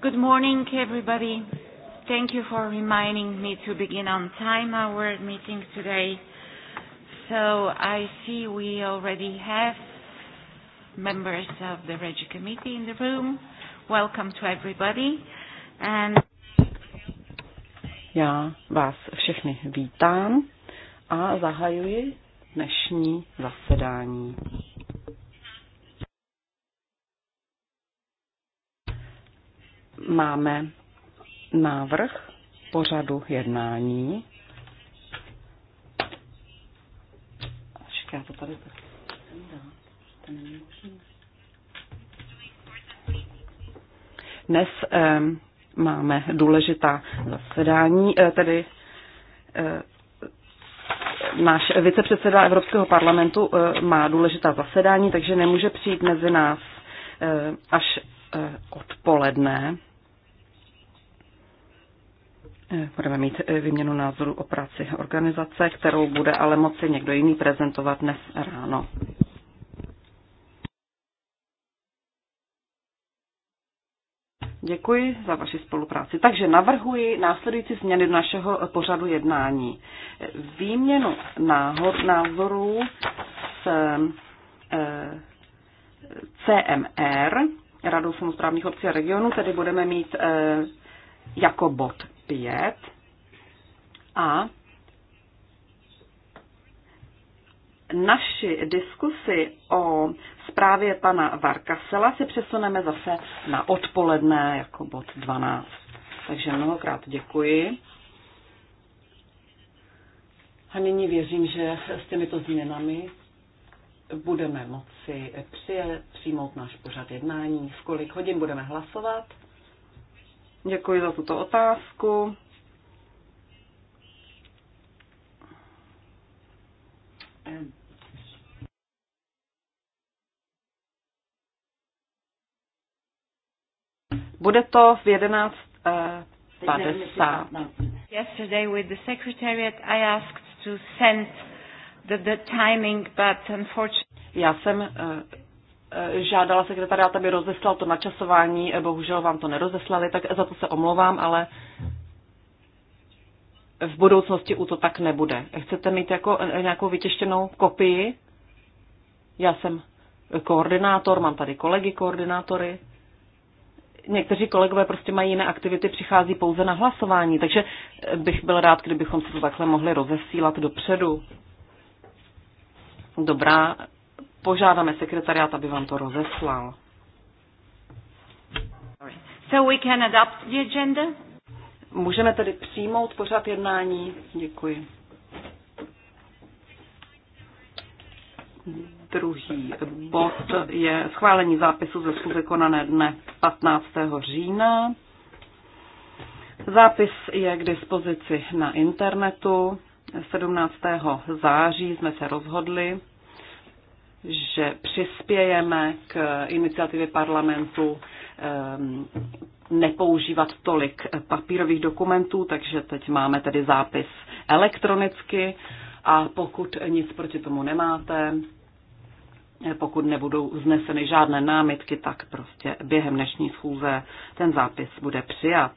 Good morning, everybody. Thank you for reminding me to begin on time our meeting today. So I see we already have members of the Regi Committee in the room. Welcome to everybody. And Já vás všechny vítám a zahajuji dnešní zasedání. máme návrh pořadu jednání. Já to tady tak. Dnes eh, máme důležitá zasedání, eh, tedy eh, náš vicepředseda Evropského parlamentu eh, má důležitá zasedání, takže nemůže přijít mezi nás eh, až eh, odpoledne. Budeme mít eh, výměnu názoru o práci organizace, kterou bude ale moci někdo jiný prezentovat dnes ráno. Děkuji za vaši spolupráci. Takže navrhuji následující změny do našeho eh, pořadu jednání. Výměnu náhod, názorů s e, eh, CMR, Radou samozprávných obcí a regionů, tedy budeme mít e, jako bod 5 a naši diskusi o zprávě pana Varkasela se přesuneme zase na odpoledne jako bod 12. Takže mnohokrát děkuji. A nyní věřím, že s těmito změnami budeme moci přijmout náš pořad jednání. V kolik hodin budeme hlasovat? Děkuji za tuto otázku. Bude to v 11.50. Yesterday with the secretariat I asked to send the, the timing, but unfortunately... Já jsem eh, Eh, žádala sekretariát, aby rozeslal to načasování, eh, bohužel vám to nerozeslali, tak za to se omlouvám, ale v budoucnosti u to tak nebude. Chcete mít jako eh, nějakou vytěštěnou kopii? Já jsem koordinátor, mám tady kolegy koordinátory. Někteří kolegové prostě mají jiné aktivity, přichází pouze na hlasování, takže bych byl rád, kdybychom se to takhle mohli rozesílat dopředu. Dobrá, požádáme sekretariát, aby vám to rozeslal. So we can adopt the agenda? Můžeme tedy přijmout pořad jednání. Děkuji. Druhý bod je schválení zápisu ze schůze konané dne 15. října. Zápis je k dispozici na internetu. 17. září jsme se rozhodli, že přispějeme k iniciativě parlamentu ehm, nepoužívat tolik papírových dokumentů, takže teď máme tedy zápis elektronicky a pokud nic proti tomu nemáte, pokud nebudou zneseny žádné námitky, tak prostě během dnešní schůze ten zápis bude přijat.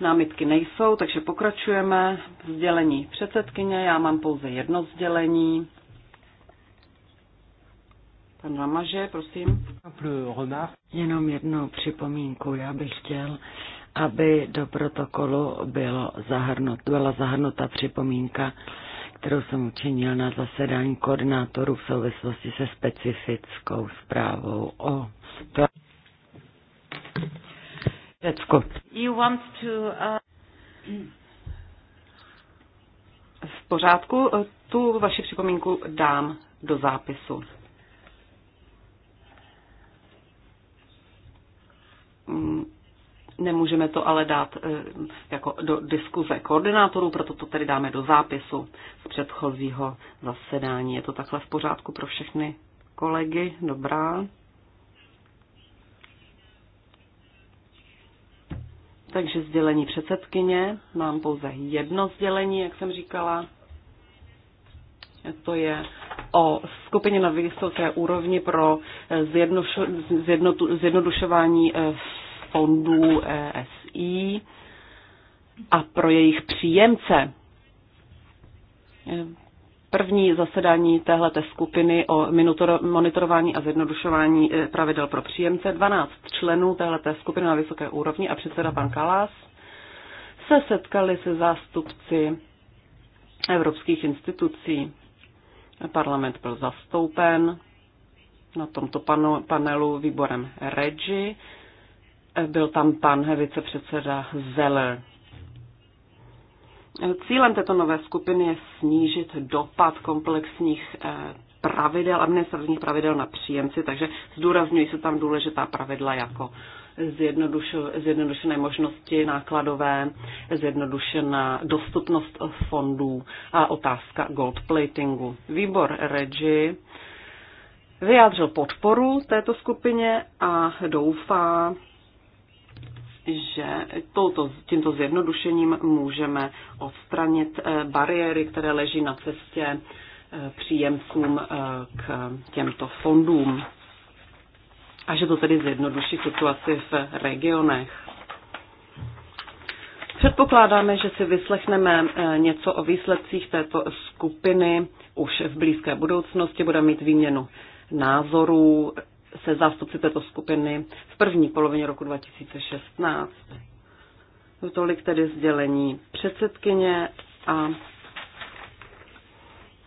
Námitky nejsou, takže pokračujeme. Vzdělení předsedkyně, já mám pouze jedno sdělení. Pan Lamaže, prosím. Jenom jednu připomínku. Já bych chtěl, aby do protokolu bylo zahrnut, byla zahrnuta připomínka, kterou jsem učinil na zasedání koordinátorů v souvislosti se specifickou zprávou o Řecku. You want to, uh, V pořádku, tu vaši připomínku dám do zápisu. Mm, nemůžeme to ale dát eh, jako do diskuze koordinátorů, proto to tedy dáme do zápisu z předchozího zasedání. Je to takhle v pořádku pro všechny kolegy? Dobrá. Takže sdělení předsedkyně. Mám pouze jedno sdělení, jak jsem říkala. To je o skupině na vysoké úrovni pro zjednodušování eh, fondů ESI a pro jejich příjemce. První zasedání téhleté skupiny o monitorování a zjednodušování eh, pravidel pro příjemce. 12 členů téhleté skupiny na vysoké úrovni a předseda pan Kalas se setkali se zástupci evropských institucí. Parlament byl zastoupen na tomto panelu výborem REGI, byl tam pan vicepředseda Zeller. Cílem této nové skupiny je snížit dopad komplexních eh, pravidel, administrativních pravidel na příjemci, takže zdůrazňují se tam důležitá pravidla jako zjednodušené možnosti nákladové, zjednodušená dostupnost fondů a otázka gold platingu. Výbor Regi vyjádřil podporu této skupině a doufá, že touto, tímto zjednodušením můžeme odstranit eh, bariéry, které leží na cestě eh, příjemcům eh, k těmto fondům a že to tedy zjednoduší situaci v regionech. Předpokládáme, že si vyslechneme něco o výsledcích této skupiny už v blízké budoucnosti. Budeme mít výměnu názorů se zástupci této skupiny v první polovině roku 2016. Tolik tedy sdělení předsedkyně a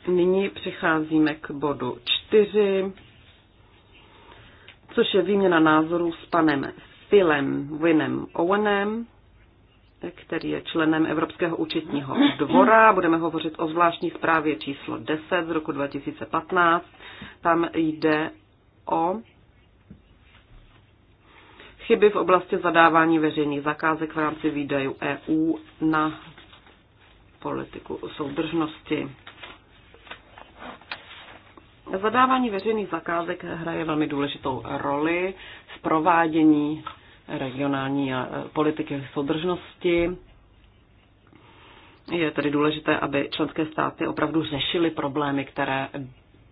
nyní přicházíme k bodu 4, což je výměna názorů s panem Philem Winem Owenem, který je členem Evropského účetního dvora. Budeme hovořit o zvláštní zprávě číslo 10 z roku 2015. Tam jde o chyby v oblasti zadávání veřejných zakázek v rámci výdajů EU na politiku soudržnosti. Zadávání veřejných zakázek hraje velmi důležitou roli v provádění regionální e, politiky soudržnosti. Je tedy důležité, aby členské státy opravdu řešily problémy, které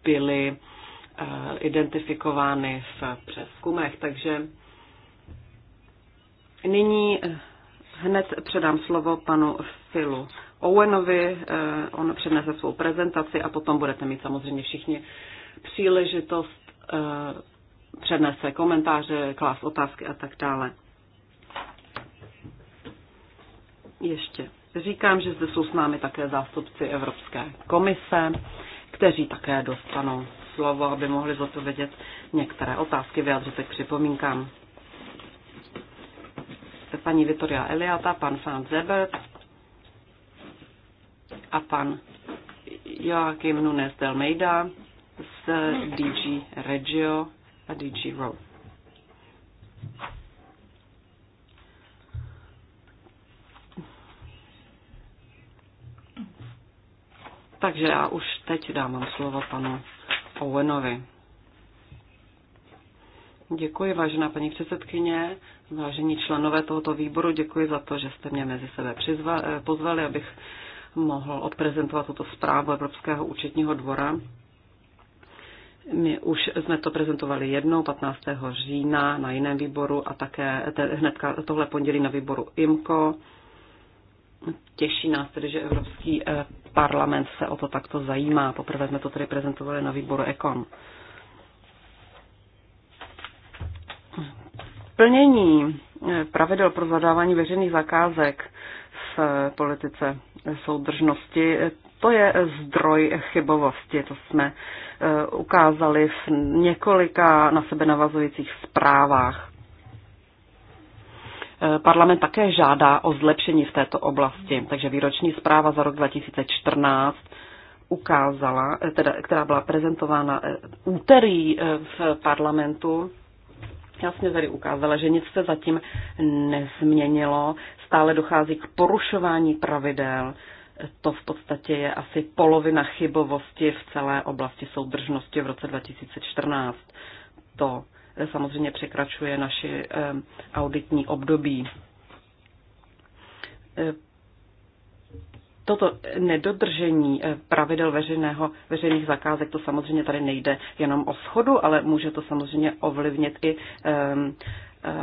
byly e, identifikovány v přeskumech. Takže Nyní eh, hned předám slovo panu Filu Owenovi. Eh, on přednese svou prezentaci a potom budete mít samozřejmě všichni příležitost eh, přednese komentáře, klás otázky a tak dále. Ještě říkám, že zde jsou s námi také zástupci Evropské komise, kteří také dostanou slovo, aby mohli zodpovědět některé otázky, vyjádřit se k připomínkám paní Vitoria Eliata, pan Franz Zebert a pan Joachim Nunes Delmeida z DG Regio a DG Row. Takže já už teď dávám slovo panu Owenovi. Děkuji, vážená paní předsedkyně, vážení členové tohoto výboru, děkuji za to, že jste mě mezi sebe přizva, eh, pozvali, abych mohl odprezentovat tuto zprávu Evropského účetního dvora. My už jsme to prezentovali jednou 15. října na jiném výboru a také te, hned tohle pondělí na výboru IMCO. Těší nás tedy, že Evropský eh, parlament se o to takto zajímá. Poprvé jsme to tedy prezentovali na výboru ECON. plnění eh, pravidel pro zadávání veřejných zakázek v eh, politice soudržnosti, eh, to je zdroj chybovosti. To jsme ukázali v několika na sebe navazujících zprávách. Parlament také žádá o zlepšení v této oblasti, takže výroční zpráva za rok 2014 ukázala, teda, která byla prezentována úterý v parlamentu, jasně tady ukázala, že nic se zatím nezměnilo, stále dochází k porušování pravidel, to v podstatě je asi polovina chybovosti v celé oblasti soudržnosti v roce 2014. To eh, samozřejmě překračuje naši eh, auditní období eh, toto nedodržení eh, pravidel veřejného, veřejných zakázek, to samozřejmě tady nejde jenom o schodu, ale může to samozřejmě ovlivnit i um,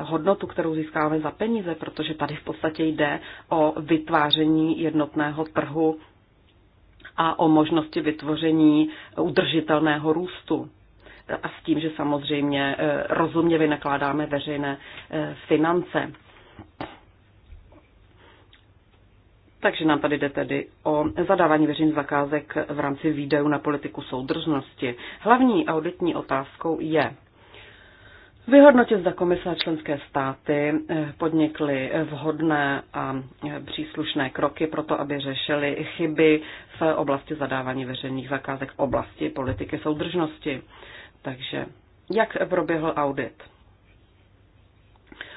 hodnotu, kterou získáme za peníze, protože tady v podstatě jde o vytváření jednotného trhu a o možnosti vytvoření udržitelného růstu. A s tím, že samozřejmě eh, rozumně vynakládáme veřejné finance. Takže nám tady jde tedy o zadávání veřejných zakázek v rámci výdajů na politiku soudržnosti. Hlavní auditní otázkou je vyhodnotit, zda komise a členské státy eh, podnikly vhodné a eh, příslušné kroky pro to, aby řešili chyby v oblasti zadávání veřejných zakázek v oblasti politiky soudržnosti. Takže jak proběhl audit?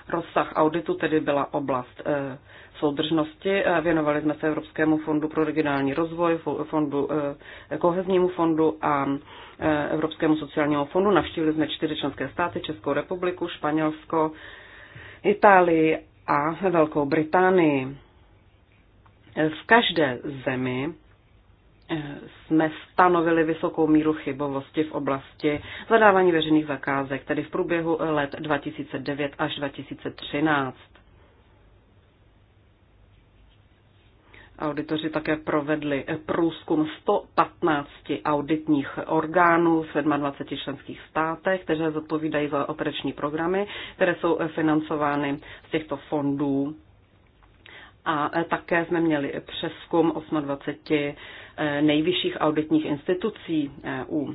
Rozsah auditu tedy byla oblast eh, soudržnosti. Věnovali jsme se Evropskému fondu pro regionální rozvoj, fondu, eh, koheznímu fondu a eh, Evropskému sociálnímu fondu. Navštívili jsme čtyři členské státy, Českou republiku, Španělsko, Itálii a Velkou Británii. V každé zemi eh, jsme stanovili vysokou míru chybovosti v oblasti zadávání veřejných zakázek, tedy v průběhu let 2009 až 2013. Auditoři také provedli eh, průzkum 115 auditních orgánů v 27 členských státech, které zodpovídají za operační programy, které jsou eh, financovány z těchto fondů. A eh, také jsme měli přeskum 28 nejvyšších auditních institucí EU.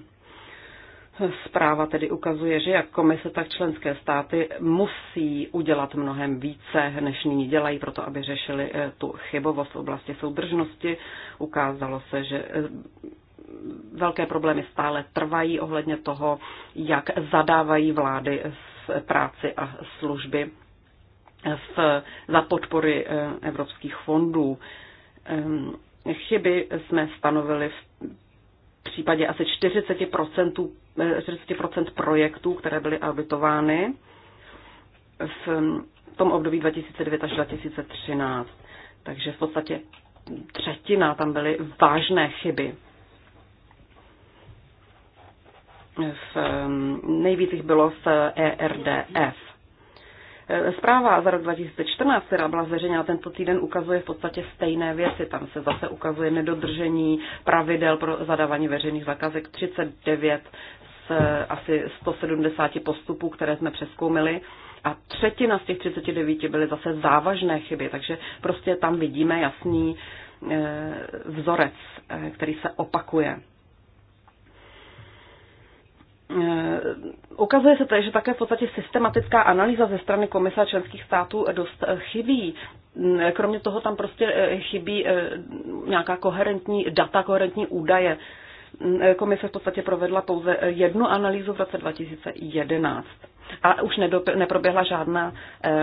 Zpráva tedy ukazuje, že jak komise, tak členské státy musí udělat mnohem více, než nyní dělají, proto aby řešili eh, tu chybovost v oblasti soudržnosti. Ukázalo se, že eh, velké problémy stále trvají ohledně toho, jak zadávají vlády práci a služby eh, v, za podpory evropských fondů. Ehm, chyby jsme stanovili v případě asi 40%, 40 eh, projektů, které byly auditovány v mm, tom období 2009 až 2013. Takže v podstatě třetina tam byly vážné chyby. V, mm, nejvíc jich bylo v ERDF. Zpráva za rok 2014, která byla zveřejněna tento týden, ukazuje v podstatě stejné věci. Tam se zase ukazuje nedodržení pravidel pro zadávání veřejných zakazek 39 z asi 170 postupů, které jsme přeskoumili a třetina z těch 39 byly zase závažné chyby, takže prostě tam vidíme jasný eh, vzorec, eh, který se opakuje. Eh, ukazuje se tedy, že také v podstatě systematická analýza ze strany komise členských států dost eh, chybí. Mm, eh, kromě toho tam prostě chybí nějaká koherentní data, koherentní údaje. Mm, komise v podstatě provedla pouze jednu analýzu v roce 2011 a už neproběhla žádná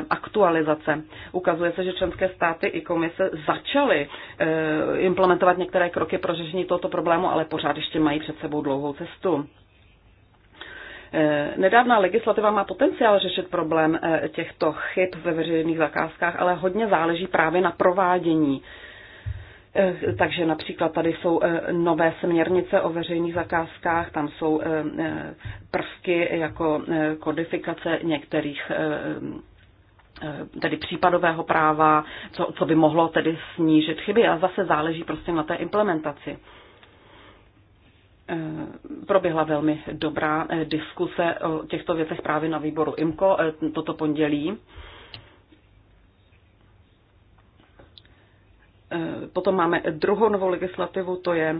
aktualizace. Ukazuje se, že členské státy i komise začaly implementovat některé kroky pro řešení tohoto problému, ale pořád ještě mají před sebou dlouhou cestu. Eh, nedávná legislativa má potenciál řešit problém eh, těchto chyb ve veřejných zakázkách, ale hodně záleží právě na provádění. Eh, takže například tady jsou nové směrnice o veřejných zakázkách, tam jsou prvky jako kodifikace některých tedy případového práva, co, co by mohlo tedy snížit chyby, ale zase záleží prostě na té implementaci. Eh, proběhla velmi dobrá eh, diskuse o těchto věcech právě na výboru IMKO eh, toto pondělí. Potom máme druhou novou legislativu, to je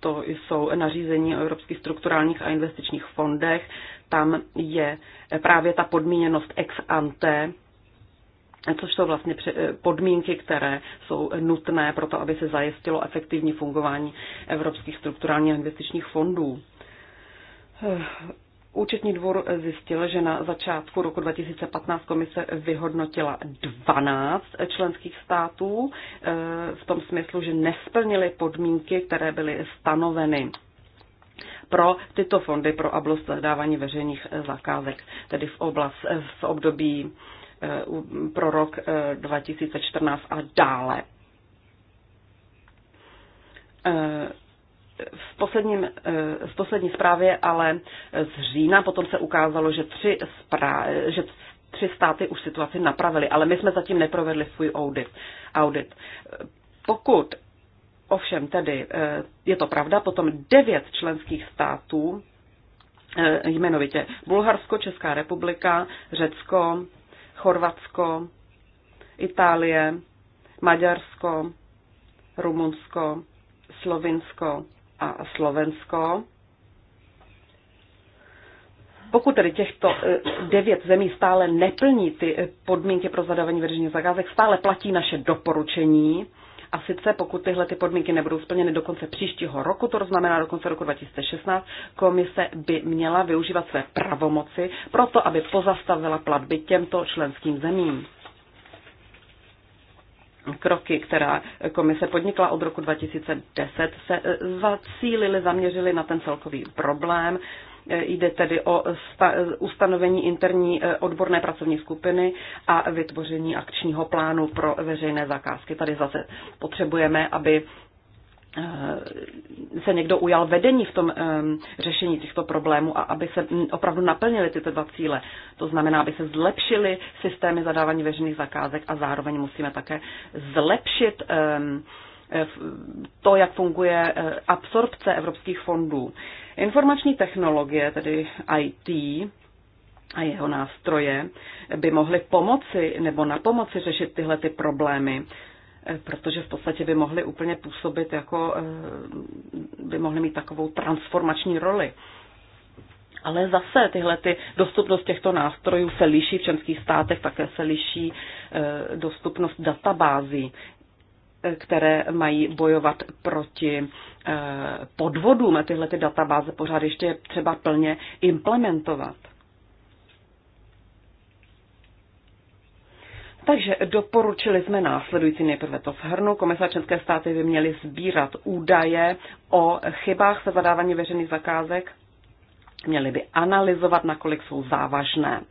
to jsou nařízení o evropských strukturálních a investičních fondech. Tam je právě ta podmíněnost ex ante což jsou vlastně eh, podmínky, které jsou nutné pro to, aby se zajistilo efektivní fungování evropských strukturálních investičních fondů. Eh, účetní dvor zjistil, že na začátku roku 2015 komise vyhodnotila 12 členských států eh, v tom smyslu, že nesplnili podmínky, které byly stanoveny pro tyto fondy pro oblast zadávání veřejných zakázek, tedy v, oblast, v období Eh, pro rok 2014 eh, a dále. Eh, v, posledním, v poslední zprávě ale z října potom se ukázalo, že tři, zpráv, že tři státy už situaci napravili, ale my jsme zatím neprovedli svůj audit. audit. Pokud ovšem tedy je to pravda, potom devět členských států jmenovitě Bulharsko, Česká republika, Řecko, Chorvatsko, Itálie, Maďarsko, Rumunsko, Slovinsko a Slovensko. Pokud tedy těchto eh, devět zemí stále neplní ty eh, podmínky pro zadávání veřejných zakázek, stále platí naše doporučení a sice pokud tyhle ty podmínky nebudou splněny do konce příštího roku, to znamená do konce roku 2016, komise by měla využívat své pravomoci proto, aby pozastavila platby těmto členským zemím kroky, která komise podnikla od roku 2010, se e, zacílily, zaměřily na ten celkový problém Jde tedy o ustanovení interní eh, odborné pracovní skupiny a vytvoření akčního plánu pro veřejné zakázky. Tady zase potřebujeme, aby eh, se někdo ujal vedení v tom eh, řešení těchto problémů a aby se mm, opravdu naplnily tyto dva cíle. To znamená, aby se zlepšily systémy zadávání veřejných zakázek a zároveň musíme také zlepšit ehm, Eh, to, jak funguje eh, absorpce evropských fondů. Informační technologie, tedy IT, a jeho nástroje by mohly pomoci nebo na pomoci řešit tyhle ty problémy, eh, protože v podstatě by mohly úplně působit jako, by mohly mít takovou transformační roli. Ale zase tyhle ty dostupnost těchto nástrojů se liší v členských státech, také se liší dostupnost databází které mají bojovat proti eh, podvodům a tyhle ty databáze pořád ještě je třeba plně implementovat. Takže doporučili jsme následující nejprve to shrnu. Komise České státy by měly sbírat údaje o chybách se zadávání veřejných zakázek, měly by analyzovat, nakolik jsou závažné. Uh,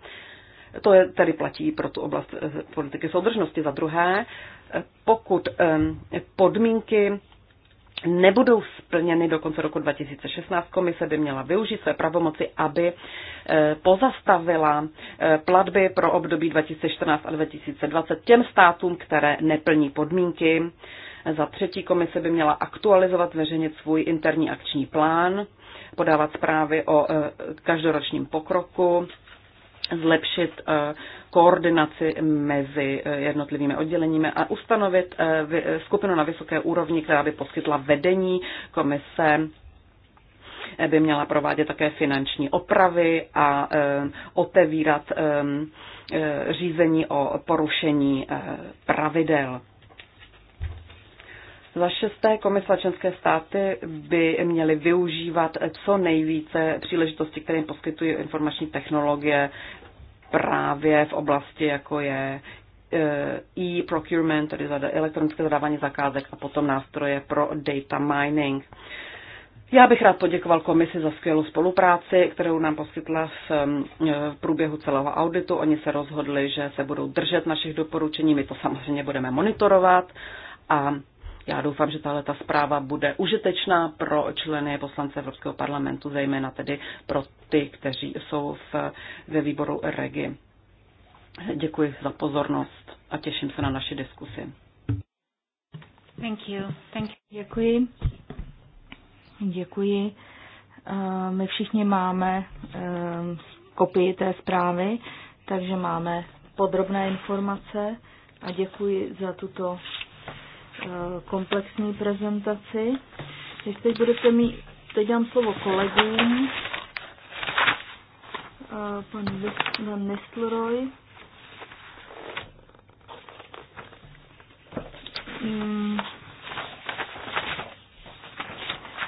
to je, tedy platí pro tu oblast eh, politiky soudržnosti. Za druhé, eh, pokud ehm, podmínky nebudou splněny do konce roku 2016, komise by měla využít své pravomoci, aby eh, pozastavila platby pro období 2014 a 2020 těm státům, které neplní podmínky. Za třetí komise by měla aktualizovat veřejně svůj interní akční plán, podávat zprávy o každoročním pokroku zlepšit eh, koordinaci mezi eh, jednotlivými odděleními a ustanovit eh, skupinu na vysoké úrovni, která by poskytla vedení komise by měla provádět také finanční opravy a otevírat řízení o porušení pravidel. Za šesté komise členské státy by měly využívat co nejvíce příležitosti, které jim poskytují informační technologie právě v oblasti, jako je eh, e-procurement, tedy elektronické zadávání zakázek a potom nástroje pro data mining. Já bych rád poděkoval komisi za skvělou spolupráci, kterou nám poskytla v, průběhu celého auditu. Oni se rozhodli, že se budou držet našich doporučení, my to samozřejmě budeme monitorovat a já doufám, že tahle ta zpráva bude užitečná pro členy poslance Evropského parlamentu, zejména tedy pro ty, kteří jsou v, ve výboru REGI. Děkuji za pozornost a těším se na naši diskusi. Thank you. Thank you. Děkuji. Děkuji. Eh, my všichni máme eh, kopii té zprávy, takže máme podrobné informace a děkuji za tuto Eh, komplexní prezentaci. Když teď budete mít, teď dám slovo kolegům, eh, pan, Nestleroy, mm.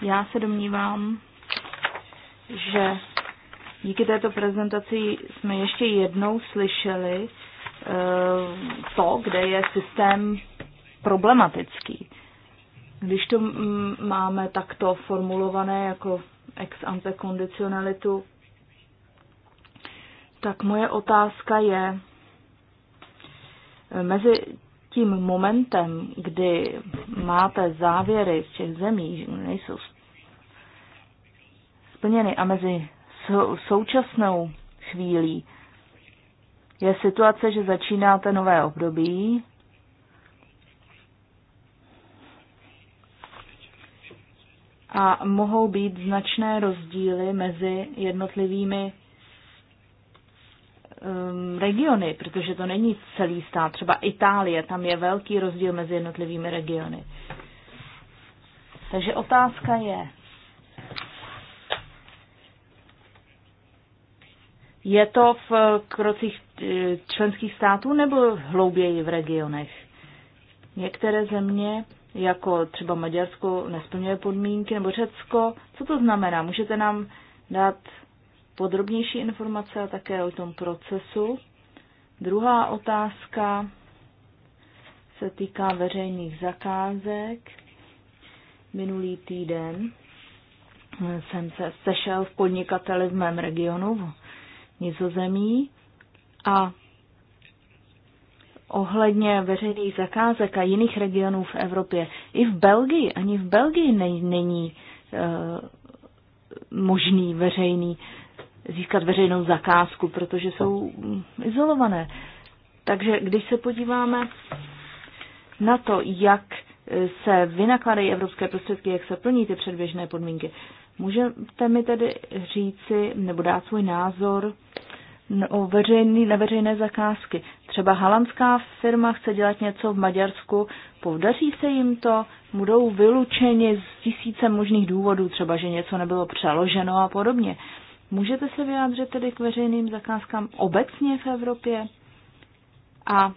Já se domnívám, že díky této prezentaci jsme ještě jednou slyšeli eh, to, kde je systém problematický. Když to mm, máme takto formulované jako ex ante kondicionalitu, tak moje otázka je, eh, mezi tím momentem, kdy máte závěry z těch zemí, nejsou splněny, a mezi současnou chvílí je situace, že začínáte nové období, a mohou být značné rozdíly mezi jednotlivými um, regiony, protože to není celý stát. Třeba Itálie, tam je velký rozdíl mezi jednotlivými regiony. Takže otázka je, je to v krocích eh, členských států nebo hlouběji v regionech? Některé země jako třeba Maďarsko nesplňuje podmínky, nebo Řecko. Co to znamená? Můžete nám dát podrobnější informace a také o tom procesu? Druhá otázka se týká veřejných zakázek. Minulý týden jsem se sešel v podnikateli v mém regionu v Nizozemí a ohledně veřejných zakázek a jiných regionů v Evropě. I v Belgii, ani v Belgii ne, není e, možný veřejný získat veřejnou zakázku, protože jsou mm, izolované. Takže když se podíváme na to, jak eh, se vynakladají evropské prostředky, jak se plní ty předběžné podmínky, můžete mi tedy říci nebo dát svůj názor o veřejný, na veřejné zakázky. Třeba halandská firma chce dělat něco v Maďarsku, podaří se jim to, budou vylučeni z tisíce možných důvodů, třeba že něco nebylo přeloženo a podobně. Můžete se vyjádřit tedy k veřejným zakázkám obecně v Evropě a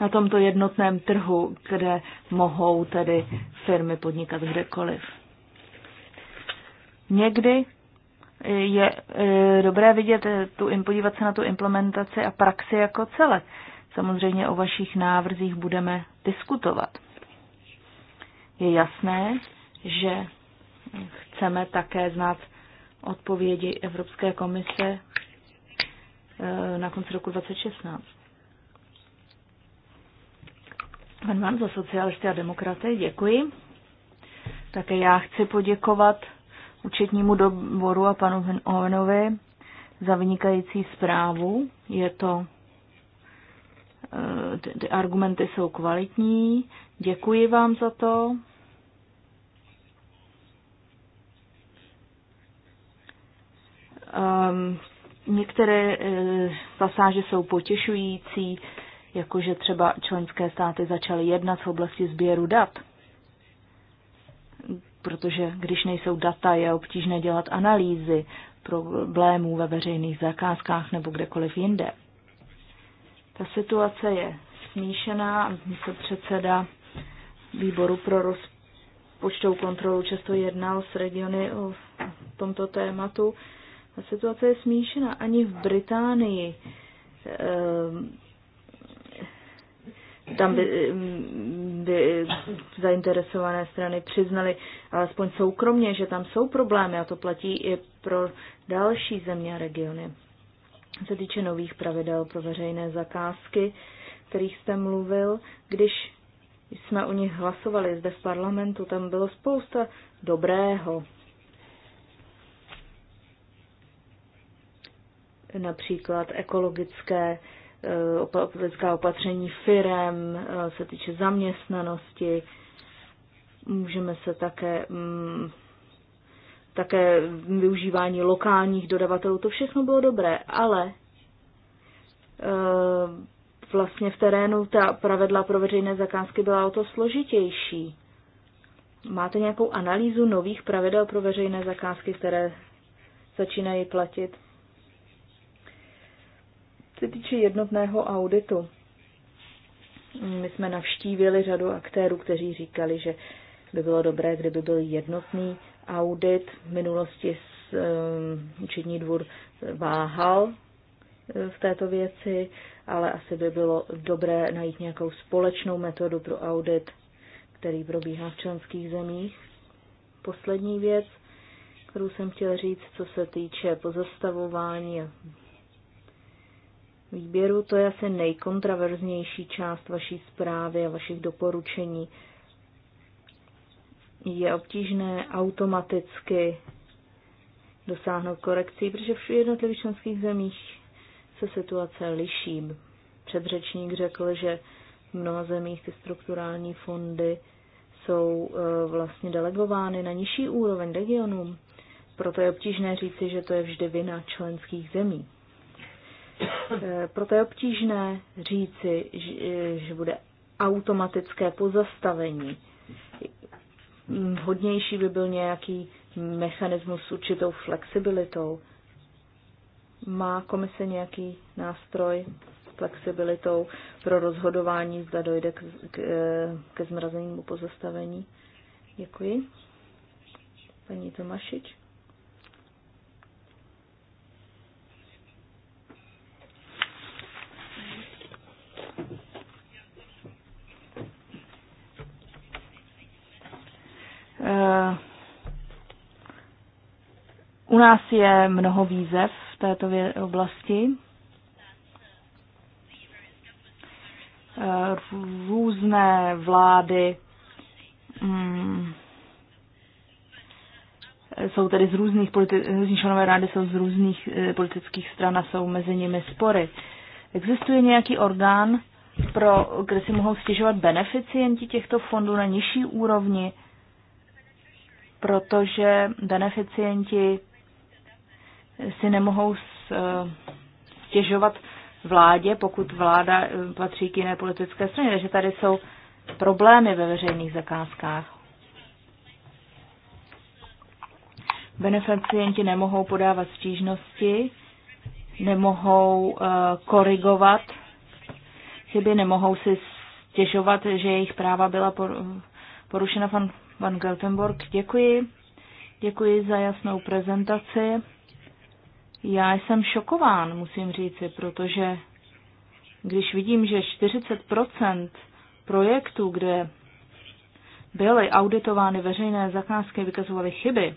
na tomto jednotném trhu, kde mohou tedy firmy podnikat kdekoliv. Někdy je e, dobré vidět e, tu, podívat se na tu implementaci a praxi jako celé. Samozřejmě o vašich návrzích budeme diskutovat. Je jasné, že chceme také znát odpovědi Evropské komise e, na konci roku 2016. Pan Van za socialisty a demokraty, děkuji. Také já chci poděkovat účetnímu doboru a panu Ovenovi za vynikající zprávu. Je to, eh, ty, ty argumenty jsou kvalitní, děkuji vám za to. Um, některé e, pasáže jsou potěšující, jakože třeba členské státy začaly jednat v oblasti sběru dat protože když nejsou data, je obtížné dělat analýzy problémů ve veřejných zakázkách nebo kdekoliv jinde. Ta situace je smíšená. Místo předseda výboru pro rozpočtovou kontrolu často jednal s regiony o tomto tématu. Ta situace je smíšená. Ani v Británii ehm, tam by, by zainteresované strany přiznaly alespoň soukromně, že tam jsou problémy a to platí i pro další země a regiony. Co se týče nových pravidel pro veřejné zakázky, kterých jste mluvil, když jsme o nich hlasovali zde v parlamentu, tam bylo spousta dobrého. Například ekologické politická opatření firem, eh, se týče zaměstnanosti. Můžeme se také mm, také využívání lokálních dodavatelů, to všechno bylo dobré, ale eh, vlastně v terénu ta pravidla pro veřejné zakázky byla o to složitější. Máte nějakou analýzu nových pravidel pro veřejné zakázky, které začínají platit? se týče jednotného auditu, my jsme navštívili řadu aktérů, kteří říkali, že by bylo dobré, kdyby byl jednotný audit. V minulosti s, Učitní um, dvůr váhal uh, v této věci, ale asi by bylo dobré najít nějakou společnou metodu pro audit, který probíhá v členských zemích. Poslední věc, kterou jsem chtěl říct, co se týče pozastavování a výběru. To je asi nejkontraverznější část vaší zprávy a vašich doporučení. Je obtížné automaticky dosáhnout korekcí, protože v jednotlivých členských zemích se situace liší. Předřečník řekl, že v mnoha zemích ty strukturální fondy jsou e, vlastně delegovány na nižší úroveň regionům. Proto je obtížné říci, že to je vždy vina členských zemí. Eh, proto je obtížné říci, eh, že bude automatické pozastavení. Hodnější by byl nějaký mechanismus s určitou flexibilitou. Má komise nějaký nástroj s flexibilitou pro rozhodování, zda dojde k, k, eh, ke zmrazení pozastavení? Děkuji. Paní Tomašič. Eh, u nás je mnoho výzev v této oblasti. Eh, různé vlády mm, jsou tedy z různých, politi- členové rády jsou z různých eh, politických stran a jsou mezi nimi spory. Existuje nějaký orgán, pro, kde si mohou stěžovat beneficienti těchto fondů na nižší úrovni? protože beneficienti si nemohou eh, stěžovat vládě, pokud vláda eh, patří k jiné politické straně. Takže tady jsou problémy ve veřejných zakázkách. Beneficienti nemohou podávat stížnosti, nemohou eh, korigovat chyby, nemohou si stěžovat, že jejich práva byla porušena. Pan Van Geltenborg, děkuji. Děkuji za jasnou prezentaci. Já jsem šokován, musím říci, protože když vidím, že 40 projektů, kde byly auditovány veřejné zakázky, vykazovaly chyby,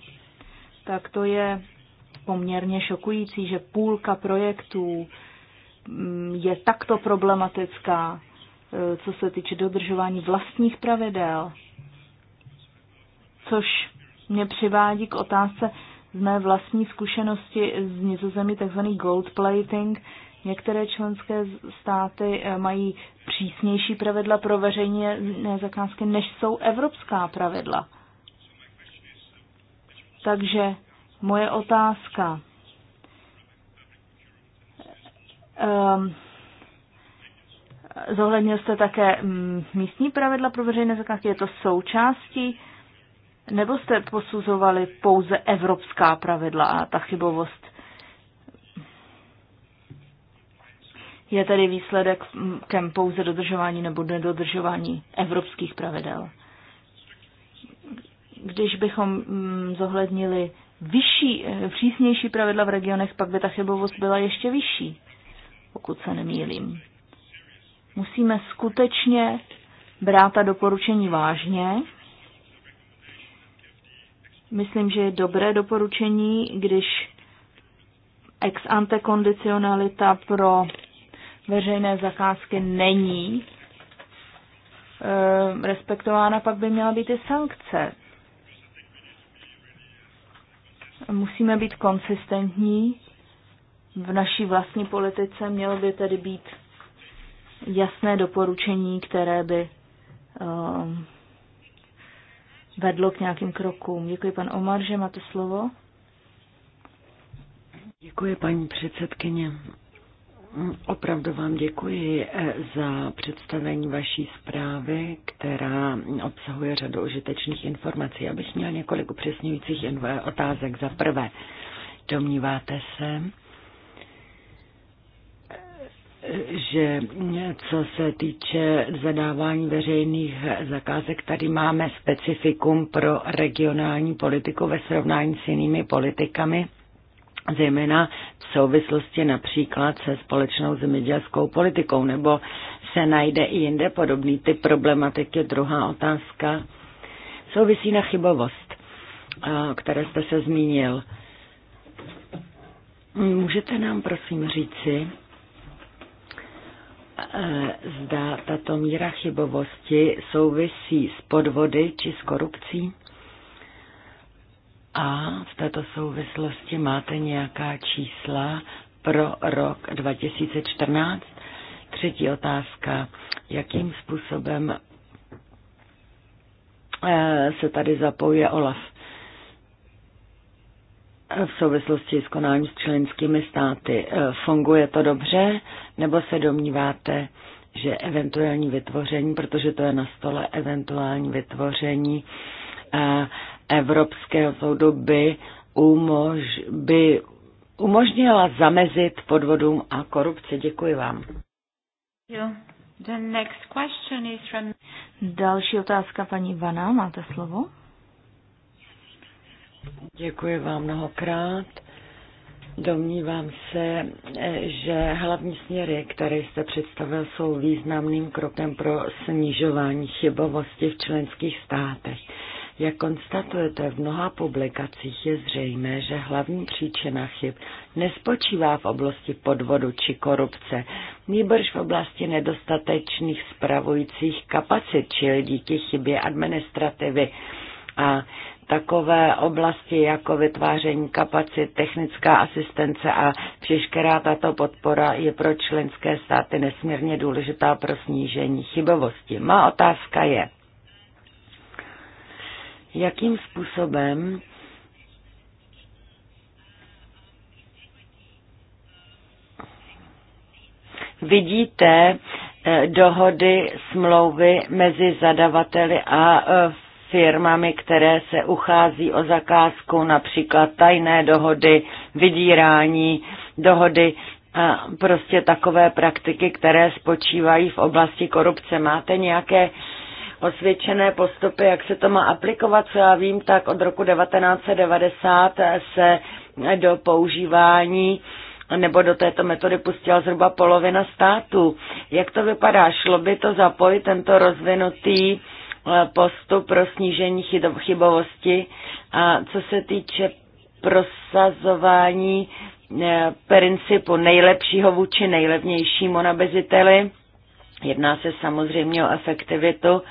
tak to je poměrně šokující, že půlka projektů mm, je takto problematická, e, co se týče dodržování vlastních pravidel což mě přivádí k otázce z mé vlastní zkušenosti z nizozemí, takzvaný gold plating. Některé členské státy eh, mají přísnější pravidla pro veřejné zakázky, než jsou evropská pravidla. Takže moje otázka. Um, zohlednil jste také mm, místní pravidla pro veřejné zakázky? Je to součástí nebo jste posuzovali pouze evropská pravidla a ta chybovost je tedy výsledek kem pouze dodržování nebo nedodržování evropských pravidel? Když bychom mm, zohlednili vyšší, eh, přísnější pravidla v regionech, pak by ta chybovost byla ještě vyšší, pokud se nemýlím. Musíme skutečně brát ta doporučení vážně Myslím, že je dobré doporučení, když ex ante kondicionalita pro veřejné zakázky není e, respektována, pak by měla být i sankce. Musíme být konsistentní v naší vlastní politice, mělo by tedy být jasné doporučení, které by e, vedlo k nějakým krokům. Děkuji, pan Omar, že máte slovo. Děkuji, paní předsedkyně. Opravdu vám děkuji eh, za představení vaší zprávy, která obsahuje řadu užitečných informací. Abych měl několik upřesňujících otázek. Za prvé, domníváte se, že co se týče zadávání veřejných zakázek, tady máme specifikum pro regionální politiku ve srovnání s jinými politikami, zejména v souvislosti například se společnou zemědělskou politikou, nebo se najde i jinde podobný typ problematiky. Druhá otázka souvisí na chybovost, které jste se zmínil. Můžete nám prosím říci, Eh, zda tato míra chybovosti souvisí s podvody či s korupcí? A v této souvislosti máte nějaká čísla pro rok 2014? Třetí otázka. Jakým způsobem eh, se tady zapojuje OLAF? v souvislosti s konáním s členskými státy. E, funguje to dobře, nebo se domníváte, že eventuální vytvoření, protože to je na stole, eventuální vytvoření e, Evropského soudu by, umož, by umožnila zamezit podvodům a korupci. Děkuji vám. The next question is from... Další otázka paní Vana, máte slovo. Děkuji vám mnohokrát. Domnívám se, eh, že hlavní směry, které jste představil, jsou významným krokem pro snižování chybovosti v členských státech. Jak konstatujete v mnoha publikacích, je zřejmé, že hlavní příčina chyb nespočívá v oblasti podvodu či korupce, nýbrž v oblasti nedostatečných spravujících kapacit, čili díky chybě administrativy a takové oblasti jako vytváření kapacit, technická asistence a veškerá tato podpora je pro členské státy nesmírně důležitá pro snížení chybovosti. Má otázka je, jakým způsobem vidíte eh, dohody, smlouvy mezi zadavateli a eh, firmami, které se uchází o zakázku, například tajné dohody, vydírání, dohody, prostě takové praktiky, které spočívají v oblasti korupce. Máte nějaké osvědčené postupy, jak se to má aplikovat, co já vím, tak od roku 1990 se do používání nebo do této metody pustila zhruba polovina států. Jak to vypadá? Šlo by to zapojit tento rozvinutý postup pro snížení chybovosti. A co se týče prosazování eh, principu nejlepšího vůči nejlevnějšímu beziteli, jedná se samozřejmě o efektivitu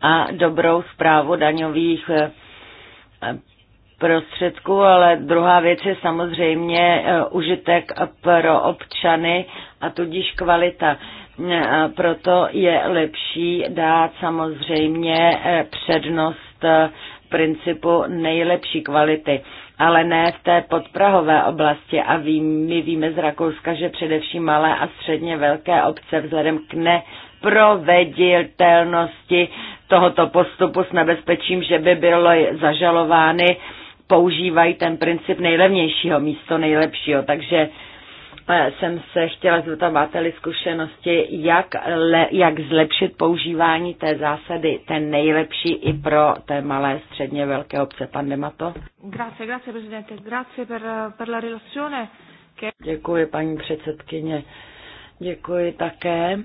a dobrou zprávu daňových eh, prostředků, ale druhá věc je samozřejmě eh, užitek pro občany a tudíž kvalita proto je lepší dát samozřejmě eh, přednost eh, principu nejlepší kvality, ale ne v té podprahové oblasti. A ví, my víme z Rakouska, že především malé a středně velké obce vzhledem k neproveditelnosti tohoto postupu s nebezpečím, že by bylo zažalovány, používají ten princip nejlevnějšího místo nejlepšího. Takže jsem se chtěla zeptat, máte-li zkušenosti, jak, le, jak zlepšit používání té zásady, ten nejlepší i pro té malé, středně velké obce. Pan Demato? Grazie, grazie, prezidente. Grazie per, per la relazione. Che... Děkuji, paní předsedkyně. Děkuji také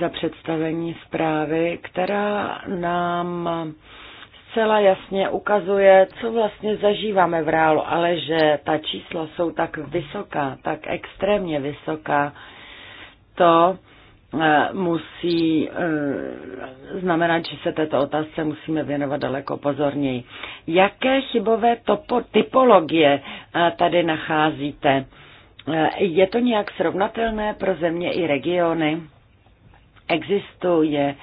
za představení zprávy, která nám zcela jasně ukazuje, co vlastně zažíváme v reálu, ale že ta čísla jsou tak vysoká, tak extrémně vysoká, to eh, musí eh, znamenat, že se této otázce musíme věnovat daleko pozorněji. Jaké chybové topo, typologie eh, tady nacházíte? Je to nějak srovnatelné pro země i regiony? Existuje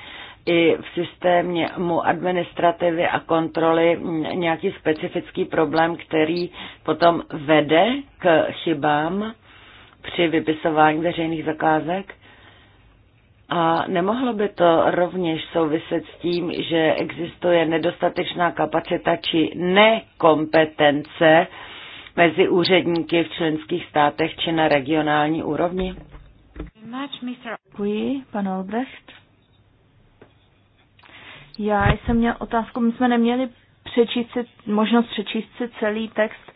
i v systému administrativy a kontroly nějaký specifický problém, který potom vede k chybám při vypisování veřejných zakázek? A nemohlo by to rovněž souviset s tím, že existuje nedostatečná kapacita či nekompetence mezi úředníky v členských státech či na regionální úrovni? Děkuji, pan Albrecht. Já jsem měl otázku, my jsme neměli přečíst si, možnost přečíst si celý text,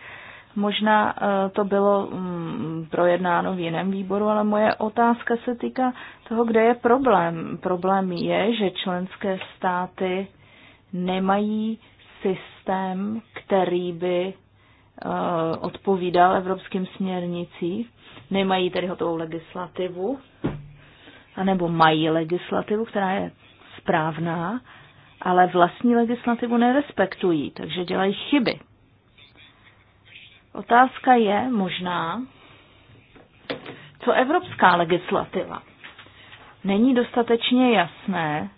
možná eh, to bylo mm, projednáno v jiném výboru, ale moje otázka se týká toho, kde je problém. Problém je, že členské státy nemají systém, který by eh, odpovídal evropským směrnicím, nemají tedy hotovou legislativu, anebo mají legislativu, která je správná, ale vlastní legislativu nerespektují, takže dělají chyby. Otázka je možná, co evropská legislativa. Není dostatečně jasné,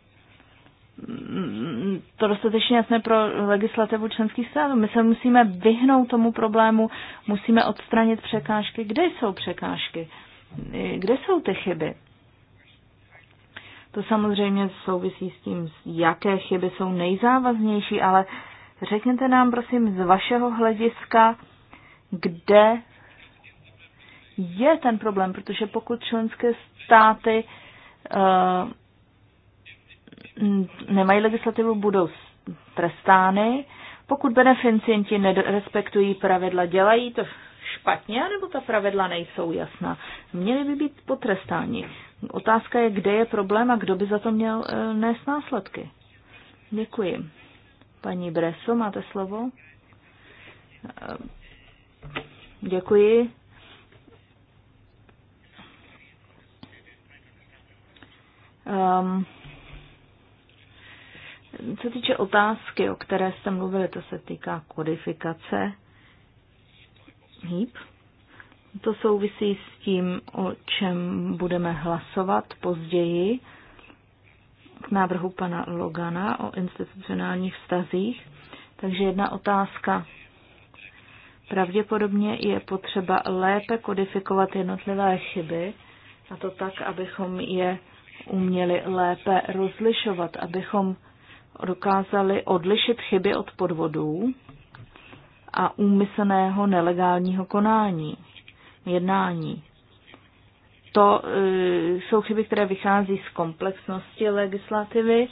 mm, to dostatečně jasné pro legislativu členských států. My se musíme vyhnout tomu problému, musíme odstranit překážky. Kde jsou překážky? Kde jsou ty chyby? To samozřejmě souvisí s tím, jaké chyby jsou nejzávaznější, ale řekněte nám prosím z vašeho hlediska, kde je ten problém, protože pokud členské státy uh, nemají legislativu, budou trestány. Pokud beneficienti nerespektují pravidla, dělají to špatně, nebo ta pravidla nejsou jasná, měli by být potrestáni. Otázka je, kde je problém a kdo by za to měl eh, nést následky. Děkuji. Paní Breso, máte slovo? Eh, děkuji. Um, co týče otázky, o které jste mluvili, to se týká kodifikace HEAP. To souvisí s tím, o čem budeme hlasovat později k návrhu pana Logana o institucionálních vztazích. Takže jedna otázka. Pravděpodobně je potřeba lépe kodifikovat jednotlivé chyby, a to tak, abychom je uměli lépe rozlišovat, abychom dokázali odlišit chyby od podvodů a úmyslného nelegálního konání jednání. To eh, jsou chyby, které vychází z komplexnosti legislativy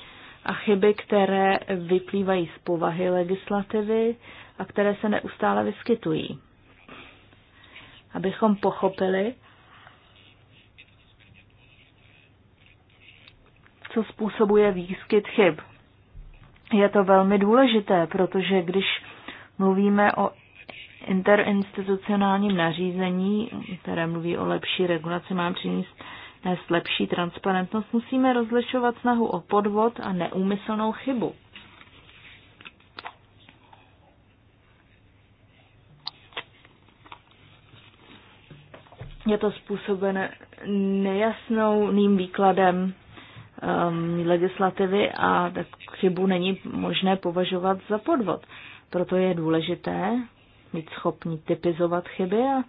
a chyby, které vyplývají z povahy legislativy a které se neustále vyskytují. Abychom pochopili, co způsobuje výskyt chyb. Je to velmi důležité, protože když mluvíme o interinstitucionálním nařízení, které mluví o lepší regulaci, mám přinést nést lepší transparentnost, musíme rozlišovat snahu o podvod a neúmyslnou chybu. Je to způsobené nejasným výkladem um, legislativy a tak chybu není možné považovat za podvod. Proto je důležité být schopni typizovat chyby a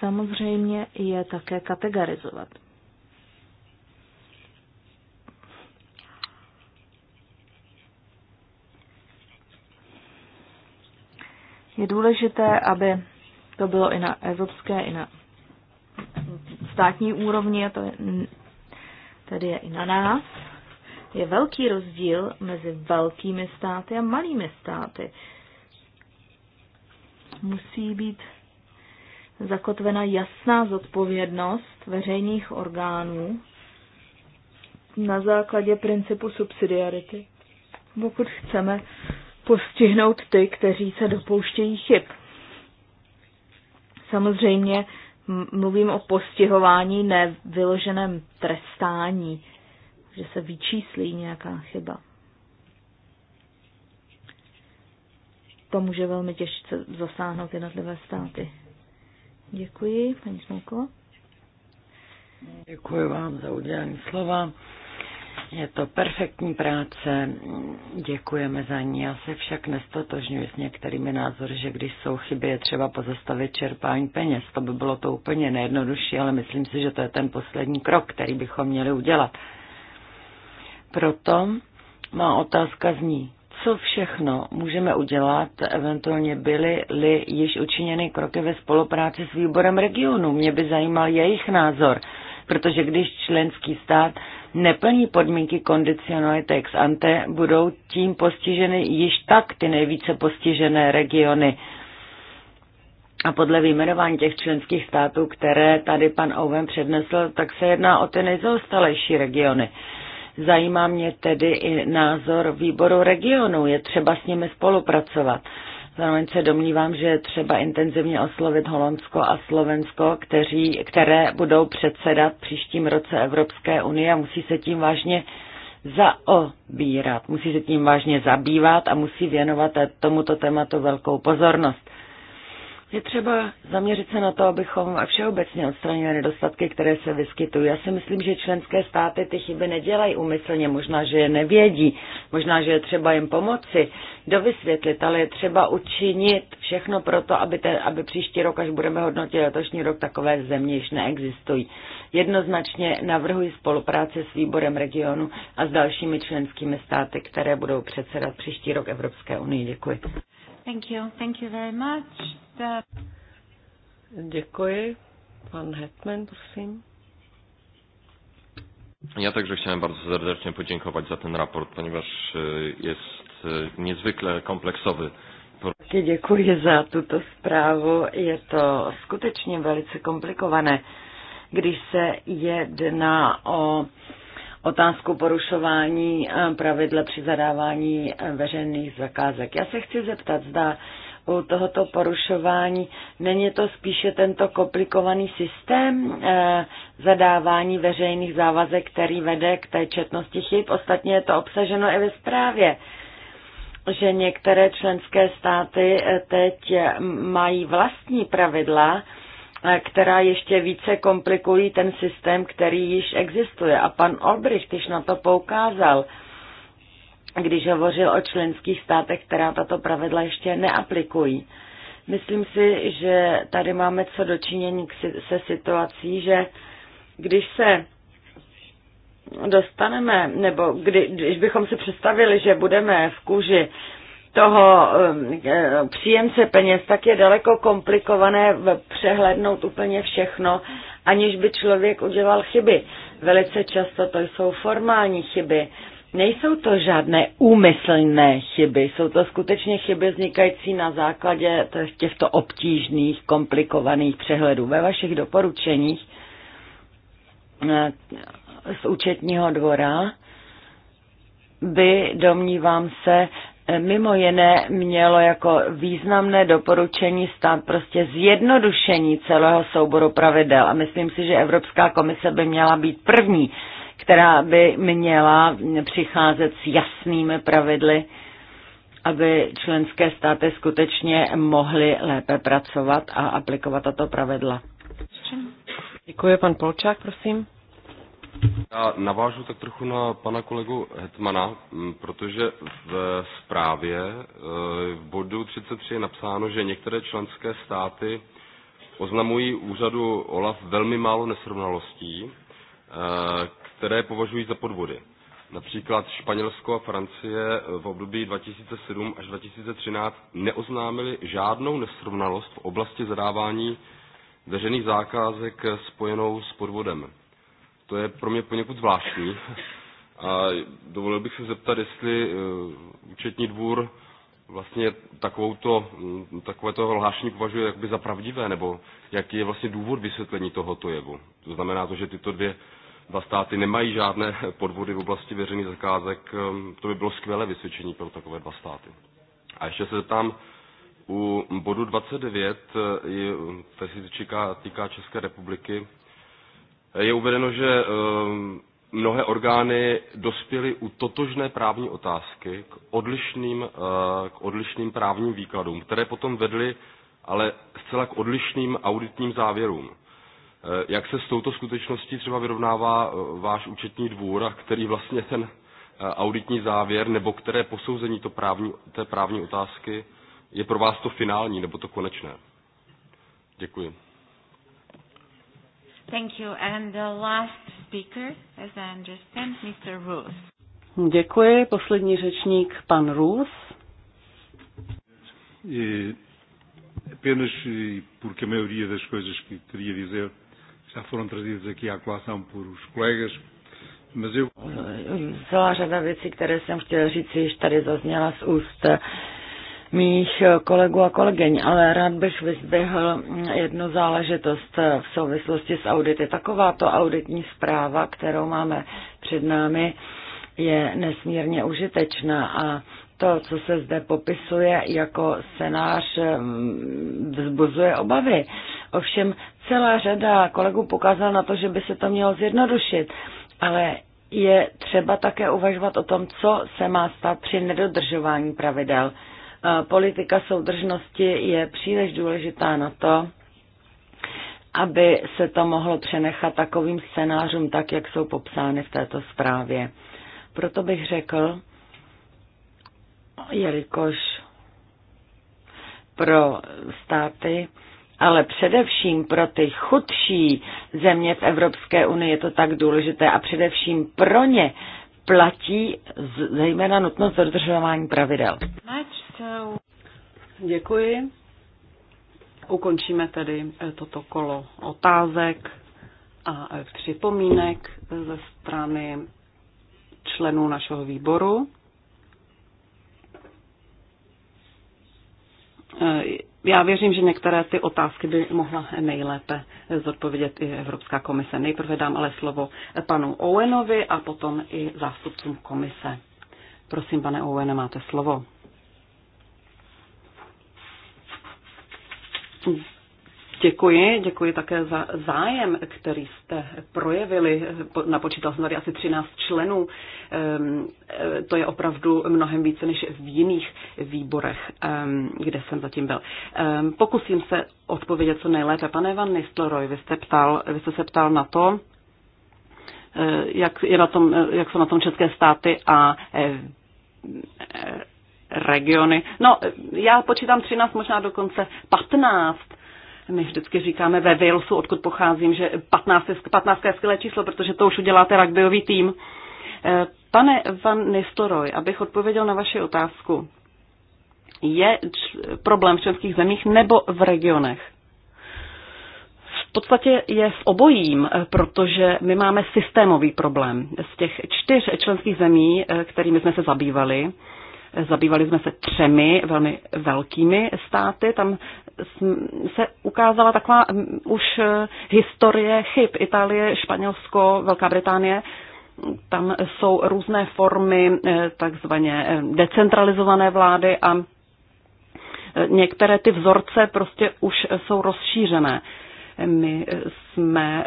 samozřejmě je také kategorizovat. Je důležité, aby to bylo i na evropské, i na státní úrovni, a to je, tedy je i na nás. Je velký rozdíl mezi velkými státy a malými státy musí být zakotvena jasná zodpovědnost veřejných orgánů na základě principu subsidiarity, pokud chceme postihnout ty, kteří se dopouštějí chyb. Samozřejmě mluvím o postihování, ne vyloženém trestání, že se vyčíslí nějaká chyba. to může velmi těžce zasáhnout jednotlivé státy. Děkuji, paní Smolko. Děkuji vám za udělení slova. Je to perfektní práce, děkujeme za ní. Já se však nestotožňuji s některými názory, že když jsou chyby, je třeba pozastavit čerpání peněz. To by bylo to úplně nejjednodušší, ale myslím si, že to je ten poslední krok, který bychom měli udělat. Proto má otázka zní, co všechno můžeme udělat, eventuálně byly-li již učiněny kroky ve spolupráci s výborem regionu. Mě by zajímal jejich názor, protože když členský stát neplní podmínky kondicionality ex ante, budou tím postiženy již tak ty nejvíce postižené regiony. A podle vyjmenování těch členských států, které tady pan Owen přednesl, tak se jedná o ty nejzaostalejší regiony. Zajímá mě tedy i názor výboru regionu. Je třeba s nimi spolupracovat. Zároveň se domnívám, že je třeba intenzivně oslovit Holandsko a Slovensko, kteří, které budou předsedat příštím roce Evropské unie a musí se tím vážně zaobírat, musí se tím vážně zabývat a musí věnovat tomuto tématu velkou pozornost. Je třeba zaměřit se na to, abychom všeobecně odstranili nedostatky, které se vyskytují. Já si myslím, že členské státy ty chyby nedělají úmyslně, možná, že je nevědí, možná, že je třeba jim pomoci dovysvětlit, ale je třeba učinit všechno pro to, aby, te, aby příští rok, až budeme hodnotit letošní rok, takové země již neexistují. Jednoznačně navrhuji spolupráci s výborem regionu a s dalšími členskými státy, které budou předsedat příští rok Evropské unii. Děkuji. Thank you. Thank you very much. The... Děkuji. Pan Hetman, prosím. Ja także chciałem bardzo serdecznie podziękować za ten raport, ponieważ e, jest e, niezwykle kompleksowy. Taky děkuji za tuto zprávu. Je to skutečně velice komplikované, když se jedná o otázku porušování eh, pravidel při zadávání eh, veřejných zakázek. Já se chci zeptat, zda u tohoto porušování není to spíše tento komplikovaný systém eh, zadávání veřejných závazek, který vede k té četnosti chyb. Ostatně je to obsaženo i ve zprávě že některé členské státy teď mají vlastní pravidla, Eh, která ještě více komplikují ten systém, který již existuje. A pan Olbrich, když na to poukázal, když hovořil o členských státech, která tato pravidla ještě neaplikují. Myslím si, že tady máme co dočinění se situací, že když se dostaneme, nebo kdy, když bychom si představili, že budeme v kůži toho um, eh, příjemce peněz, tak je daleko komplikované přehlednout úplně všechno, aniž by člověk udělal chyby. Velice často to jsou formální chyby. Nejsou to žádné úmyslné chyby, jsou to skutečně chyby vznikající na základě těchto obtížných, komplikovaných přehledů. Ve vašich doporučeních eh, z účetního dvora by, domnívám se, mimo jiné mělo jako významné doporučení stát prostě zjednodušení celého souboru pravidel. A myslím si, že Evropská komise by měla být první, která by měla přicházet s jasnými pravidly, aby členské státy skutečně mohly lépe pracovat a aplikovat tato pravidla. Děkuji, pan Polčák, prosím. Já navážu tak trochu na pana kolegu Hetmana, protože v zprávě e, v bodu 33 je napsáno, že některé členské státy oznamují úřadu OLAF velmi málo nesrovnalostí, e, které považují za podvody. Například Španělsko a Francie v období 2007 až 2013 neoznámili žádnou nesrovnalost v oblasti zadávání veřejných zákazek spojenou s podvodem. To je pro mě poněkud zvláštní. A dovolil bych se zeptat, jestli eh, účetní dvůr vlastně takovouto, mm, takovéto hlášení považuje jakby za pravdivé, nebo jaký je vlastně důvod vysvětlení tohoto jevu. To znamená to, že tyto dvě dva státy nemají žádné podvody v oblasti veřejných zakázek. Ehm, to by bylo skvělé vysvědčení pro takové dva státy. A ještě se zeptám, u bodu 29, který eh, eh, se týká, týká České republiky, je uvedeno, že eh, mnohé orgány dospěly u totožné právní otázky k odlišným, eh, k odlišným právním výkladům, které potom vedly ale zcela k odlišným auditním závěrům. Eh, jak se s touto skutečností třeba vyrovnává váš účetní dvůr, který vlastně ten auditní závěr, nebo které posouzení to právní, té právní otázky je pro vás to finální nebo to konečné? Děkuji. Thank you. And the last speaker, as I understand, Mr. Roos. Děkuji. Poslední řečník, pan Roos. E, apenas e, porque a maioria das coisas que queria dizer já foram trazidas aqui à colação por os colegas, mas eu... Celá řada věcí, které jsem chtěl říct, již tady zazněla z úst mých eh, kolegů a kolegyň, ale rád bych vyzběhl mm, jednu záležitost eh, v souvislosti s audity. Takováto auditní zpráva, kterou máme před námi, je nesmírně užitečná a to, co se zde popisuje jako scénář, eh, vzbuzuje obavy. Ovšem celá řada kolegů pokázala na to, že by se to mělo zjednodušit, ale je třeba také uvažovat o tom, co se má stát při nedodržování pravidel. Eh, politika soudržnosti je příliš důležitá na to, aby se to mohlo přenechat takovým scénářům, tak jak jsou popsány v této zprávě. Proto bych řekl, jelikož pro státy, ale především pro ty chudší země v Evropské unii je to tak důležité a především pro ně platí zejména nutnost dodržování pravidel. Much. Děkuji. Ukončíme tedy eh, toto kolo otázek a eh, připomínek eh, ze strany členů našeho výboru. Já věřím, že některé ty otázky by mohla nejlépe zodpovědět i Evropská komise. Nejprve dám ale slovo panu Owenovi a potom i zástupcům komise. Prosím, pane Owen, máte slovo. Děkuji, děkuji také za zájem, který jste projevili. Napočítal jsem tady asi 13 členů. Ehm, e, to je opravdu mnohem více než v jiných výborech, ehm, kde jsem zatím byl. Ehm, pokusím se odpovědět co nejlépe. Pane Van Nistleroy, vy jste, ptal, vy jste se ptal na to, e, jak, je na tom, e, jak jsou na tom české státy a regiony. No, já počítám 13, možná dokonce 15. My vždycky říkáme ve Walesu, odkud pocházím, že 15 je, 15 je skvělé číslo, protože to už uděláte rugbyový tým. Eh, pane Van Nistoroj, abych odpověděl na vaši otázku. Je problém v členských zemích nebo v regionech? V podstatě je v obojím, eh, protože my máme systémový problém. Z těch čtyř členských zemí, eh, kterými jsme se zabývali, Zabývali jsme se třemi velmi velkými státy. Tam se ukázala taková už e, historie chyb. Itálie, Španělsko, Velká Británie. Tam jsou různé formy e, takzvaně e, decentralizované vlády a některé ty vzorce prostě už jsou rozšířené. My jsme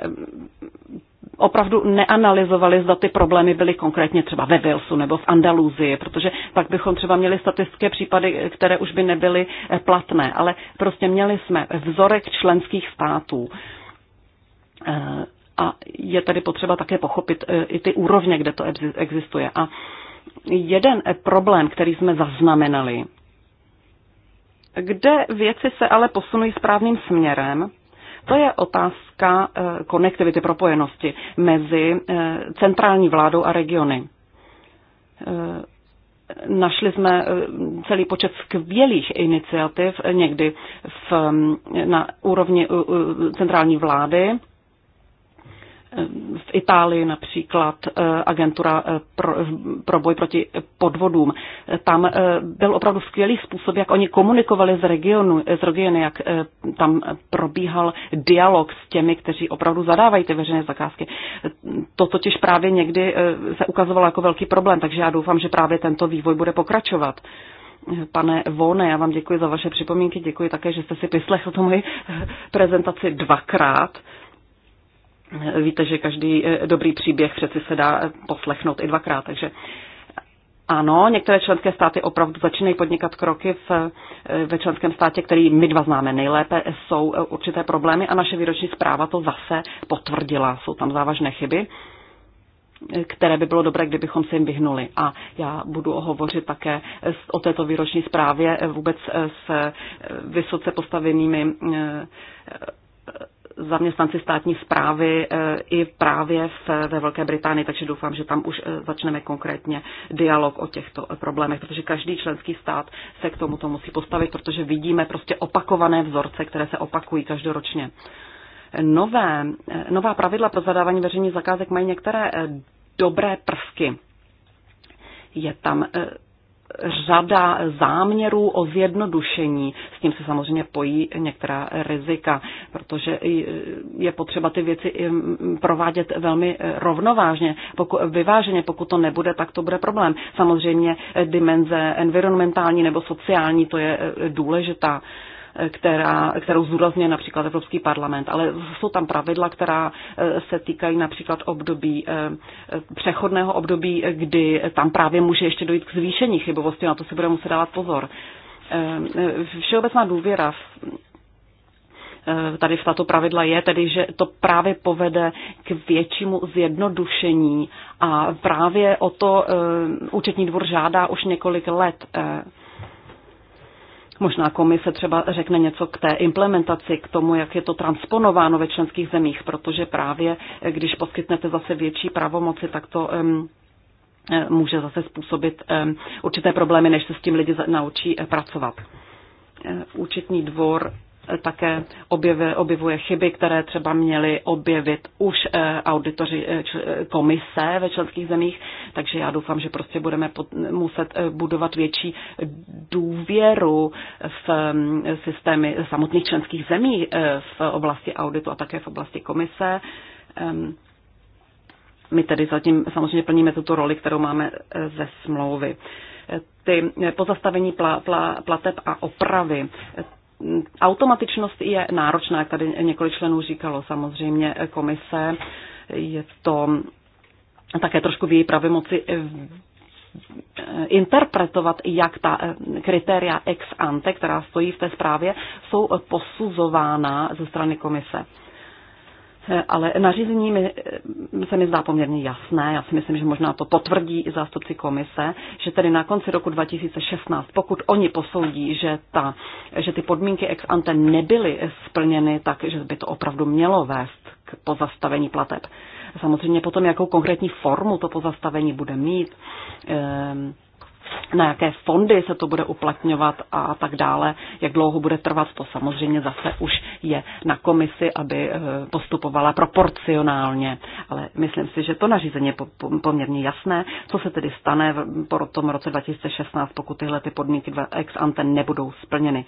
opravdu neanalyzovali, zda ty problémy byly konkrétně třeba ve Walesu nebo v Andaluzii, protože pak bychom třeba měli statistické případy, které už by nebyly eh, platné, ale prostě měli jsme vzorek členských států. Eh, a je tady potřeba také pochopit eh, i ty úrovně, kde to existuje. A jeden problém, který jsme zaznamenali, kde věci se ale posunují správným směrem, to je otázka, otázka eh, konektivity, propojenosti mezi eh, centrální vládou a regiony. Eh, našli jsme celý počet skvělých iniciativ někdy v, mm, na úrovni centrální vlády, v Itálii například eh, agentura eh, pro, eh, pro boj proti podvodům. Tam byl opravdu skvělý způsob, jak oni komunikovali z, regionu, z regiony, jak tam probíhal dialog s těmi, kteří opravdu zadávají ty veřejné zakázky. To totiž právě někdy se ukazovalo jako velký problém, takže já doufám, že právě tento vývoj bude pokračovat. Pane Vone, já vám děkuji za vaše připomínky, děkuji také, že jste si vyslechl tu moji prezentaci dvakrát. Víte, že každý eh, dobrý příběh přeci se dá eh, poslechnout i dvakrát, takže ano, některé členské státy opravdu začínají podnikat kroky v, eh, ve členském státě, který my dva známe nejlépe, jsou určité problémy a naše výroční zpráva to zase potvrdila. Jsou tam závažné chyby, které by bylo dobré, kdybychom se jim vyhnuli. A já budu hovořit také o této výroční zprávě vůbec s vysoce postavenými zaměstnanci státní zprávy eh, i právě v, ve Velké Británii, takže doufám, že tam už eh, začneme konkrétně dialog o těchto eh, problémech, protože každý členský stát se k tomuto musí postavit, protože vidíme prostě opakované vzorce, které se opakují každoročně. Nové, nová pravidla pro zadávání veřejných zakázek mají některé dobré prvky. Je tam řada záměrů o zjednodušení. S tím se samozřejmě pojí některá rizika, protože e, je potřeba ty věci provádět velmi e, rovnovážně, pokud, vyváženě. Pokud to nebude, tak to bude problém. Samozřejmě e, dimenze environmentální nebo sociální, to je důležitá která, kterou zúrazně například Evropský parlament, ale jsou tam pravidla, která eh, se týkají například období, eh, eh, přechodného období, kdy tam právě může ještě dojít k zvýšení chybovosti, na to si bude muset dávat pozor. Všeobecná důvěra v tady v tato pravidla je, tedy že to právě povede k většímu zjednodušení a právě o to účetní dvor žádá už několik let Možná komise třeba řekne něco k té implementaci, k tomu, jak je to transponováno ve členských zemích, protože právě eh, když poskytnete zase větší pravomoci, tak to um, může zase způsobit um, určité problémy, než se s tím lidi naučí eh, pracovat. Účetní dvor také objevuje, objevuje chyby, které třeba měli objevit už eh, auditoři eh, eh, komise ve členských zemích, takže já doufám, že prostě budeme muset budovat větší důvěru v mm, systémy samotných členských zemí v oblasti auditu a také v oblasti komise. Ehm, my tedy zatím samozřejmě plníme tuto roli, kterou máme ze smlouvy. Ty pozastavení pla, pla, plateb a opravy, automatičnost je náročná, jak tady několik členů říkalo. Samozřejmě komise je to také trošku v její pravomoci eh, interpretovat, jak ta eh, kritéria ex ante, která stojí v té zprávě, jsou posuzována ze strany komise. Eh, ale nařízení mi, eh, se mi zdá poměrně jasné. Já si myslím, že možná to potvrdí i zástupci komise, že tedy na konci roku 2016, pokud oni posoudí, že, ta, že ty podmínky ex ante nebyly splněny, tak že by to opravdu mělo vést k pozastavení plateb. Samozřejmě potom, jakou konkrétní formu to pozastavení bude mít, ehm, na jaké fondy se to bude uplatňovat a tak dále, jak dlouho bude trvat, to samozřejmě zase už je na komisi, aby eh, postupovala proporcionálně. Ale myslím si, že to nařízení je poměrně jasné, co se tedy stane po tom roce 2016, pokud tyhle ty podmínky ex ante nebudou splněny.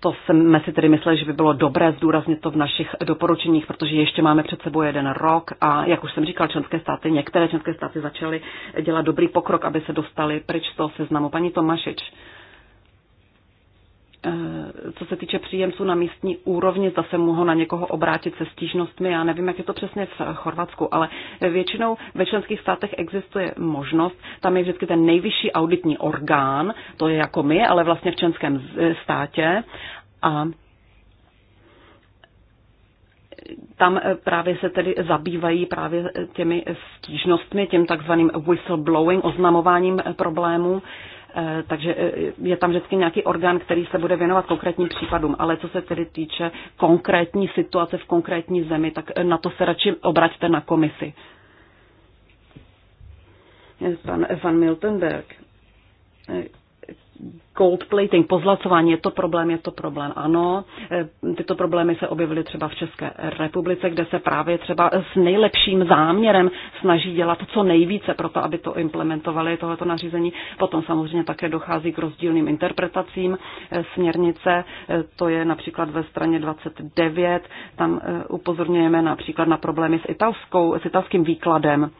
To jsme si tedy mysleli, že by bylo dobré zdůraznit to v našich doporučeních, protože ještě máme před sebou jeden rok a, jak už jsem říkal, členské státy, některé členské státy začaly dělat dobrý pokrok, aby se dostali pryč z toho seznamu. Paní Tomašič, Eh, co se týče příjemců na místní úrovni, zase mohou na někoho obrátit se stížnostmi. Já nevím, jak je to přesně v Chorvatsku, ale většinou ve členských státech existuje možnost, tam je vždycky ten nejvyšší auditní orgán, to je jako my, ale vlastně v členském eh, státě. A tam eh, právě se tedy zabývají právě těmi stížnostmi, tím takzvaným whistleblowing, oznamováním problémů. Eh, takže eh, je tam vždycky nějaký orgán, který se bude věnovat konkrétním případům, ale co se tedy týče konkrétní situace v konkrétní zemi, tak eh, na to se radši obraťte na komisi. Pan Van Miltenberg cold plating, pozlacování, je to problém, je to problém, ano. E, tyto problémy se objevily třeba v České republice, kde se právě třeba s nejlepším záměrem snaží dělat co nejvíce pro to, aby to implementovali, tohoto nařízení. Potom samozřejmě také dochází k rozdílným interpretacím e, směrnice, e, to je například ve straně 29, tam upozorňujeme například na problémy s, italskou, s italským výkladem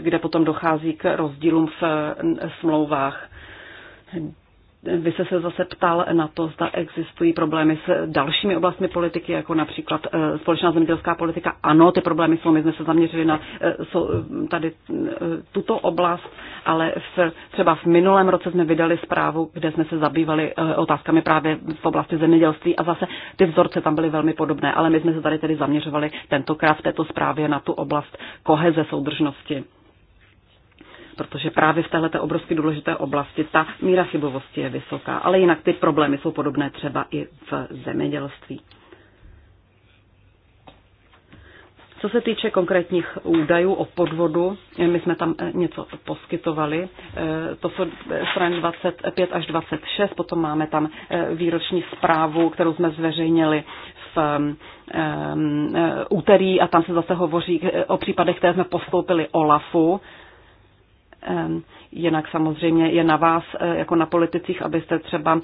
kde potom dochází k rozdílům v smlouvách. Vy jste se zase ptal na to, zda existují problémy s dalšími oblastmi politiky, jako například e, společná zemědělská politika. Ano, ty problémy jsou, my jsme se zaměřili na e, e, tady tuto oblast ale v, třeba v minulém roce jsme vydali zprávu, kde jsme se zabývali eh, otázkami právě v oblasti zemědělství a zase ty vzorce tam byly velmi podobné, ale my jsme se tady tedy zaměřovali tentokrát v této zprávě na tu oblast koheze soudržnosti protože právě v této obrovsky důležité oblasti ta míra chybovosti je vysoká, ale jinak ty problémy jsou podobné třeba i v zemědělství. Co se týče konkrétních údajů o podvodu, eh, my jsme tam eh, něco poskytovali. Eh, to jsou strany 25 až 26, potom máme tam výroční zprávu, kterou jsme zveřejnili v ehm, ehm, úterý a tam se zase hovoří o případech, které jsme postoupili OLAFu. Ehm, jinak samozřejmě je na vás, jako na politicích, abyste třeba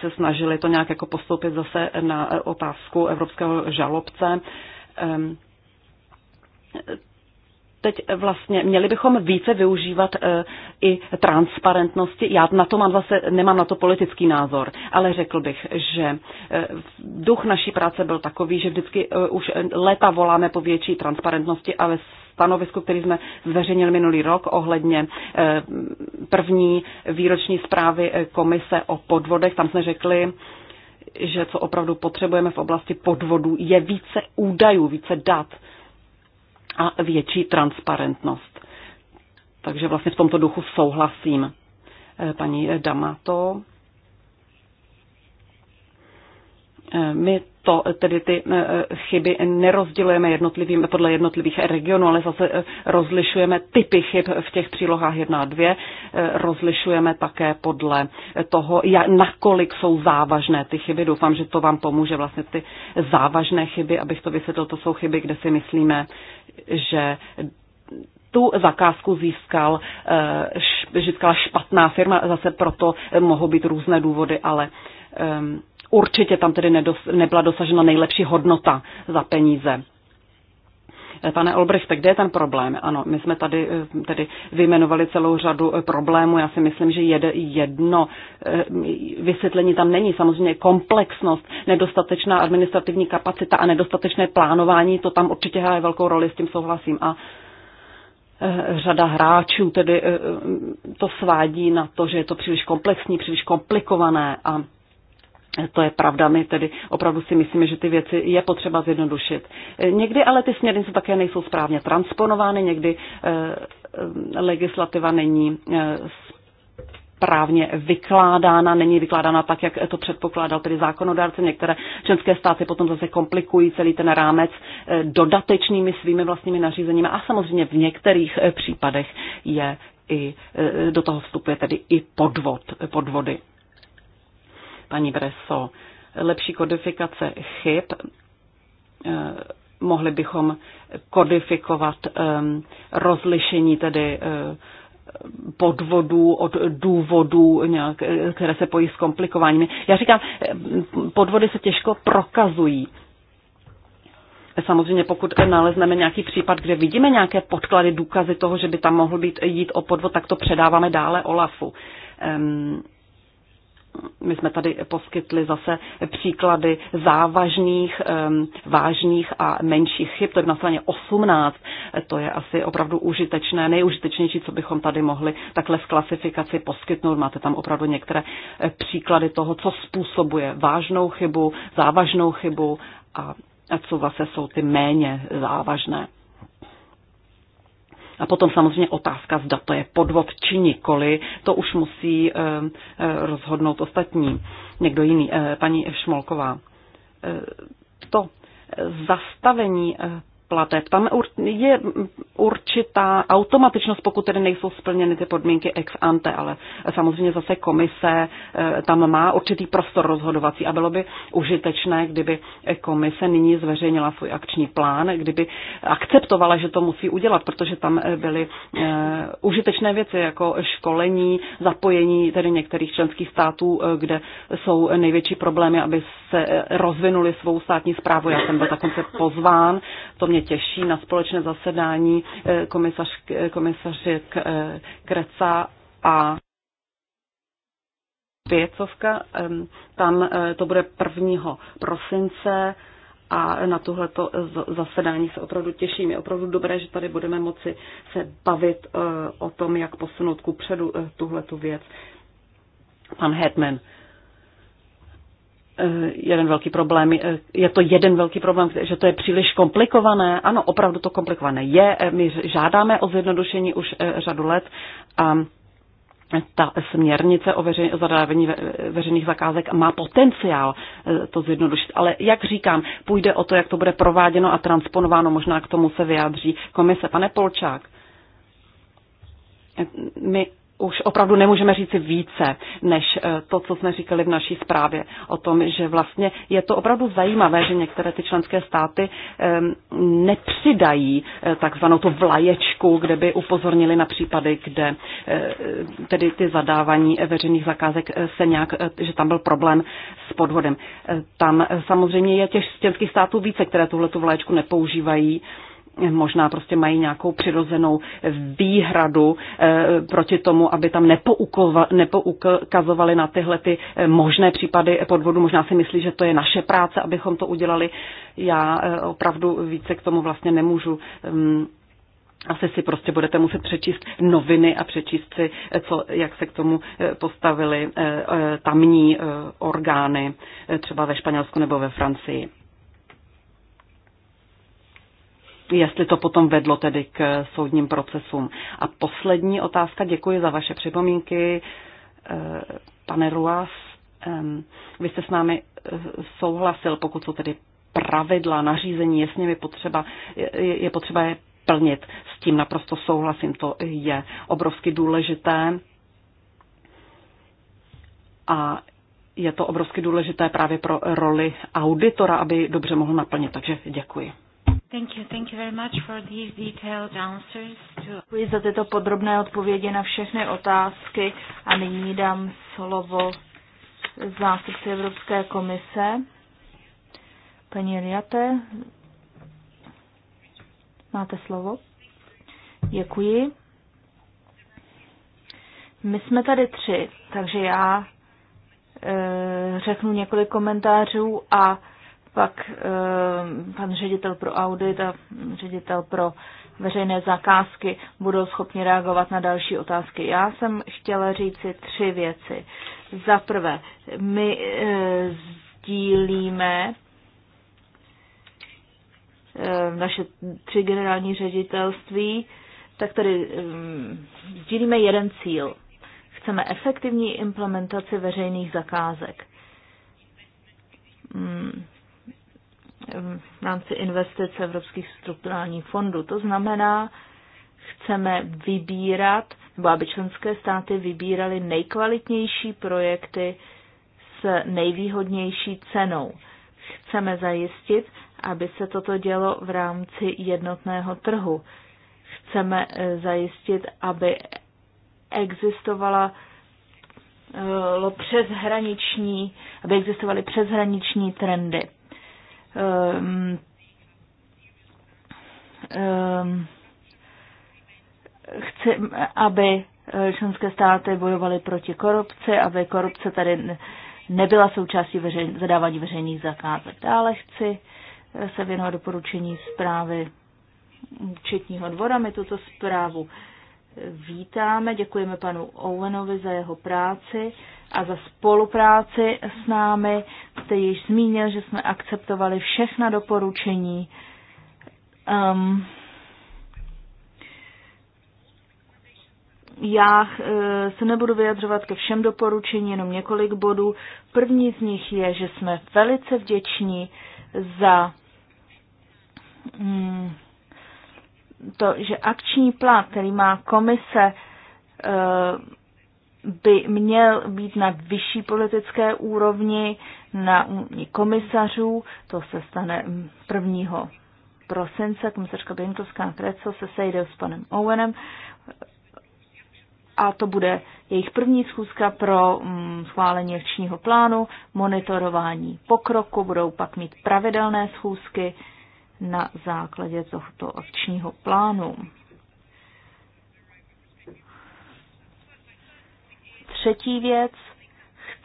se snažili to nějak jako postoupit zase na otázku evropského žalobce teď vlastně měli bychom více využívat e, i transparentnosti. Já na to mám zase, nemám na to politický názor, ale řekl bych, že e, duch naší práce byl takový, že vždycky e, už léta voláme po větší transparentnosti a ve stanovisku, který jsme zveřejnili minulý rok ohledně první výroční zprávy komise o podvodech, tam jsme řekli, že co opravdu potřebujeme v oblasti podvodů, je více údajů, více dat a větší transparentnost. Takže vlastně v tomto duchu souhlasím. Eh, paní Damato Eh, my to, eh, tedy ty eh, chyby nerozdělujeme jednotlivým, podle jednotlivých regionů, ale zase rozlišujeme typy chyb v těch přílohách 1 a 2, rozlišujeme také podle toho, nakolik jsou závažné ty chyby. Doufám, že to vám pomůže vlastně ty závažné chyby, abych to vysvětlil, to jsou chyby, kde si myslíme, že tu zakázku získal, získala špatná firma, zase proto mohou být různé důvody, ale ehm, Určitě tam tedy nedos, nebyla dosažena nejlepší hodnota za peníze. Eh, pane Olbrechte, kde je ten problém? Ano, my jsme tady eh, tedy vyjmenovali celou řadu eh, problémů. Já si myslím, že jedno vysvětlení tam není. Samozřejmě komplexnost, nedostatečná administrativní kapacita a nedostatečné plánování, to tam určitě hraje velkou roli, s tím souhlasím. A řada hráčů tedy to svádí na to, že je to příliš komplexní, příliš komplikované a to je pravda, my tedy opravdu si myslíme, že ty věci je potřeba zjednodušit. E, někdy ale ty směrnice také nejsou správně transponovány, někdy e, e, legislativa není právně vykládána, není vykládána tak, jak to předpokládal tedy zákonodárce. Některé členské státy potom zase komplikují celý ten rámec dodatečnými svými vlastními nařízeními a samozřejmě v některých případech je i do toho vstupuje tedy i podvod, podvody paní Breso. Lepší kodifikace chyb. Eh, mohli bychom kodifikovat ehm, rozlišení tedy eh, podvodů, od důvodů, eh, které se pojí s komplikováním. Já říkám, ehm, podvody se těžko prokazují. Samozřejmě, pokud nalezneme nějaký případ, kde vidíme nějaké podklady, důkazy toho, že by tam mohl být jít o podvod, tak to předáváme dále Olafu. Ehm, my jsme tady poskytli zase příklady závažných, vážných a menších chyb, to je na straně 18, to je asi opravdu užitečné, nejužitečnější, co bychom tady mohli takhle v klasifikaci poskytnout. Máte tam opravdu některé eh, příklady toho, co způsobuje vážnou chybu, závažnou chybu a co vlastně jsou ty méně závažné. A potom samozřejmě otázka, zda to je podvod či nikoli, to už musí eh, eh, rozhodnout ostatní, někdo jiný, eh, paní Šmolková. To zastavení plateb. Tam je určitá automatičnost, pokud tedy nejsou splněny ty podmínky ex ante, ale samozřejmě zase komise eh, tam má určitý prostor rozhodovací a bylo by užitečné, kdyby komise nyní zveřejnila svůj akční plán, kdyby akceptovala, že to musí udělat, protože tam eh, byly eh, užitečné věci jako školení, zapojení tedy některých členských států, kde jsou největší problémy, aby se rozvinuli svou státní zprávu. Já jsem byl dokonce pozván, to mě mě těší na společné zasedání eh, komisař, eh, komisaře eh, Kreca a Pěcovka. Tam to bude 1. prosince a na tohleto zasedání se opravdu těším. Je opravdu dobré, že tady budeme moci se bavit o tom, jak posunout kupředu tuhletu věc. Pan Hetman Eh, jeden velký problém, eh, je to jeden velký problém, že to je příliš komplikované. Ano, opravdu to komplikované je. Eh, my žádáme o zjednodušení už řadu let a ta směrnice o veřej, zadávání ve, veřejných zakázek má potenciál to zjednodušit. Ale jak říkám, půjde o to, jak to bude prováděno a transponováno. Možná k tomu se vyjádří komise. Pane Polčák, my už opravdu nemůžeme říci více, než eh, to, co jsme říkali v naší zprávě o tom, že vlastně je to opravdu zajímavé, že některé ty členské státy ehm, nepřidají eh, takzvanou tu vlaječku, kde by upozornili na případy, kde eh, tedy ty zadávání veřejných zakázek se nějak, že tam byl problém s podvodem. Tam samozřejmě je těch členských států více, které tuhle tu vlaječku nepoužívají možná prostě mají nějakou přirozenou výhradu eh, proti tomu, aby tam nepoukazovali na tyhle ty eh, možné případy podvodu. Možná si myslí, že to je naše práce, abychom to udělali. Já eh, opravdu více k tomu vlastně nemůžu mm, asi si prostě budete muset přečíst noviny a přečíst si, co, jak se k tomu postavili tamní orgány, třeba ve Španělsku nebo ve Francii jestli to potom vedlo tedy k soudním procesům. A poslední otázka, děkuji za vaše připomínky. Eh, pane Ruas, vy jste s námi eh, souhlasil, pokud jsou tedy pravidla, nařízení, je s potřeba, je, je potřeba je plnit. S tím naprosto souhlasím, to je obrovsky důležité. A je to obrovsky důležité právě pro roli auditora, aby dobře mohl naplnit. Takže děkuji. Thank you, thank you very much for these detailed answers to... Děkuji za tyto podrobné odpovědi na všechny otázky a nyní dám slovo zástupci Evropské komise. Paní Eliate, máte slovo. Děkuji. My jsme tady tři, takže já e, řeknu několik komentářů a e, pak eh, pan ředitel pro audit a ředitel pro veřejné zakázky budou schopni reagovat na další otázky. Já jsem chtěla říci tři věci. Za prvé, my e, sdílíme e, naše tři generální ředitelství, tak tady e, sdílíme jeden cíl. Chceme efektivní implementaci veřejných zakázek. Hmm v rámci investic evropských strukturálních fondů. To znamená, chceme vybírat, nebo aby členské státy vybíraly nejkvalitnější projekty s nejvýhodnější cenou. Chceme zajistit, aby se toto dělo v rámci jednotného trhu. Chceme eh, zajistit, aby existovala eh, přeshraniční, aby existovaly přeshraniční trendy um, um, chci, aby eh, členské státy bojovaly proti korupci, aby korupce tady nebyla součástí veřejn, zadávání veřejných zakázek. Dále chci eh, se věnovat doporučení zprávy účetního dvora. My tuto zprávu vítáme, děkujeme panu Owenovi za jeho práci a za spolupráci s námi. Jste již zmínil, že jsme akceptovali všechna doporučení. Um, já eh, se nebudu vyjadřovat ke všem doporučení, jenom několik bodů. První z nich je, že jsme velice vděční za mm, to, že akční plán, který má komise, eh, by měl být na vyšší politické úrovni, na úrovni komisařů, to se stane 1. prosince, komisařka Běnkovská Kreco se sejde s panem Owenem a to bude jejich první schůzka pro mm, schválení akčního plánu, monitorování pokroku, budou pak mít pravidelné schůzky, na základě tohoto akčního plánu. Třetí věc,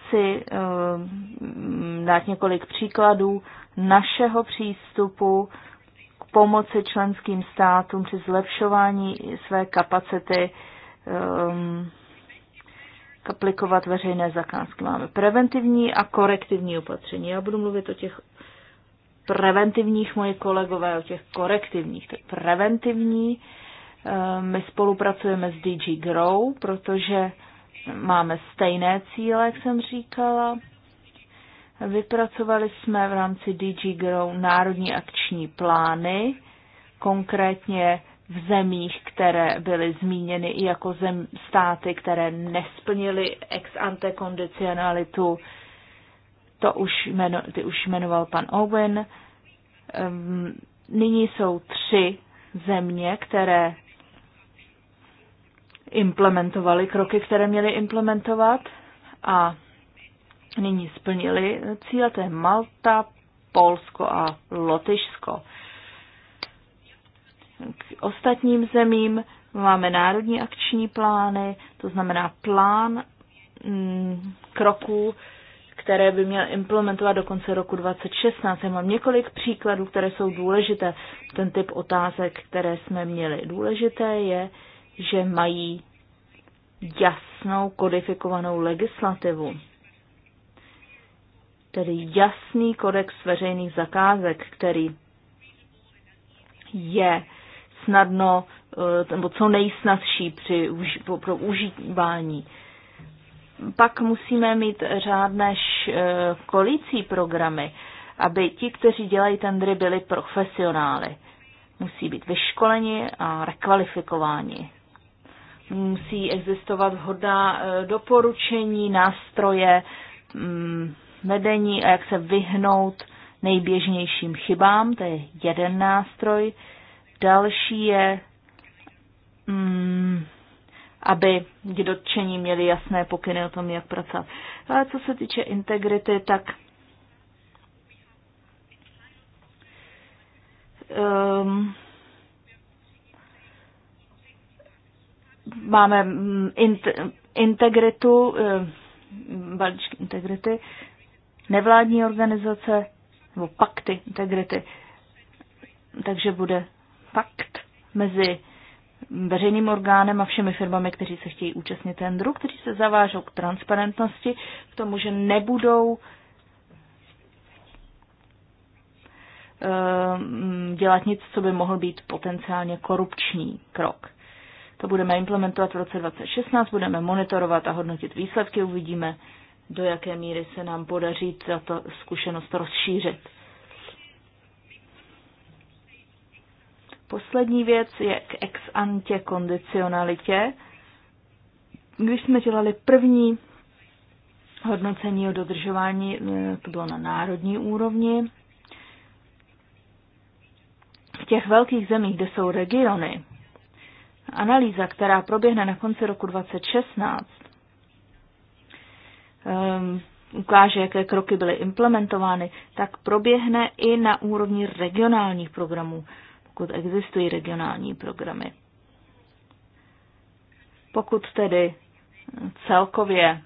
chci eh, dát několik příkladů našeho přístupu k pomoci členským státům při zlepšování své kapacity eh, aplikovat veřejné zakázky. Máme preventivní a korektivní opatření. Já budu mluvit o těch preventivních, moje kolegové o těch korektivních. Tak preventivní, eh, my spolupracujeme s DG Grow, protože máme stejné cíle, jak jsem říkala. Vypracovali jsme v rámci DG Grow národní akční plány, konkrétně v zemích, které byly zmíněny i jako zem, státy, které nesplnily ex ante kondicionalitu to už, jmeno, ty už jmenoval pan Owen. Nyní jsou tři země, které implementovaly kroky, které měly implementovat a nyní splnili cíle, to je Malta, Polsko a Lotyšsko. K ostatním zemím máme národní akční plány, to znamená plán mm, kroků, které by měl implementovat do konce roku 2016. Já mám několik příkladů, které jsou důležité. Ten typ otázek, které jsme měli. Důležité je, že mají jasnou kodifikovanou legislativu, tedy jasný kodex veřejných zakázek, který je snadno eh, nebo co nejsnazší při, pro, pro užívání pak musíme mít řádné školící eh, programy, aby ti, kteří dělají tendry, byli profesionály. Musí být vyškoleni a rekvalifikováni. Musí existovat hodná eh, doporučení, nástroje, mm, vedení a jak se vyhnout nejběžnějším chybám, to je jeden nástroj. Další je mm, aby dotčení měli jasné pokyny o tom, jak pracovat. Ale co se týče integrity, tak um, máme mm, int, integritu, ehm, balíčky integrity, nevládní organizace nebo pakty integrity. Takže bude pakt mezi veřejným orgánem a všemi firmami, kteří se chtějí účastnit tendru, kteří se zavážou k transparentnosti, k tomu, že nebudou eh, dělat nic, co by mohl být potenciálně korupční krok. To budeme implementovat v roce 2016, budeme monitorovat a hodnotit výsledky, uvidíme, do jaké míry se nám podaří tato zkušenost rozšířit. Poslední věc je k ex ante kondicionalitě. Když jsme dělali první hodnocení o dodržování, eh, to bylo na národní úrovni, v těch velkých zemích, kde jsou regiony, analýza, která proběhne na konci roku 2016, um, ehm, ukáže, jaké kroky byly implementovány, tak proběhne i na úrovni regionálních programů pokud existují regionální programy. Pokud tedy celkově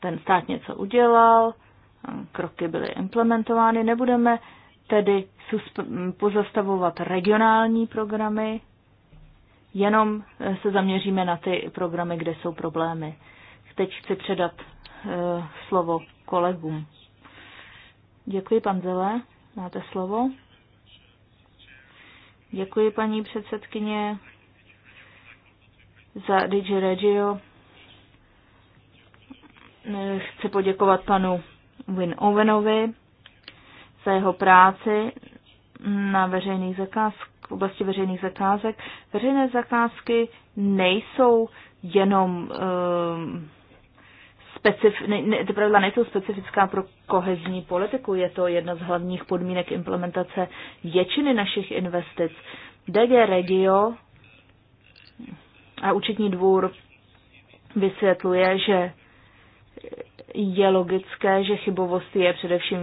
ten stát něco udělal, kroky byly implementovány, nebudeme tedy pozastavovat regionální programy, jenom se zaměříme na ty programy, kde jsou problémy. Teď chci předat eh, slovo kolegům. Děkuji, pan Zele. Máte slovo. Děkuji, paní předsedkyně, za Digi Regio. Chci poděkovat panu Win Owenovi za jeho práci na veřejných zakázkách, v oblasti veřejných zakázek. Veřejné zakázky nejsou jenom um, specif, ne, ne, ty pravidla nejsou specifická pro kohezní politiku, je to jedna z hlavních podmínek implementace většiny našich investic. DG Regio a účetní dvůr vysvětluje, že je logické, že chybovost je především,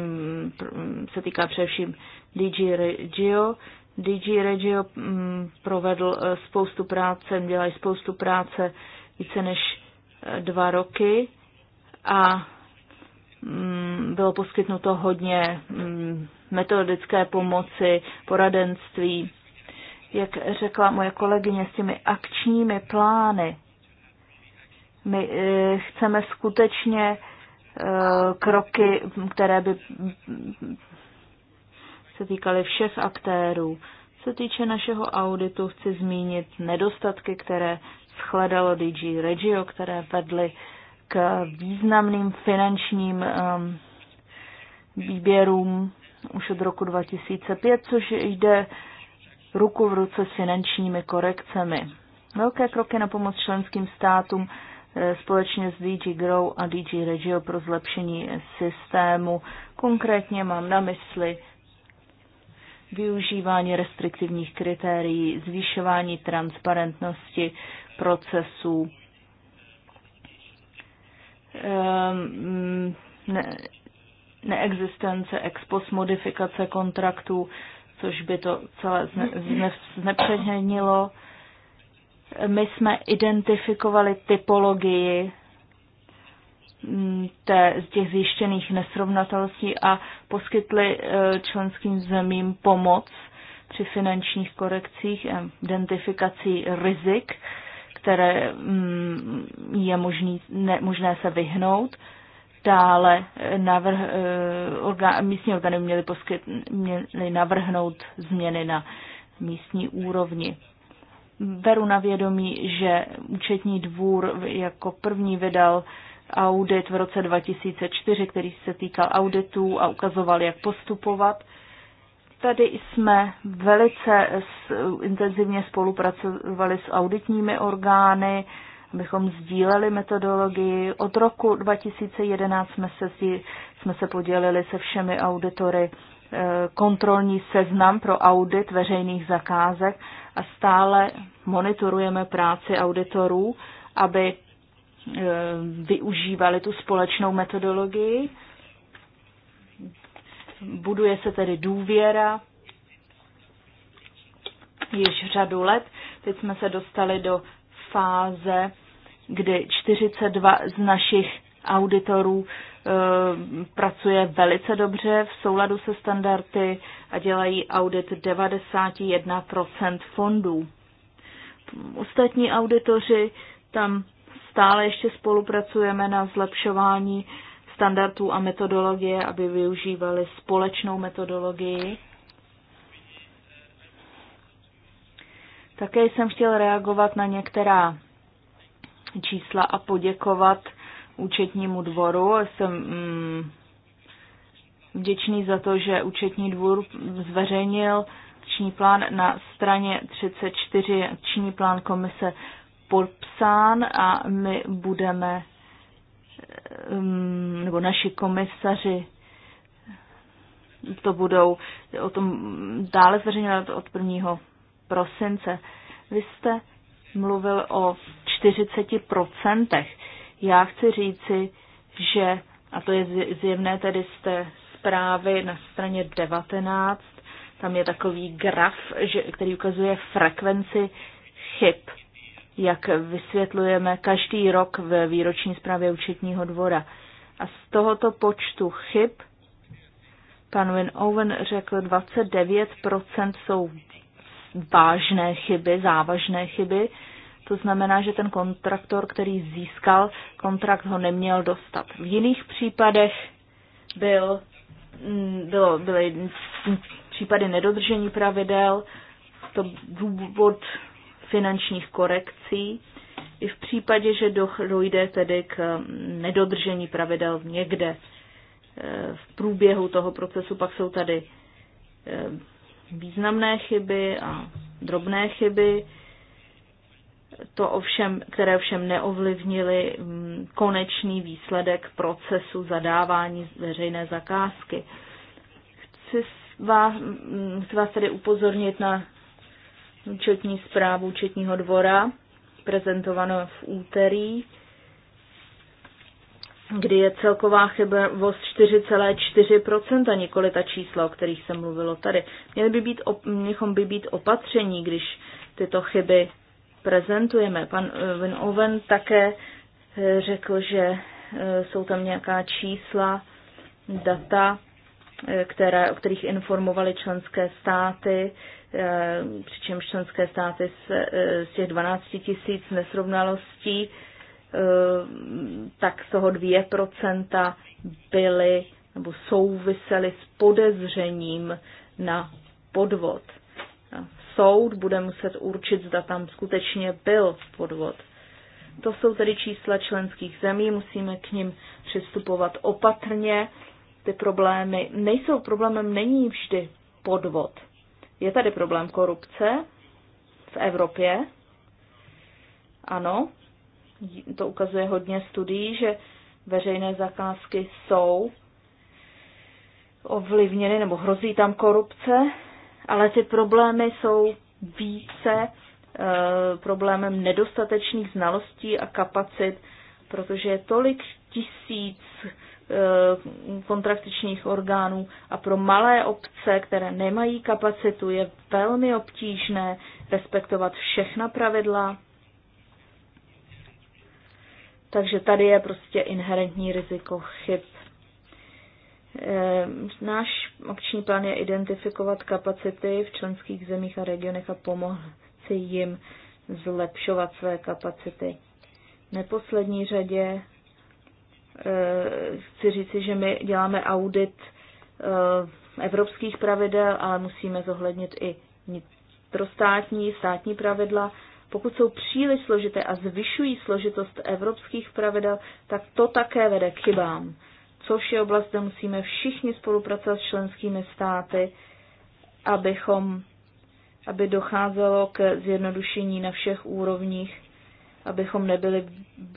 se týká především DG Regio. DG Regio mm, provedl eh, spoustu práce, dělají spoustu práce více než eh, dva roky a mm, bylo poskytnuto hodně mm, metodické pomoci, poradenství. Jak řekla moje kolegyně s těmi akčními plány, my eh, chceme skutečně eh, kroky, které by mm, se týkaly všech aktérů. Co týče našeho auditu, chci zmínit nedostatky, které shledalo DG Regio, které vedly uh, k významným finančním um, výběrům už od roku 2005, což jde ruku v ruce s finančními korekcemi. Velké kroky na pomoc členským státům eh, společně s DG Grow a DG Regio pro zlepšení systému. Konkrétně mám na mysli využívání restriktivních kritérií, zvyšování transparentnosti procesů Ehm, mm, ne, neexistence ex post modifikace kontraktů, což by to celé zne, zne, znepřehnilo. My jsme identifikovali typologii mm, té, z těch zjištěných nesrovnatelností a poskytli eh, členským zemím pomoc při finančních korekcích, identifikací rizik které mm, je možný, ne, možné se vyhnout. Dále eh, navrh, eh, orga, místní orgány měly, poskyt, měly navrhnout změny na místní úrovni. Beru na vědomí, že účetní dvůr jako první vydal audit v roce 2004, který se týkal auditů a ukazoval, jak postupovat. Tady jsme velice intenzivně spolupracovali s auditními orgány, abychom sdíleli metodologii. Od roku 2011 jsme se, jsme se podělili se všemi auditory eh, kontrolní seznam pro audit veřejných zakázek a stále monitorujeme práci auditorů, aby eh, využívali tu společnou metodologii. Buduje se tedy důvěra již řadu let. Teď jsme se dostali do fáze, kdy 42 z našich auditorů e, pracuje velice dobře v souladu se standardy a dělají audit 91% fondů. Ostatní auditoři tam stále ještě spolupracujeme na zlepšování standardů a metodologie, aby využívali společnou metodologii. Také jsem chtěl reagovat na některá čísla a poděkovat účetnímu dvoru. Jsem mm, vděčný za to, že účetní dvůr zveřejnil akční plán na straně 34, akční plán komise podpsán a my budeme Ehm, nebo naši komisaři to budou o tom dále zveřejňovat od 1. prosince. Vy jste mluvil o 40%. Já chci říci, že, a to je zjevné tedy z té zprávy na straně 19, tam je takový graf, že, který ukazuje frekvenci chyb jak vysvětlujeme každý rok ve výroční zprávě účetního dvora. A z tohoto počtu chyb pan Owen řekl, 29% jsou vážné chyby, závažné chyby. To znamená, že ten kontraktor, který získal kontrakt, ho neměl dostat. V jiných případech byl, mm, bylo, byly případy nedodržení pravidel, to důvod finančních korekcí i v případě, že dojde tedy k nedodržení pravidel někde e, v průběhu toho procesu, pak jsou tady e, významné chyby a drobné chyby, to ovšem, které ovšem neovlivnily konečný výsledek procesu zadávání veřejné zakázky. Chci vás, chci vás tedy upozornit na účetní zprávu účetního dvora, prezentovanou v úterý, kdy je celková chybovost 4,4% nikoli ta čísla, o kterých se mluvilo tady. Měli by být, měchom by být opatření, když tyto chyby prezentujeme. Pan eh, Van Oven také eh, řekl, že eh, jsou tam nějaká čísla, data, které, o kterých informovaly členské státy, eh, přičemž členské státy z, eh, z těch 12 tisíc nesrovnalostí, eh, tak z toho 2% byly nebo souvisely s podezřením na podvod. Soud bude muset určit, zda tam skutečně byl podvod. To jsou tedy čísla členských zemí, musíme k nim přistupovat opatrně ty problémy nejsou problémem, není vždy podvod. Je tady problém korupce v Evropě. Ano, to ukazuje hodně studií, že veřejné zakázky jsou ovlivněny nebo hrozí tam korupce, ale ty problémy jsou více e, problémem nedostatečných znalostí a kapacit, protože je tolik tisíc Eh, kontraktičních orgánů a pro malé obce, které nemají kapacitu, je velmi obtížné respektovat všechna pravidla. Takže tady je prostě inherentní riziko chyb. Eh, náš akční plán je identifikovat kapacity v členských zemích a regionech a pomoci jim zlepšovat své kapacity. V neposlední řadě chci říci, že my děláme audit eh, evropských pravidel, ale musíme zohlednit i vnitrostátní, státní pravidla. Pokud jsou příliš složité a zvyšují složitost evropských pravidel, tak to také vede k chybám, což je oblast, kde musíme všichni spolupracovat s členskými státy, abychom, aby docházelo k zjednodušení na všech úrovních abychom nebyli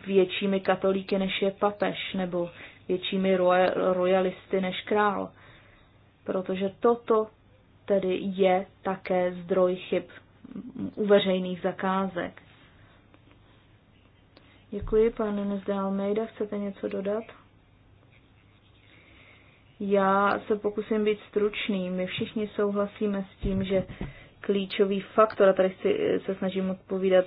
většími katolíky, než je papež, nebo většími royalisty než král. Protože toto tedy je také zdroj chyb u veřejných zakázek. Děkuji, pane Nezde Almeida. Chcete něco dodat? Já se pokusím být stručný. My všichni souhlasíme s tím, že klíčový faktor, a tady si, se snažím odpovídat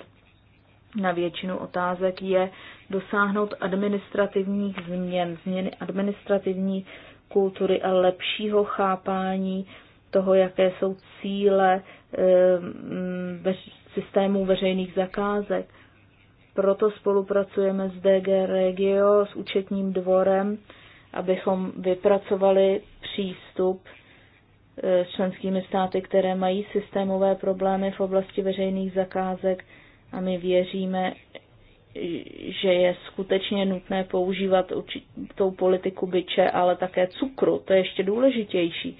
na většinu otázek je dosáhnout administrativních změn, změny administrativní kultury a lepšího chápání toho, jaké jsou cíle ehm, systému veřejných zakázek. Proto spolupracujeme s DG Regio, s účetním dvorem, abychom vypracovali přístup e, s členskými státy, které mají systémové problémy v oblasti veřejných zakázek, a my věříme, že je skutečně nutné používat určitou politiku byče, ale také cukru. To je ještě důležitější,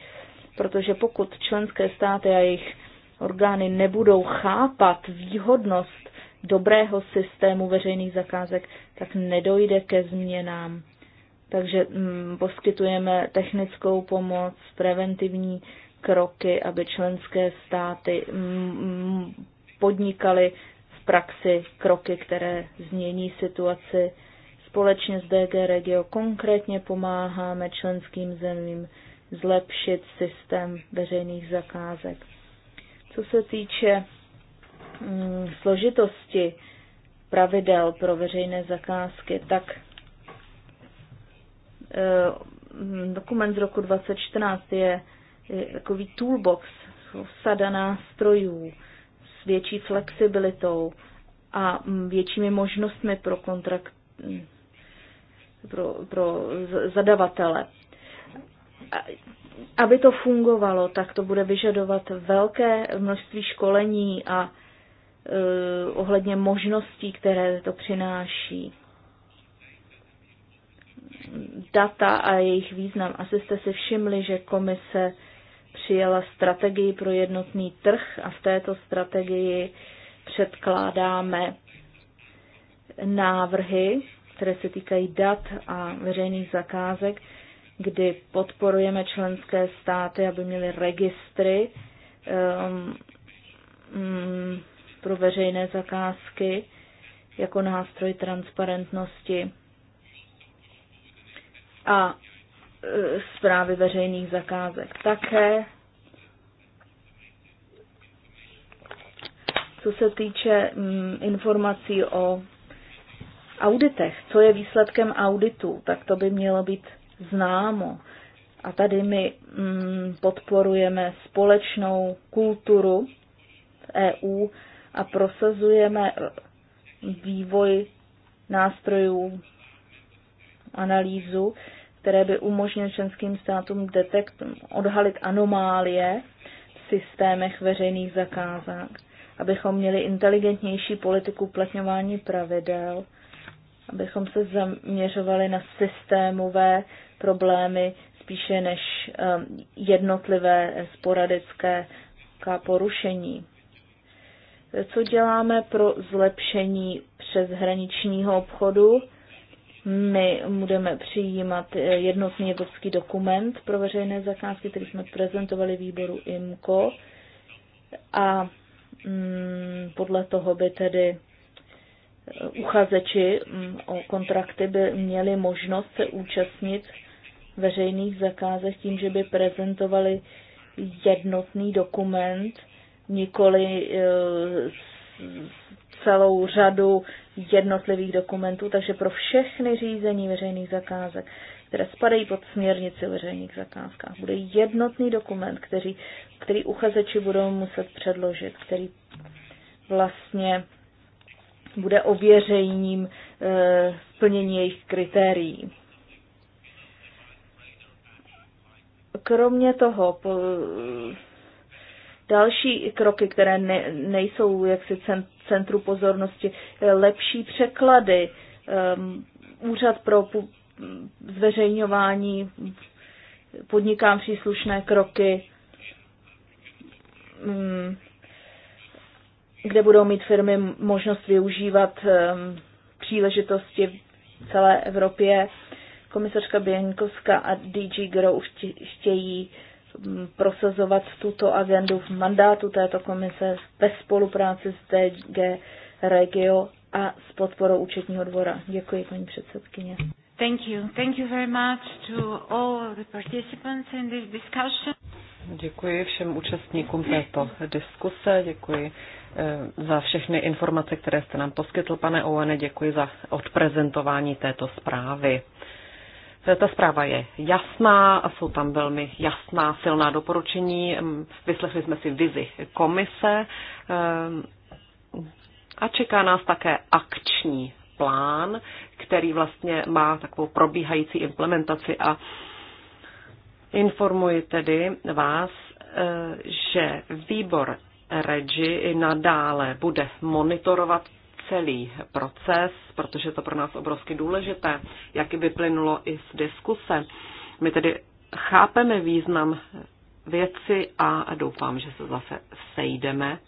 protože pokud členské státy a jejich orgány nebudou chápat výhodnost dobrého systému veřejných zakázek, tak nedojde ke změnám. Takže mm, poskytujeme technickou pomoc, preventivní kroky, aby členské státy mm, mm podnikaly praxi kroky, které změní situaci. Společně s DG Regio konkrétně pomáháme členským zemím zlepšit systém veřejných zakázek. Co se týče mm, složitosti pravidel pro veřejné zakázky, tak e, mm, dokument z roku 2014 je takový toolbox, sada nástrojů, s větší flexibilitou a většími možnostmi pro kontrakt pro, pro zadavatele. Aby to fungovalo, tak to bude vyžadovat velké množství školení a uh, ohledně možností, které to přináší. Data a jejich význam. Asi jste si všimli, že komise uh, přijala strategii pro jednotný trh a v této strategii předkládáme návrhy, které se týkají dat a veřejných zakázek, kdy podporujeme členské státy, aby měly registry um, um, pro veřejné zakázky jako nástroj transparentnosti. A zprávy veřejných zakázek. Také co se týče mm, informací o auditech, co je výsledkem auditu, tak to by mělo být známo. A tady my mm, podporujeme společnou kulturu EU a prosazujeme e, vývoj nástrojů analýzu, které by umožnily členským státům detekt, odhalit anomálie v systémech veřejných zakázek, abychom měli inteligentnější politiku uplatňování pravidel, abychom se zaměřovali na systémové problémy spíše než um, jednotlivé sporadické porušení. Co děláme pro zlepšení přeshraničního obchodu? My budeme přijímat eh, jednotný evropský dokument pro veřejné zakázky, který jsme prezentovali výboru IMCO a mm, podle toho by tedy eh, uchazeči mm, o kontrakty by měli možnost se účastnit veřejných zakázek tím, že by prezentovali jednotný dokument, nikoli eh, celou řadu jednotlivých dokumentů, takže pro všechny řízení veřejných zakázek, které spadají pod směrnici o veřejných zakázkách, bude jednotný dokument, který, který uchazeči budou muset předložit, který vlastně bude ověřením e, splnění jejich kritérií. Kromě toho, po, Další kroky, které ne, nejsou jaksi centru pozornosti, eh, lepší překlady, um, úřad pro zveřejňování, podnikám příslušné kroky, um, kde budou mít firmy možnost využívat um, příležitosti v celé Evropě. Komisařka Běnkovská a DG Grow chtějí uh, prosazovat tuto agendu v mandátu této komise ve spolupráci s DG Regio a s podporou účetního dvora. Děkuji, paní předsedkyně. Thank you. Thank you very much to all the participants in this discussion. Děkuji všem účastníkům této diskuse, děkuji eh, za všechny informace, které jste nám poskytl, pane Owen, děkuji za odprezentování této zprávy. Ta zpráva je jasná a jsou tam velmi jasná, silná doporučení. Mm, vyslechli jsme si vizi komise ehm, a čeká nás také akční plán, který vlastně má takovou probíhající implementaci a informuji tedy vás, eh, že výbor Regi nadále bude monitorovat celý proces, protože to pro nás obrovsky důležité, jak vyplynulo i z diskuse. My tedy chápeme význam věci a doufám, že se zase sejdeme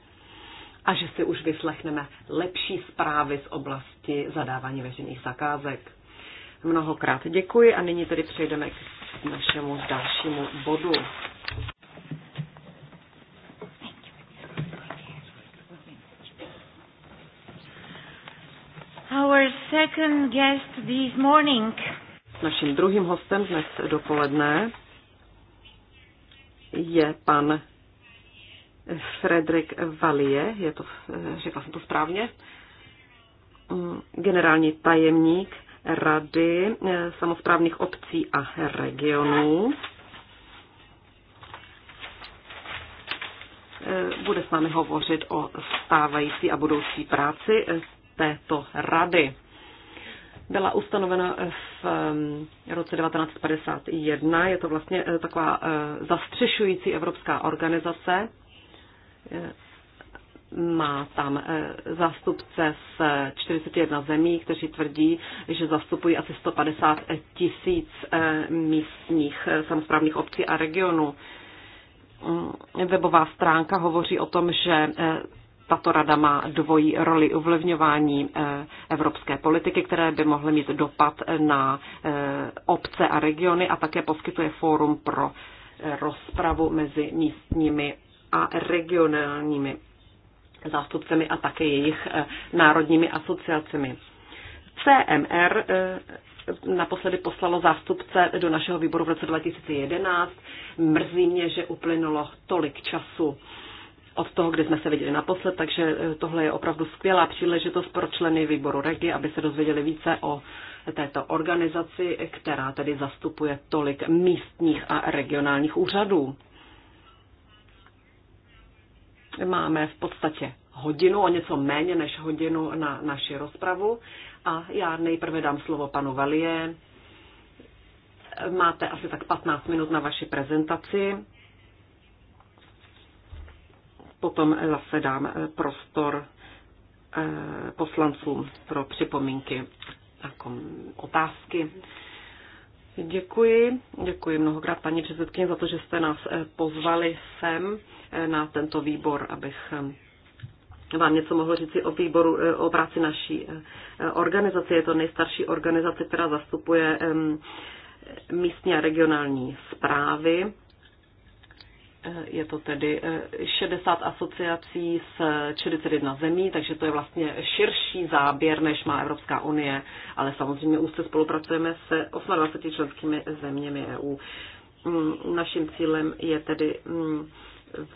a že si už vyslechneme lepší zprávy z oblasti zadávání veřejných zakázek. Mnohokrát děkuji a nyní tedy přejdeme k našemu dalšímu bodu. Our second guest this morning. Naším druhým hostem dnes dopoledne je pan Fredrik Valie, je to, řekla jsem to správně, mm, generální tajemník Rady eh, samozprávných obcí a regionů. Eh, bude s námi hovořit o stávající a budoucí práci eh, této rady. Byla ustanovena v roce 1951, je to vlastně eh, taková eh, zastřešující evropská organizace, eh, má tam zástupce z 41 zemí, kteří tvrdí, že zastupují asi 150 tisíc místních samozprávných obcí a regionů. Mm, webová stránka hovoří o tom, že tato rada má dvojí roli ovlivňování eh, evropské politiky, které by mohly mít dopad na eh, obce a regiony a také poskytuje fórum pro eh, rozpravu mezi místními a regionálními zástupcemi a také jejich národními asociacemi. CMR naposledy poslalo zástupce do našeho výboru v roce 2011. Mrzí mě, že uplynulo tolik času od toho, kde jsme se viděli naposled, takže eh, tohle je opravdu skvělá příležitost pro členy výboru REGI, aby se dozvěděli více o této organizaci, která tedy zastupuje tolik místních a regionálních úřadů. Máme v podstatě hodinu, o něco méně než hodinu na naši rozpravu a já nejprve dám slovo panu Valie. Máte asi tak 15 minut na vaši prezentaci potom zase dám eh, prostor eh, poslancům pro připomínky a otázky. Děkuji, děkuji mnohokrát paní předsedkyně za to, že jste nás eh, pozvali sem na tento výbor, abych vám něco mohl říci o výboru, o práci naší organizace. Je to nejstarší organizace, která zastupuje místní a regionální zprávy Eh, je to tedy 60 eh, asociací z 41 zemí, takže to je vlastně širší záběr, než má Evropská unie, ale samozřejmě úzce spolupracujeme se 28 členskými zeměmi EU. Mm, naším cílem je tedy mm,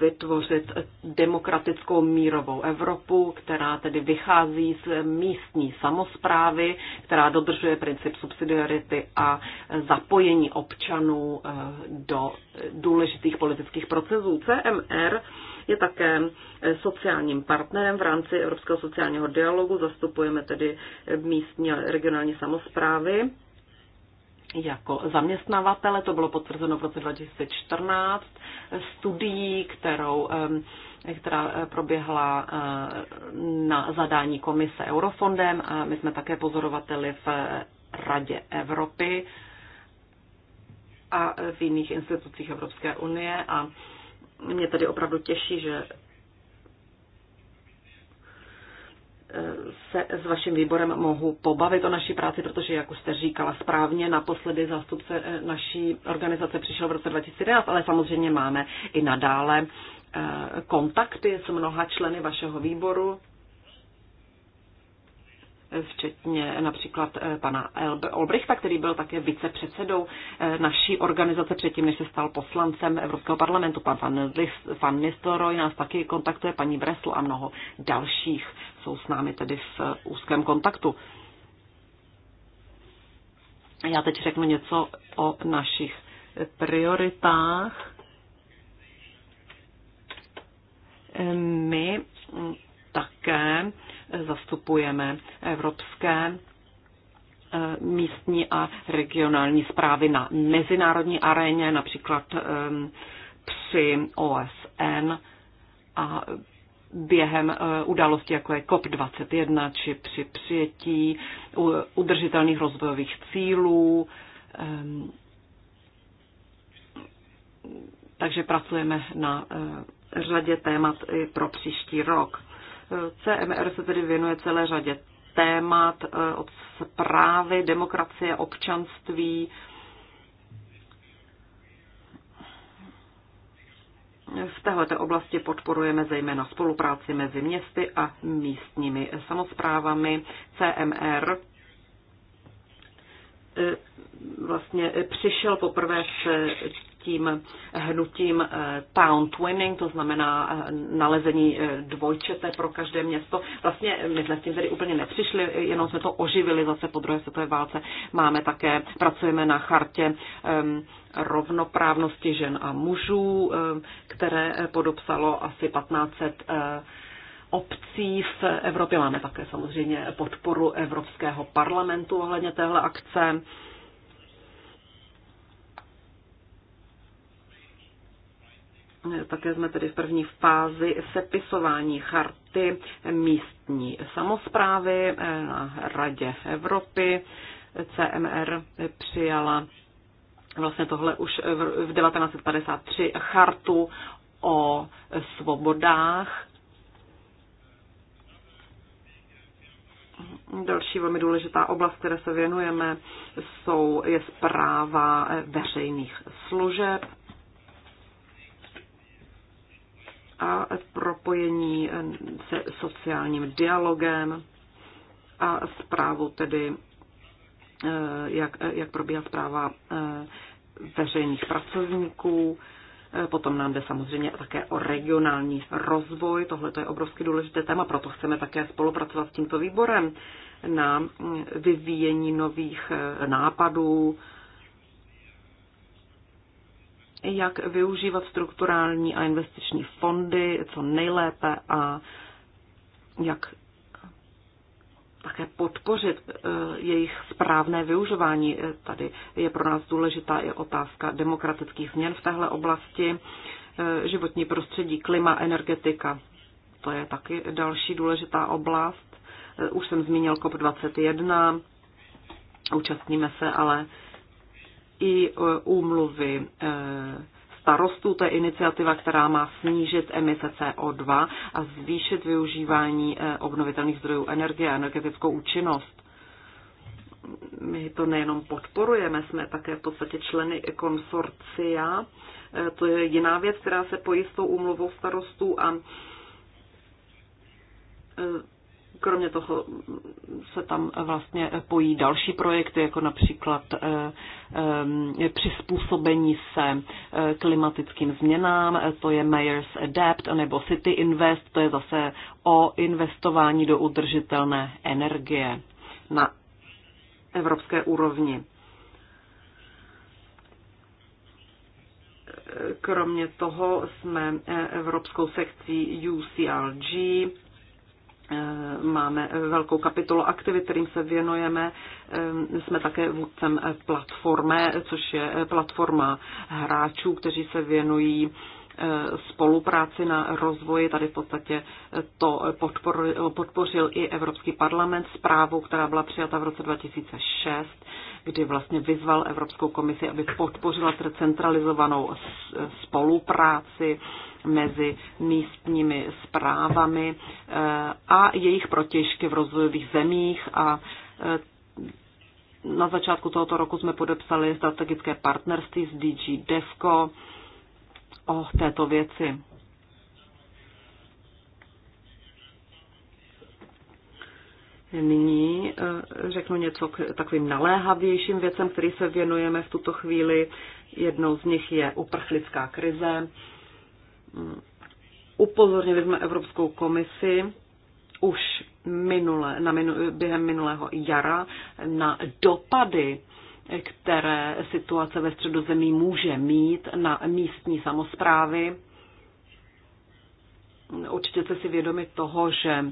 vytvořit demokratickou mírovou Evropu, která tedy vychází z místní samozprávy, která dodržuje princip subsidiarity a zapojení občanů eh, do důležitých politických procesů. CMR je také eh, sociálním partnerem v rámci Evropského sociálního dialogu, zastupujeme tedy místní a regionální samozprávy jako zaměstnavatele, to bylo potvrzeno v roce 2014, studií, kterou, která eh, proběhla eh, na zadání komise Eurofondem a my jsme také pozorovateli v eh, Radě Evropy a v jiných institucích Evropské unie a mě tedy opravdu těší, že se s vaším výborem mohu pobavit o naší práci, protože, jak už jste říkala správně, naposledy zástupce eh, naší organizace přišel v roce 2011, ale samozřejmě máme i nadále eh, kontakty s mnoha členy vašeho výboru, eh, včetně například pana Olbrichta, který byl také vicepředsedou naší organizace předtím, než se stal poslancem Evropského parlamentu. Pan Van Nistelrooy nás taky kontaktuje, paní Bresl a mnoho dalších jsou s námi tedy v eh, úzkém kontaktu. Já teď řeknu něco o našich prioritách. My také zastupujeme evropské eh, místní a regionální zprávy na mezinárodní aréně, například eh, při OSN a během eh, událostí, jako je COP21, či při přijetí udržitelných rozvojových cílů. Ehm, takže pracujeme na eh, řadě témat i pro příští rok. Eh, CMR se tedy věnuje celé řadě témat od zprávy, demokracie, občanství, V této oblasti podporujeme zejména spolupráci mezi městy a místními samozprávami. CMR eh, vlastně eh, přišel poprvé s tím hnutím eh, town twinning, to znamená eh, nalezení eh, dvojčete pro každé město. Vlastně my jsme s tím tedy úplně nepřišli, jenom jsme to oživili zase po druhé světové válce. Máme také, pracujeme na chartě ehm, rovnoprávnosti žen a mužů, které podopsalo asi 1500 obcí v Evropě. Máme také samozřejmě podporu Evropského parlamentu ohledně téhle akce. Také jsme tedy v první fázi sepisování charty místní samozprávy eh, na Radě Evropy. CMR přijala vlastně tohle už v 1953 chartu o svobodách. Další velmi důležitá oblast, které se věnujeme, jsou, je zpráva veřejných služeb a propojení eh, se sociálním dialogem a zprávu tedy, eh, jak, eh, jak probíhá zpráva veřejných pracovníků. Potom nám jde samozřejmě také o regionální rozvoj. Tohle je obrovsky důležité téma, proto chceme také spolupracovat s tímto výborem na mm, vyvíjení nových nápadů, jak využívat strukturální a investiční fondy co nejlépe a jak také podpořit eh, jejich správné využování. Eh, tady je pro nás důležitá i otázka demokratických změn v téhle oblasti, eh, životní prostředí, klima, energetika. To je taky další důležitá oblast. Už jsem zmínil COP21, účastníme se ale i e, úmluvy e, starostů, to je iniciativa, která má snížit emise CO2 a zvýšit využívání e, obnovitelných zdrojů energie a energetickou účinnost. My to nejenom podporujeme, jsme také v podstatě členy konsorcia. To je jiná věc, která se pojí s tou úmluvou starostů a Kromě toho se tam vlastně pojí další projekty, jako například eh, eh, přizpůsobení se eh, klimatickým změnám, to je Mayors Adapt nebo City Invest, to je zase o investování do udržitelné energie na evropské úrovni. Kromě toho jsme evropskou sekcí UCLG Eh, máme eh, velkou kapitolu aktivit, kterým se věnujeme. Eh, jsme také vůdcem platforme, což je platforma hráčů, kteří se věnují spolupráci na rozvoji. Tady v podstatě to podpořil i Evropský parlament zprávu, která byla přijata v roce 2006, kdy vlastně vyzval Evropskou komisi, aby podpořila centralizovanou spolupráci mezi místními zprávami eh, a jejich protěžky v rozvojových zemích a eh, na začátku tohoto roku jsme podepsali strategické partnerství s DG DEFCO, o této věci. Nyní eh, řeknu něco k takovým naléhavějším věcem, který se věnujeme v tuto chvíli. Jednou z nich je uprchlická krize. Mm. Upozornili jsme Evropskou komisi už minule, na minu, během minulého jara na dopady které situace ve středozemí může mít na místní samozprávy. Určitě jste si vědomi toho, že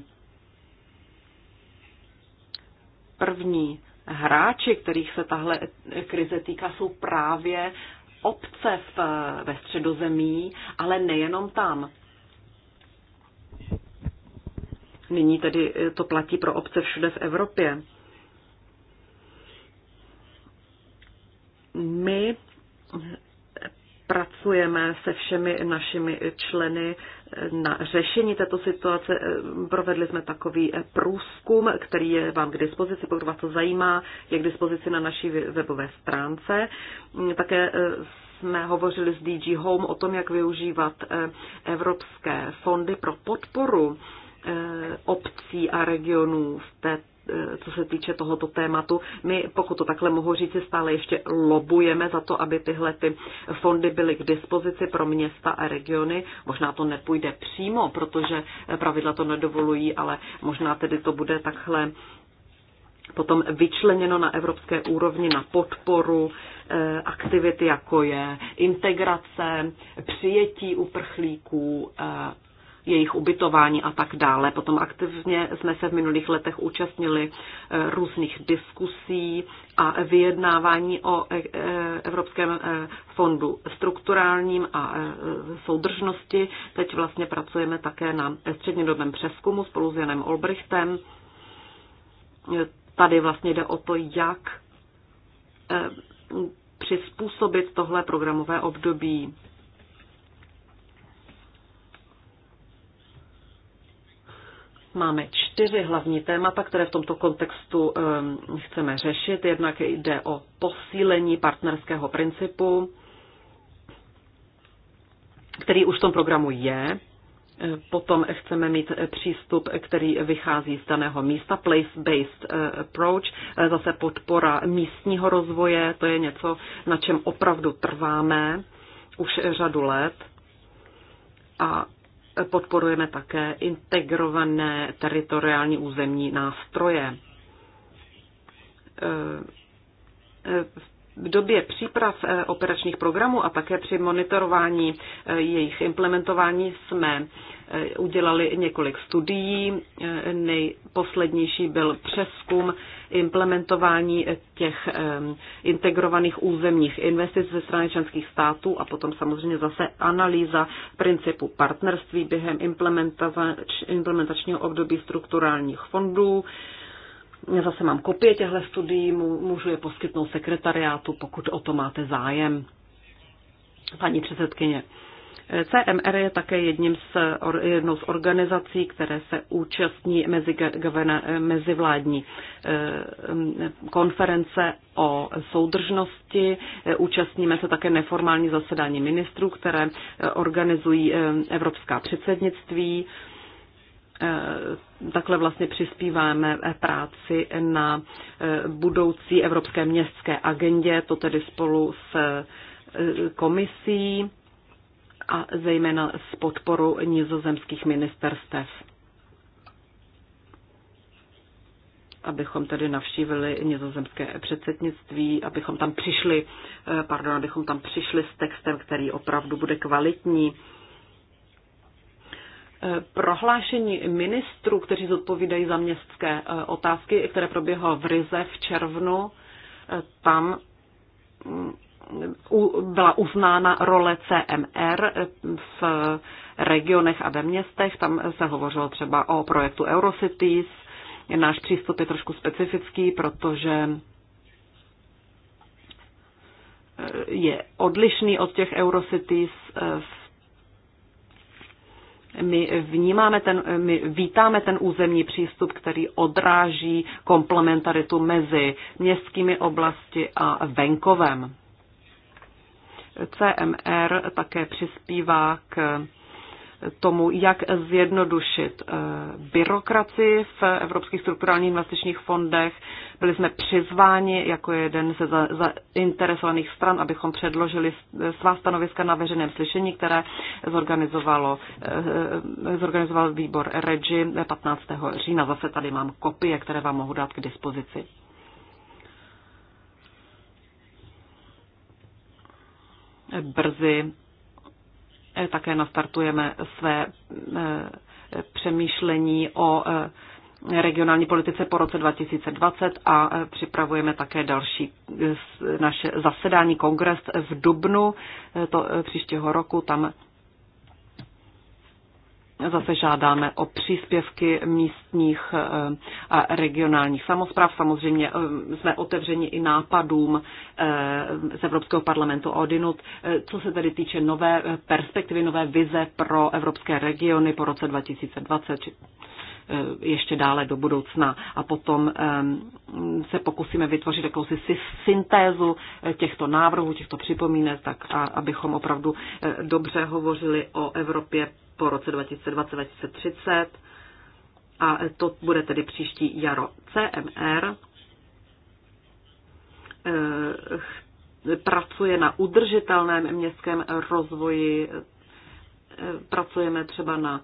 první hráči, kterých se tahle krize týká, jsou právě obce v, ve středozemí, ale nejenom tam. Nyní tedy to platí pro obce všude v Evropě. My pracujeme se všemi našimi členy na řešení této situace. Provedli jsme takový průzkum, který je vám k dispozici, pokud vás to zajímá, je k dispozici na naší webové stránce. Také eh, jsme hovořili s DG Home o tom, jak využívat eh, evropské fondy pro podporu eh, obcí a regionů v této Eh, co se týče tohoto tématu. My, pokud to takhle mohu říct, stále ještě lobujeme za to, aby tyhle ty fondy byly k dispozici pro města a regiony. Možná to nepůjde přímo, protože pravidla to nedovolují, ale možná tedy to bude takhle potom vyčleněno na evropské úrovni na podporu eh, aktivit, jako je integrace, přijetí uprchlíků, eh, jejich ubytování a tak dále. Potom aktivně jsme se v minulých letech účastnili eh, různých diskusí a vyjednávání o eh, eh, Evropském fondu strukturálním a soudržnosti. Teď vlastně pracujeme také na střednědobém přeskumu spolu s Janem Olbrichtem. Tady vlastně jde o to, jak přizpůsobit tohle programové období Máme čtyři hlavní témata, které v tomto kontextu um, chceme řešit. Jednak jde o posílení partnerského principu, který už v tom programu je. E, potom chceme mít přístup, který vychází z daného místa, place-based e, approach, e, zase podpora místního rozvoje, to je něco, na čem opravdu trváme už řadu let. A Podporujeme také integrované teritoriální územní nástroje. V eh, eh, v době příprav eh, operačních programů a také při monitorování eh, jejich implementování jsme eh, udělali několik studií. Nejposlednější byl přeskum implementování těch integrovaných územních investic ze strany členských států a potom samozřejmě zase analýza principu partnerství během implementačního období strukturálních fondů já zase mám kopie těchto studií, můžu je poskytnout sekretariátu, pokud o to máte zájem. Paní předsedkyně, CMR je také jedním z, jednou z organizací, které se účastní mezi, mezivládní eh, konference o soudržnosti. Účastníme se také neformální zasedání ministrů, které eh, organizují eh, evropská předsednictví. Eh, takhle vlastně přispíváme eh, práci na eh, budoucí evropské městské agendě, to tedy spolu s komisí a zejména s podporu nizozemských ministerstev. abychom tedy navštívili nizozemské předsednictví, abychom tam přišli, pardon, abychom tam přišli s textem, který opravdu bude kvalitní Eh, prohlášení ministrů, kteří zodpovídají za městské eh, otázky, které proběhlo v Rize v červnu, eh, tam mm, byla uznána role CMR v regionech a ve městech. Tam se hovořilo třeba o projektu Eurocities. Náš přístup je trošku specifický, protože je odlišný od těch Eurocities v my vnímáme ten, my vítáme ten územní přístup, který odráží komplementaritu mezi městskými oblasti a venkovem. CMR také přispívá k tomu, jak zjednodušit eh, byrokracii v Evropských strukturálních investičních fondech. Byli jsme přizváni jako jeden ze zainteresovaných stran, abychom předložili svá stanoviska na veřejném slyšení, které zorganizovalo, eh, zorganizoval výbor REGI 15. října. Zase tady mám kopie, které vám mohu dát k dispozici. Brzy Eh, také nastartujeme své eh, přemýšlení o eh, regionální politice po roce 2020 a připravujeme také další naše zasedání kongres v Dubnu to příštího roku. Tam Zase žádáme o příspěvky místních eh, a regionálních samozpráv. Samozřejmě eh, jsme otevřeni i nápadům eh, z Evropského parlamentu odinut, co se tedy týče nové perspektivy, nové vize pro evropské regiony po roce 2020 ještě dále do budoucna a potom se pokusíme vytvořit jakousi syntézu těchto návrhů, těchto připomínek, tak abychom opravdu dobře hovořili o Evropě po roce 2020-2030 a to bude tedy příští jaro. CMR eh, pracuje na udržitelném městském rozvoji, eh, pracujeme třeba na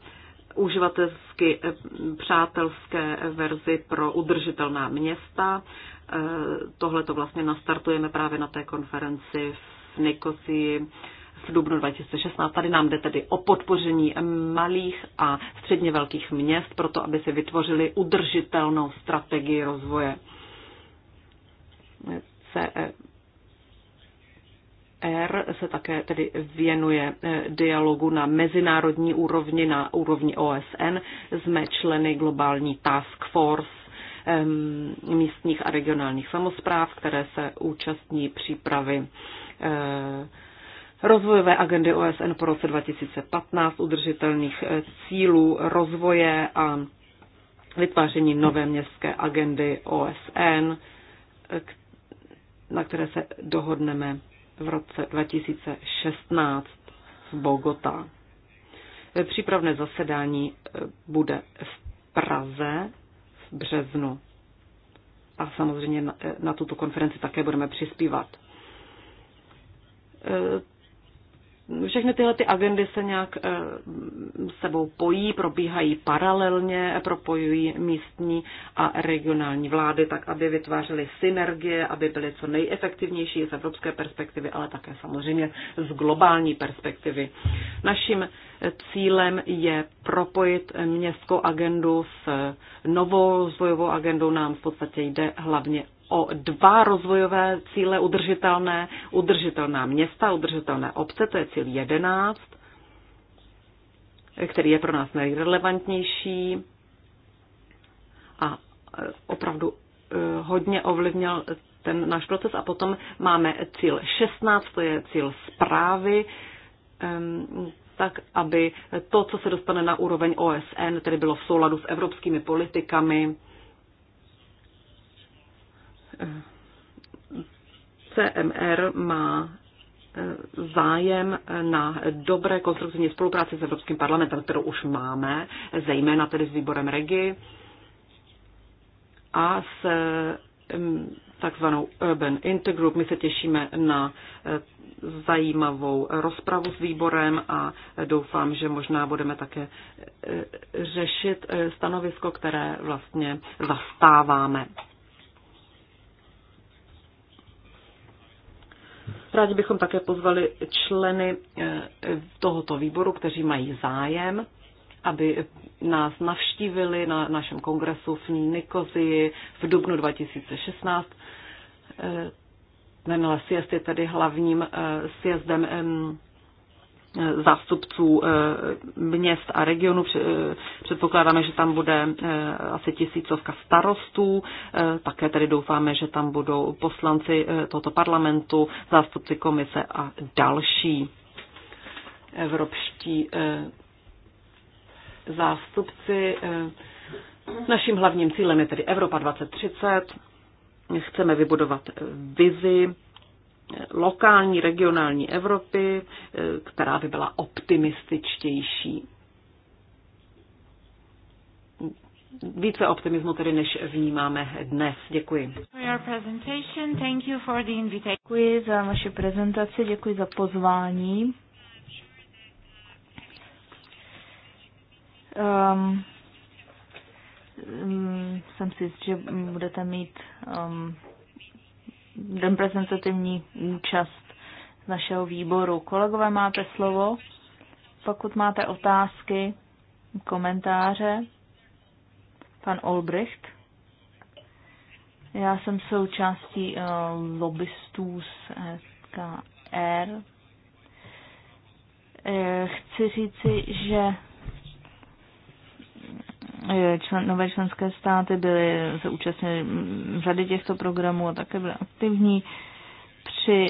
uživatelsky eh, přátelské verzi pro udržitelná města. Tohle to vlastně nastartujeme právě na té konferenci v Nikosii v dubnu 2016. Tady nám jde tedy o podpoření malých a středně velkých měst, proto aby si vytvořili udržitelnou strategii rozvoje. CER se také tedy věnuje eh, dialogu na mezinárodní úrovni, na úrovni OSN. Jsme členy globální task force místních a regionálních samozpráv, které se účastní přípravy eh, rozvojové agendy OSN po roce 2015, udržitelných eh, cílů rozvoje a vytváření nové městské agendy OSN, eh, na které se dohodneme v roce 2016 v Bogotá. Eh, přípravné zasedání bude v Praze v březnu. A samozřejmě na, na tuto konferenci také budeme přispívat všechny tyhle ty agendy se nějak eh, sebou pojí, probíhají paralelně, propojují místní a regionální vlády tak, aby vytvářely synergie, aby byly co nejefektivnější z evropské perspektivy, ale také samozřejmě z globální perspektivy. Naším eh, cílem je propojit městskou agendu s novou rozvojovou agendou. Nám v podstatě jde hlavně o dva rozvojové cíle udržitelné, udržitelná města, udržitelné obce, to je cíl 11, který je pro nás nejrelevantnější a e, opravdu e, hodně ovlivnil ten náš proces. A potom máme cíl 16, to je cíl zprávy, tak aby to, co se dostane na úroveň OSN, tedy bylo v souladu s evropskými politikami, CMR má e, zájem na dobré konstruktivní spolupráci s Evropským parlamentem, kterou už máme, zejména tedy s výborem REGI a s takzvanou Urban Intergroup. My se těšíme na e, zajímavou rozpravu s výborem a doufám, že možná budeme také e, řešit stanovisko, které vlastně zastáváme. Rádi bychom také pozvali členy eh, tohoto výboru, kteří mají zájem, aby nás navštívili na našem kongresu v Nikozii v dubnu 2016. Eh, ten siest je tedy hlavním eh, sjezdem zástupců eh, měst a regionu. Eh, předpokládáme, že tam bude eh, asi tisícovka starostů. Také tedy doufáme, že tam budou poslanci tohoto parlamentu, zástupci komise a další evropští zástupci. Naším hlavním cílem je tedy Evropa 2030. Chceme vybudovat vizi lokální, regionální Evropy, eh, která by byla optimističtější. Více optimismu tedy, než vnímáme dnes. Děkuji. Děkuji za vaši prezentaci, děkuji za pozvání. Um, mm, jsem si, že budete mít um, reprezentativní účast z našeho výboru. Kolegové, máte slovo. Pokud máte otázky, komentáře, pan Olbricht. Já jsem součástí uh, lobbystů z SKR. Eh, chci říci, že člen, nové členské státy byly, se v řady těchto programů a také byly aktivní při,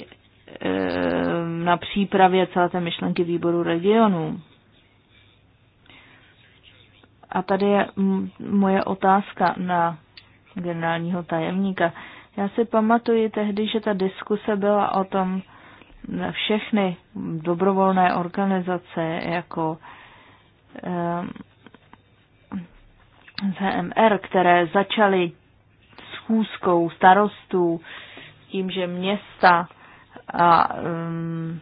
eh, na přípravě celé té myšlenky výboru regionů. A tady je moje otázka na generálního tajemníka. Já si pamatuji tehdy, že ta diskuse byla o tom, eh, všechny dobrovolné organizace jako eh, ZMR, které začaly schůzkou starostů, tím, že města a um,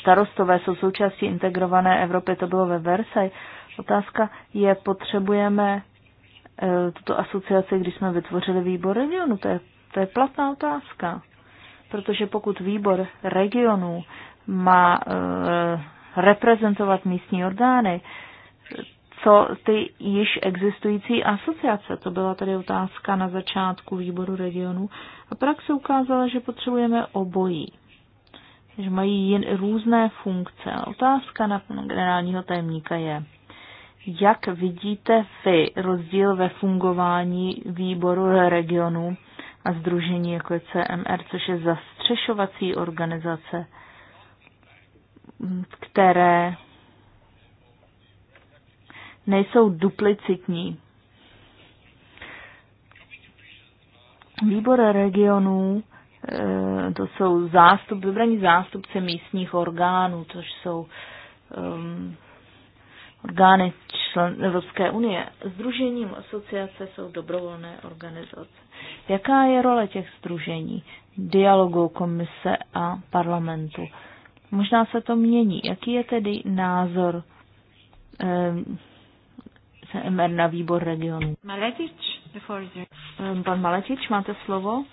starostové jsou součástí integrované Evropy, to bylo ve Versailles. Otázka je, potřebujeme uh, tuto asociaci, když jsme vytvořili výbor regionu? To je, to je platná otázka. Protože pokud výbor regionu má uh, reprezentovat místní orgány, co ty již existující asociace. To byla tady otázka na začátku výboru regionu. A praxe ukázala, že potřebujeme obojí. Že mají jen různé funkce. A otázka na generálního tajemníka je, jak vidíte vy rozdíl ve fungování výboru regionu a združení jako je CMR, což je zastřešovací organizace, které nejsou duplicitní. Výbor regionů, eh, to jsou zástup, vybraní zástupce místních orgánů, což jsou um, orgány člen Evropské unie. Združením asociace jsou dobrovolné organizace. Jaká je role těch združení, dialogu komise a parlamentu? Možná se to mění. Jaký je tedy názor um, MR na výbor regionu. Maletič, ehm, Pan Maletič, máte slovo?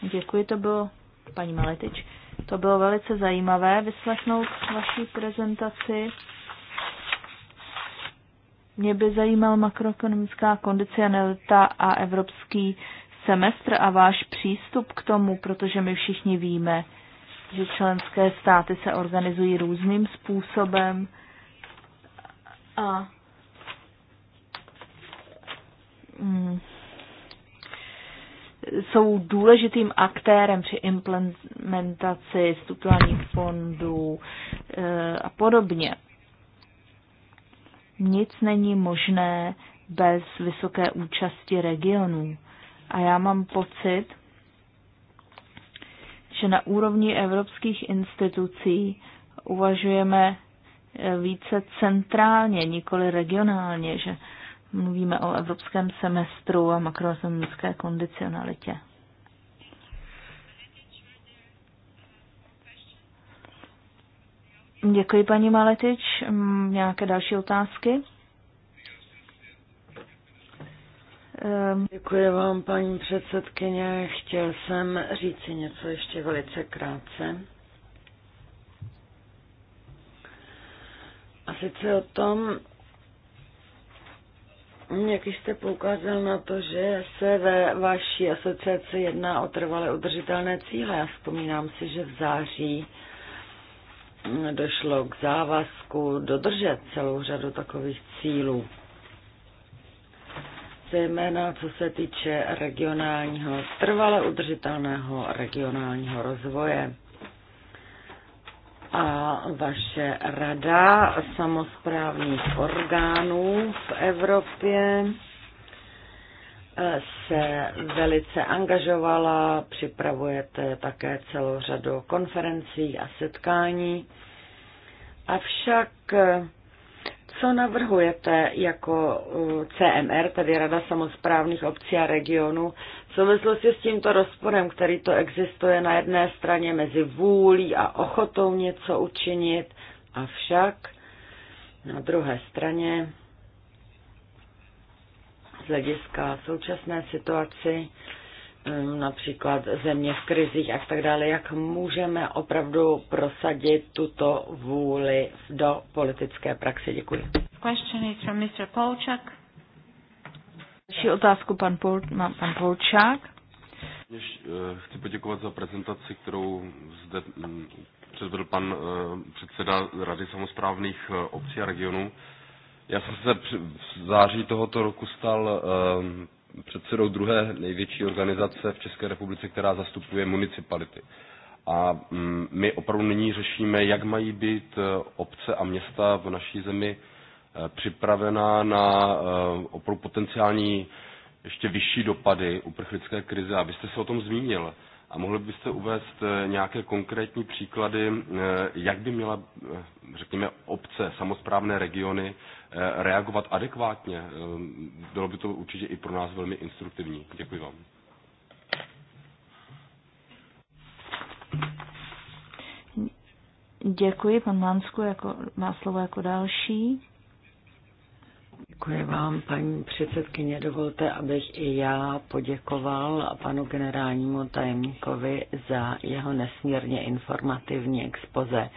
Děkuji, to bylo, paní Maletič, to bylo velice zajímavé vyslechnout vaší prezentaci. Mě by zajímal makroekonomická kondicionalita a evropský semestr a váš přístup k tomu, protože my všichni víme, že členské státy se organizují různým způsobem a mm, jsou důležitým aktérem při implementaci strukturálních fondů e, a podobně. Nic není možné bez vysoké účasti regionů. A já mám pocit, že na úrovni evropských institucí uvažujeme více centrálně, nikoli regionálně, že mluvíme o evropském semestru a makroekonomické kondicionalitě. Děkuji, paní Maletič. Mm, nějaké další otázky? Ehm. Děkuji vám, paní předsedkyně. Chtěl jsem říci něco ještě velice krátce. A sice o tom, jak jste poukázal na to, že se ve vaší asociaci jedná o trvale udržitelné cíle. Já vzpomínám si, že v září došlo k závazku dodržet celou řadu takových cílů. Zejména co se týče regionálního, trvale udržitelného regionálního rozvoje a vaše rada samozprávných orgánů v Evropě eh, se velice angažovala, připravujete také celou řadu konferencí a setkání. Avšak eh, co navrhujete jako eh, CMR, tedy Rada samozprávných obcí a regionů, v souvislosti s tímto rozporem, který to existuje na jedné straně mezi vůlí a ochotou něco učinit, avšak na druhé straně z hlediska současné situaci Mm, například země v krizích a tak dále, jak můžeme opravdu prosadit tuto vůli do politické praxe. Děkuji. Question is from Mr. Polčak. Další otázku pan, Pol, pan Polčák. Eh, chci poděkovat za prezentaci, kterou zde mm, předvedl pan eh, předseda Rady samozprávných eh, obcí a regionů. Já jsem se v září tohoto roku stal předsedou druhé největší organizace v České republice, která zastupuje municipality. A mm, my opravdu nyní řešíme, jak mají být e, obce a města v naší zemi e, připravená na e, opravdu potenciální ještě vyšší dopady uprchlické krize. A vy jste se o tom zmínil. A mohl byste uvést eh, nějaké konkrétní příklady, eh, jak by měla, eh, řekněme, obce, samozprávné regiony reagovat adekvátně? Bylo by to určitě i pro nás velmi instruktivní. Děkuji vám. Děkuji, pan Mansku, jako, má slovo jako další. Děkuji vám, paní předsedkyně. Dovolte, abych i já poděkoval panu generálnímu tajemníkovi za jeho nesmírně informativní expoze.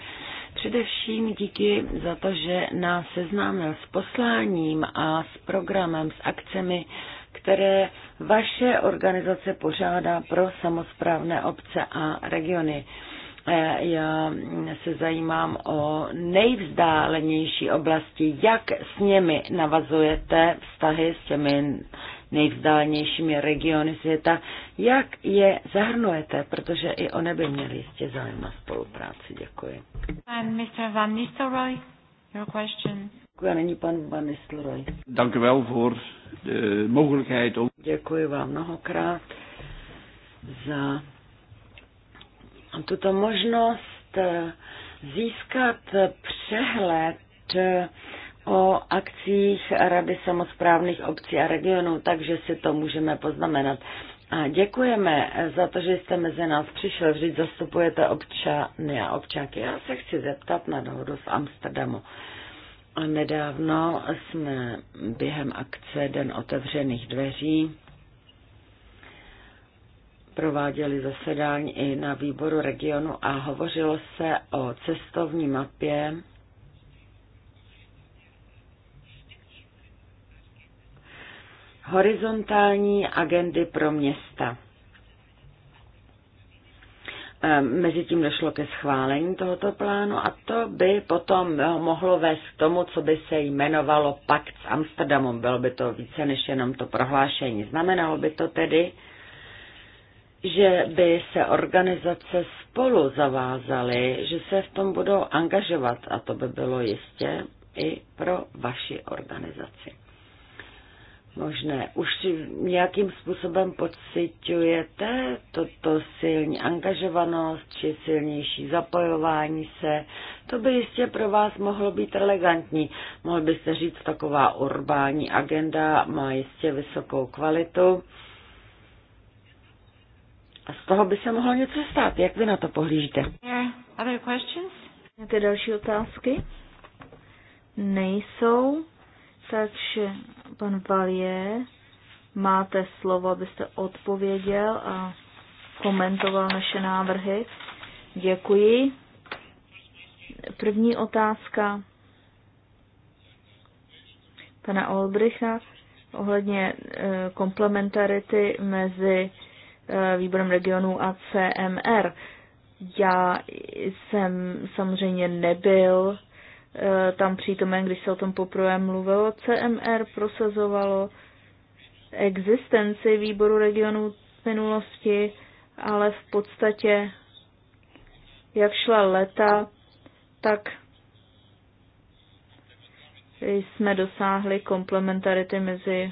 Především díky za to, že nás seznámil s posláním a s programem, s akcemi, které vaše organizace pořádá pro samozprávné obce a regiony já se zajímám o nejvzdálenější oblasti. Jak s nimi navazujete vztahy s těmi nejvzdálenějšími regiony světa? Jak je zahrnujete? Protože i one by měly jistě zájem na spolupráci. Děkuji. And Mr. Van Nistelrooy, your question. Děkuji, není pan Van Nistelrooy. Děkuji vám mnohokrát za tuto možnost eh, získat přehled eh, o akcích Rady samozprávných obcí a regionů, takže si to můžeme poznamenat. A děkujeme eh, za to, že jste mezi nás přišel, vždyť zastupujete občany a občanky. Já se chci zeptat na dohodu v Amsterdamu. Nedávno jsme během akce Den otevřených dveří prováděli zasedání i na výboru regionu a hovořilo se o cestovní mapě horizontální agendy pro města. Ehm, Mezitím došlo ke schválení tohoto plánu a to by potom mohlo vést k tomu, co by se jmenovalo Pakt s Amsterdamem. Bylo by to více než jenom to prohlášení. Znamenalo by to tedy, že by se organizace spolu zavázaly, že se v tom budou angažovat a to by bylo jistě i pro vaši organizaci. Možné. Už nějakým způsobem pocitujete toto silní angažovanost či silnější zapojování se. To by jistě pro vás mohlo být elegantní. Mohl byste říct, taková urbání agenda má jistě vysokou kvalitu a z toho by se mohlo něco stát. Jak vy na to pohlížíte? Máte Nějaké další otázky? Nejsou. Takže pan Valie, máte slovo, abyste odpověděl a komentoval naše návrhy. Děkuji. První otázka pana Olbricha ohledně eh, komplementarity mezi Eh, výborem regionů a CMR. Já jsem samozřejmě nebyl eh, tam přítomen, když se o tom poprvé mluvilo. CMR prosazovalo existenci výboru regionů v minulosti, ale v podstatě, jak šla leta, tak jsme dosáhli komplementarity mezi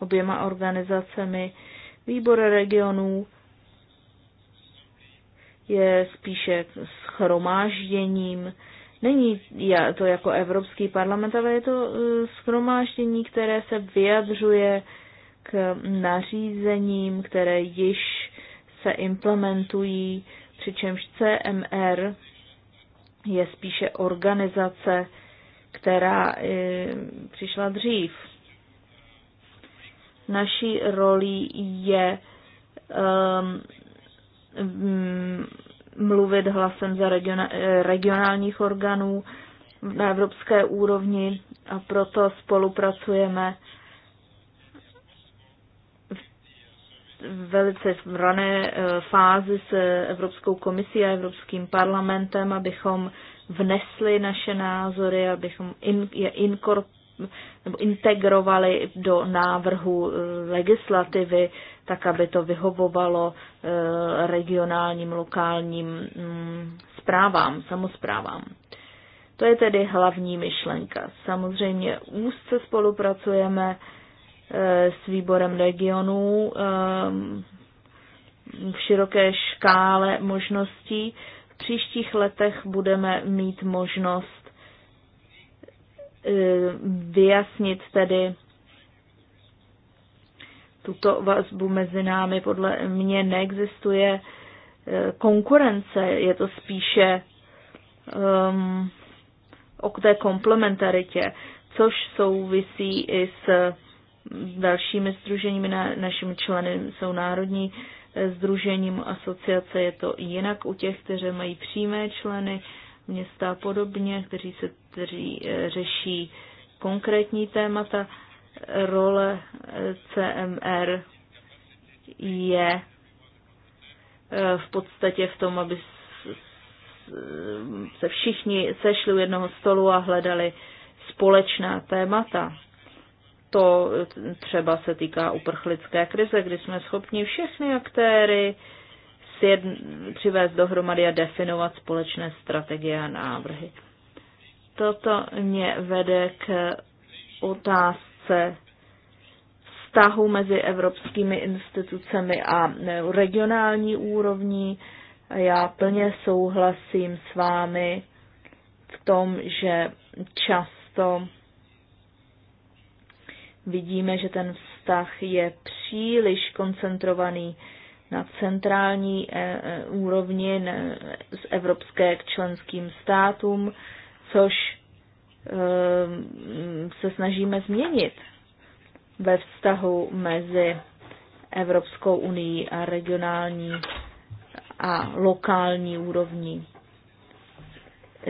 oběma organizacemi Výbor regionů je spíše schromážděním. Není to jako Evropský parlament, ale je to e, schromáždění, které se vyjadřuje k nařízením, které již se implementují, přičemž CMR je spíše organizace, která e, přišla dřív. Naší rolí je um, mm, mluvit hlasem za regiona, regionálních orgánů na evropské úrovni a proto spolupracujeme v velice v rané eh, fázi s Evropskou komisí a Evropským parlamentem, abychom vnesli naše názory, abychom in, je inkorporovali nebo integrovali do návrhu eh, legislativy, tak aby to vyhovovalo eh, regionálním, lokálním mm, zprávám, samozprávám. To je tedy hlavní myšlenka. Samozřejmě úzce spolupracujeme eh, s výborem regionů v široké škále možností. V příštích letech budeme mít možnost Eh, vyjasnit tedy tuto vazbu mezi námi. Podle mě neexistuje eh, konkurence, je to spíše um, o té komplementaritě, což souvisí i s dalšími združeními, na, našimi členy jsou národní eh, združením asociace, je to jinak u těch, kteří mají přímé členy, města a podobně, kteří se kteří eh, řeší konkrétní témata. Role eh, CMR je eh, v podstatě v tom, aby se všichni sešli u jednoho stolu a hledali společná témata. To třeba se týká uprchlické krize, kdy jsme schopni všechny aktéry přivést dohromady a definovat společné strategie a návrhy. Toto mě vede k otázce vztahu mezi evropskými institucemi a regionální úrovní. Já plně souhlasím s vámi v tom, že často vidíme, že ten vztah je příliš koncentrovaný na centrální eh, eh, úrovni z evropské k členským státům což ehm, se snažíme změnit ve vztahu mezi Evropskou unii a regionální a lokální úrovní.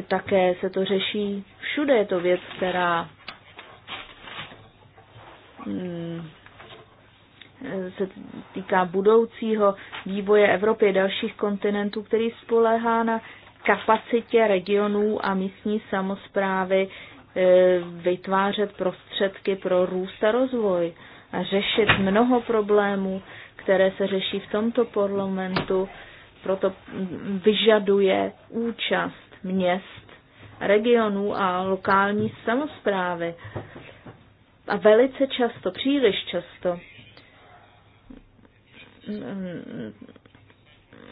Také se to řeší všude, je to věc, která mm, se týká budoucího vývoje Evropy a dalších kontinentů, který spoléhá na kapacitě regionů a místní samozprávy eh, vytvářet prostředky pro růst a rozvoj a řešit mnoho problémů, které se řeší v tomto parlamentu, proto vyžaduje účast měst, regionů a lokální samozprávy. A velice často, příliš často,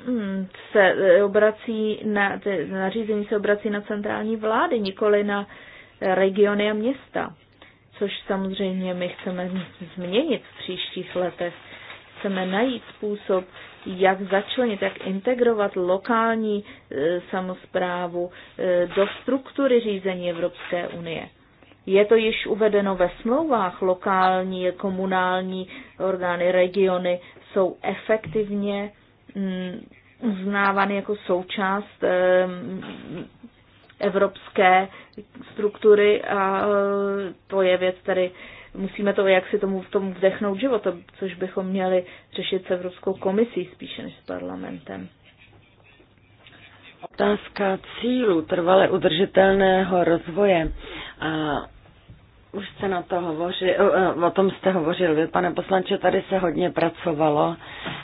Hmm, se eh, obrací na, ty nařízení se obrací na centrální vlády, nikoli na eh, regiony a města, což samozřejmě my chceme změnit v příštích letech. Chceme najít způsob, jak začlenit, jak integrovat lokální e, samozprávu e, do struktury řízení Evropské unie. Je to již uvedeno ve smlouvách. Lokální, komunální orgány, regiony jsou efektivně Mm, uznávány jako součást evropské struktury a eh, to je věc, tady musíme to, jak si tomu, tomu vdechnout život, což bychom měli řešit s Evropskou komisí spíše než s parlamentem. Otázka cílu trvale udržitelného rozvoje a už jste na to hovořil, eh, eh, o tom jste hovořil vy, pane poslanče, tady se hodně pracovalo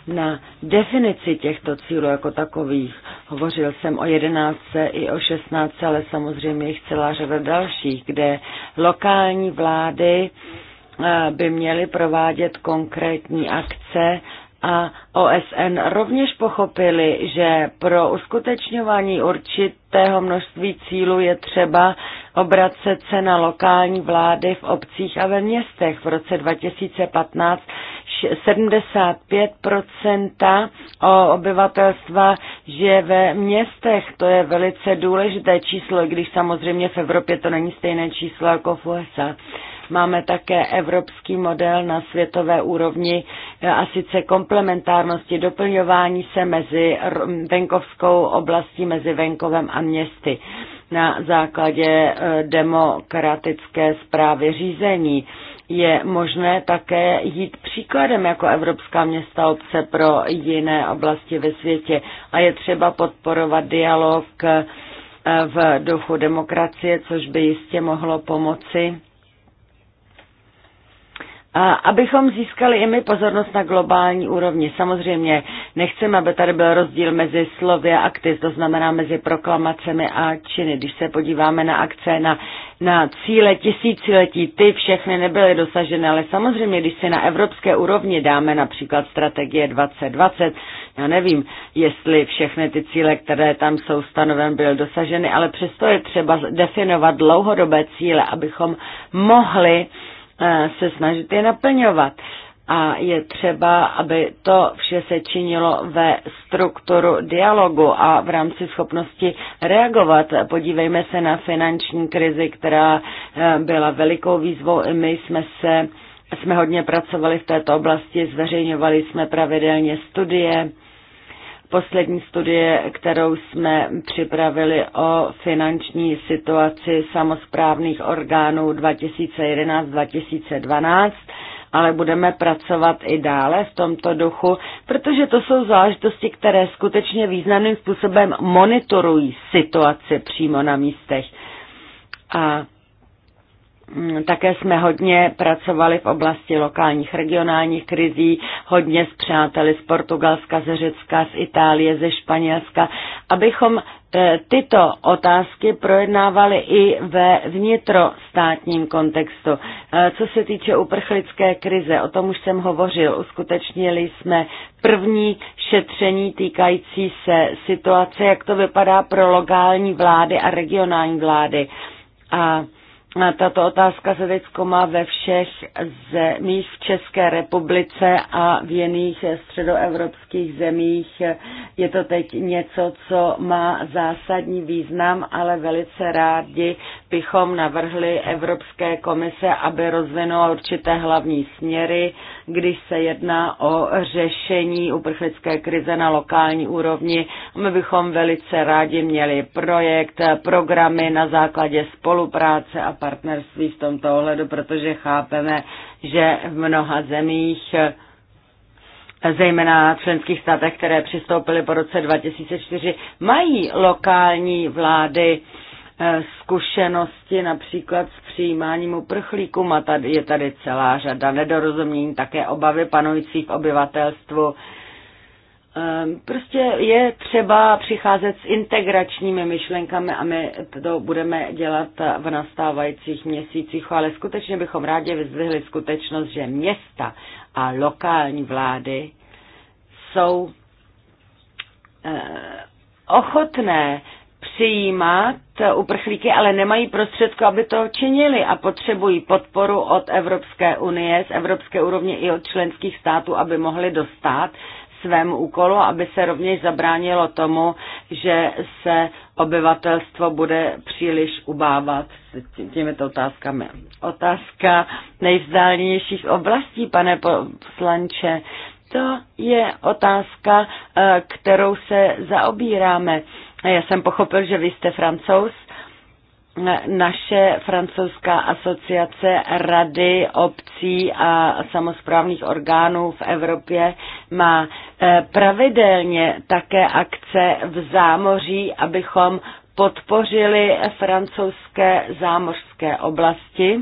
na definici těchto cílů jako takových. Hovořil jsem o 11 i o 16, ale samozřejmě jich celá řada dalších, kde lokální vlády eh, by měly provádět konkrétní akce a OSN rovněž pochopili, že pro uskutečňování určitého množství cílů je třeba obracet se na lokální vlády v obcích a ve městech. V roce 2015 75 obyvatelstva žije ve městech. To je velice důležité číslo, když samozřejmě v Evropě to není stejné číslo jako v USA. Máme také evropský model na světové úrovni a sice komplementárnosti, doplňování se mezi venkovskou oblastí, mezi venkovem a městy na základě e, demokratické zprávy řízení je možné také jít příkladem jako Evropská města obce pro jiné oblasti ve světě a je třeba podporovat dialog e, v duchu demokracie, což by jistě mohlo pomoci a abychom získali i my pozornost na globální úrovni. Samozřejmě nechceme, aby tady byl rozdíl mezi slovy a akty, to znamená mezi proklamacemi a činy. Když se podíváme na akce, na, na cíle tisíciletí, ty všechny nebyly dosaženy, ale samozřejmě, když se na evropské úrovni dáme například strategie 2020, já nevím, jestli všechny ty cíle, které tam jsou stanoveny, byly dosaženy, ale přesto je třeba definovat dlouhodobé cíle, abychom mohli uh, Eh, se snažit je naplňovat. A je třeba, aby to vše se činilo ve strukturu dialogu a v rámci schopnosti reagovat. Podívejme se na finanční krizi, která eh, byla velikou výzvou. I my jsme se jsme hodně pracovali v této oblasti, zveřejňovali jsme pravidelně studie Poslední studie, kterou jsme připravili o finanční situaci samozprávných orgánů 2011-2012, ale budeme pracovat i dále v tomto duchu, protože to jsou záležitosti, které skutečně významným způsobem monitorují situaci přímo na místech. A Mm, také jsme hodně pracovali v oblasti lokálních regionálních krizí, hodně s přáteli z Portugalska, ze Řecka, z Itálie, ze Španělska, abychom eh, tyto otázky projednávali i ve vnitrostátním kontextu. Eh, co se týče uprchlické krize, o tom už jsem hovořil, uskutečnili jsme první šetření týkající se situace, jak to vypadá pro lokální vlády a regionální vlády. A tato otázka se teď zkoumá ve všech zemích v České republice a v jiných středoevropských zemích. Je to teď něco, co má zásadní význam, ale velice rádi bychom navrhli Evropské komise, aby rozvinula určité hlavní směry, když se jedná o řešení uprchlické krize na lokální úrovni. My bychom velice rádi měli projekt, programy na základě spolupráce a partnerství v tomto ohledu, protože chápeme, že v mnoha zemích zejména členských státech, které přistoupily po roce 2004, mají lokální vlády eh, zkušenosti například s přijímáním uprchlíkům a tady je tady celá řada nedorozumění, také obavy panující v obyvatelstvu. Ehm, prostě je třeba přicházet s integračními myšlenkami a my to budeme dělat v nastávajících měsících, ale skutečně bychom rádi vyzvihli skutečnost, že města a lokální vlády jsou eh, ochotné přijímat uprchlíky, ale nemají prostředku, aby to činili a potřebují podporu od Evropské unie, z evropské úrovně i od členských států, aby mohli dostat svému úkolu, aby se rovněž zabránilo tomu, že se obyvatelstvo bude příliš ubávat s těmito otázkami. Otázka nejvzdálnějších oblastí, pane poslanče, to je otázka, eh, kterou se zaobíráme já jsem pochopil, že vy jste francouz. Naše francouzská asociace rady obcí a samozprávných orgánů v Evropě má eh, pravidelně také akce v zámoří, abychom podpořili francouzské zámořské oblasti.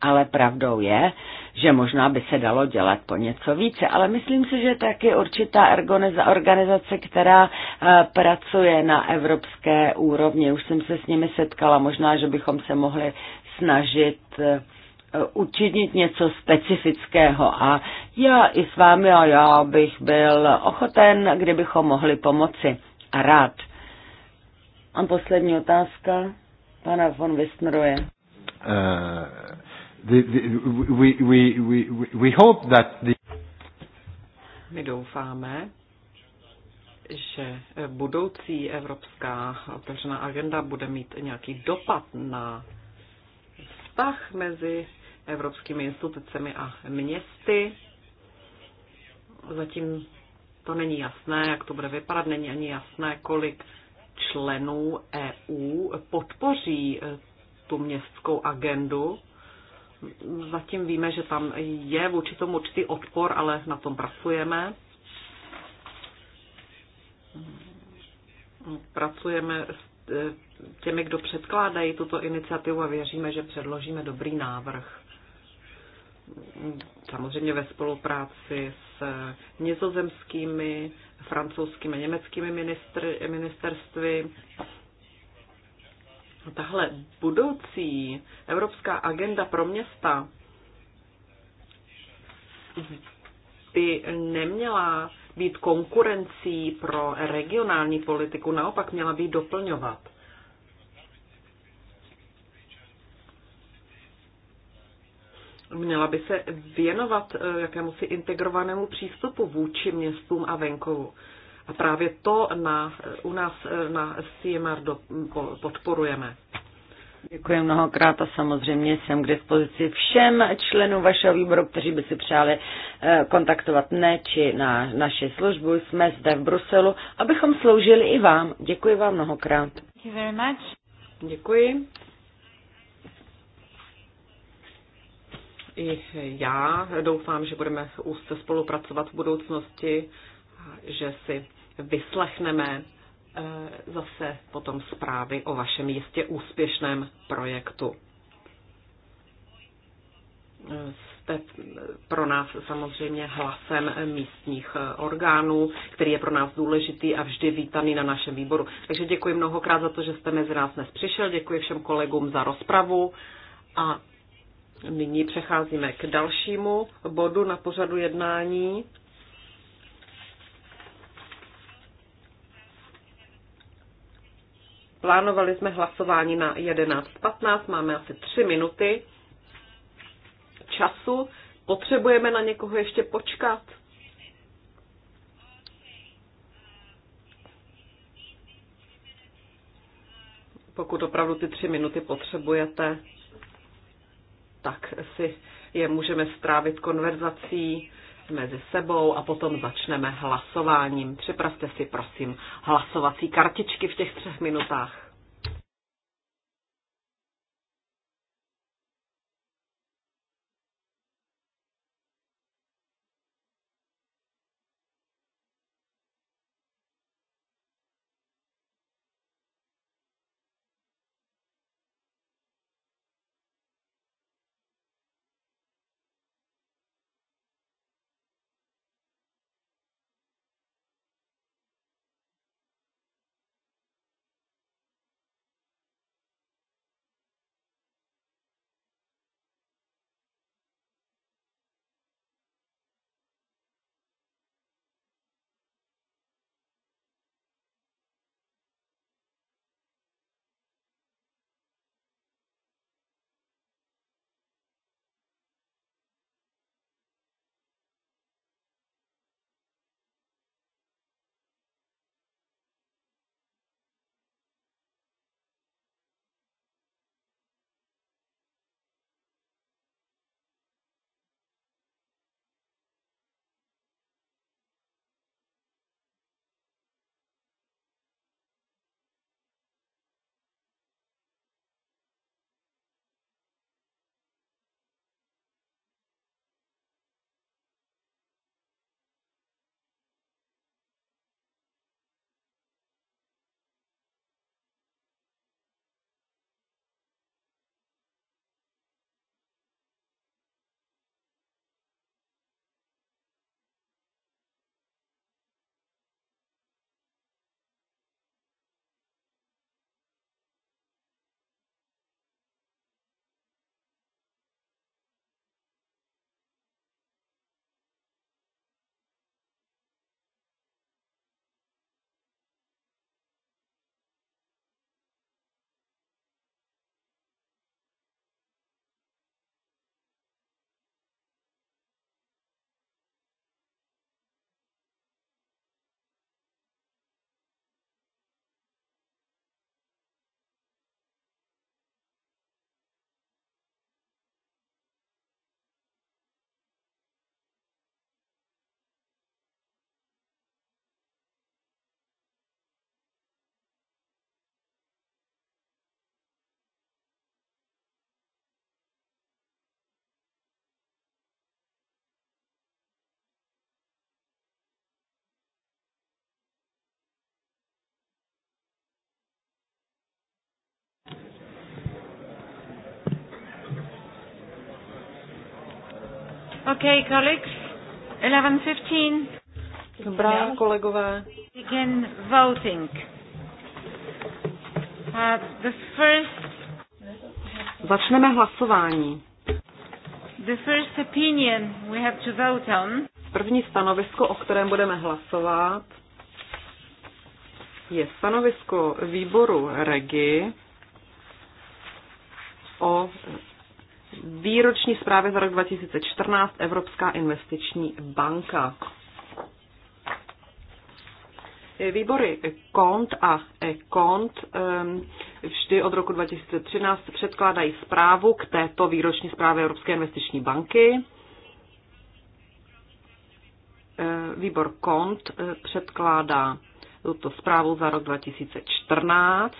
Ale pravdou je, že možná by se dalo dělat po něco více, ale myslím si, že taky určitá organizace, která eh, pracuje na evropské úrovni, už jsem se s nimi setkala, možná, že bychom se mohli snažit eh, učinit něco specifického a já i s vámi a já bych byl ochoten, kdybychom mohli pomoci a rád. A poslední otázka pana von Wistneroje. Uh, we hope that the... My doufáme, že budoucí evropská otevřená agenda bude mít nějaký dopad na vztah mezi evropskými institucemi a městy. Zatím to není jasné, jak to bude vypadat, není ani jasné, kolik členů EU podpoří tu městskou agendu zatím víme, že tam je vůči tomu určitý odpor, ale na tom pracujeme. Pracujeme s e, těmi, kdo předkládají tuto iniciativu a věříme, že předložíme dobrý návrh. Samozřejmě ve spolupráci s nizozemskými, francouzskými, německými ministr, ministerstvy tahle budoucí evropská agenda pro města by neměla být konkurencí pro regionální politiku, naopak měla být doplňovat. Měla by se věnovat eh, jakémusi integrovanému přístupu vůči městům a venkovu. A právě to na, u nás eh, na CMR do, podporujeme. Děkuji mnohokrát a samozřejmě jsem k dispozici všem členům vašeho výboru, kteří by si přáli eh, kontaktovat ne, či na naši službu. Jsme zde v Bruselu, abychom sloužili i vám. Děkuji vám mnohokrát. Děkuji. I já doufám, že budeme úzce spolupracovat v budoucnosti že si vyslechneme eh, zase potom zprávy o vašem jistě úspěšném projektu. Jste pro nás samozřejmě hlasem místních eh, orgánů, který je pro nás důležitý a vždy vítaný na našem výboru. Takže děkuji mnohokrát za to, že jste mezi nás dnes přišel, děkuji všem kolegům za rozpravu a nyní přecházíme k dalšímu bodu na pořadu jednání. Plánovali jsme hlasování na 11.15, máme asi 3 minuty času. Potřebujeme na někoho ještě počkat? Pokud opravdu ty tři minuty potřebujete, tak si je můžeme strávit konverzací mezi sebou a potom začneme hlasováním. Připravte si prosím hlasovací kartičky v těch třech minutách. Okay, colleagues, 11.15. Dobrá, kolegové. Begin voting. Uh, the first... Začneme hlasování. The first opinion we have to vote on. První stanovisko, o kterém budeme hlasovat, je stanovisko výboru REGI o výroční zprávy za rok 2014 Evropská investiční banka. Výbory KONT a EKONT ehm, vždy od roku 2013 předkládají zprávu k této výroční zprávě Evropské investiční banky. Ehm, výbor KONT eh, předkládá tuto zprávu za rok 2014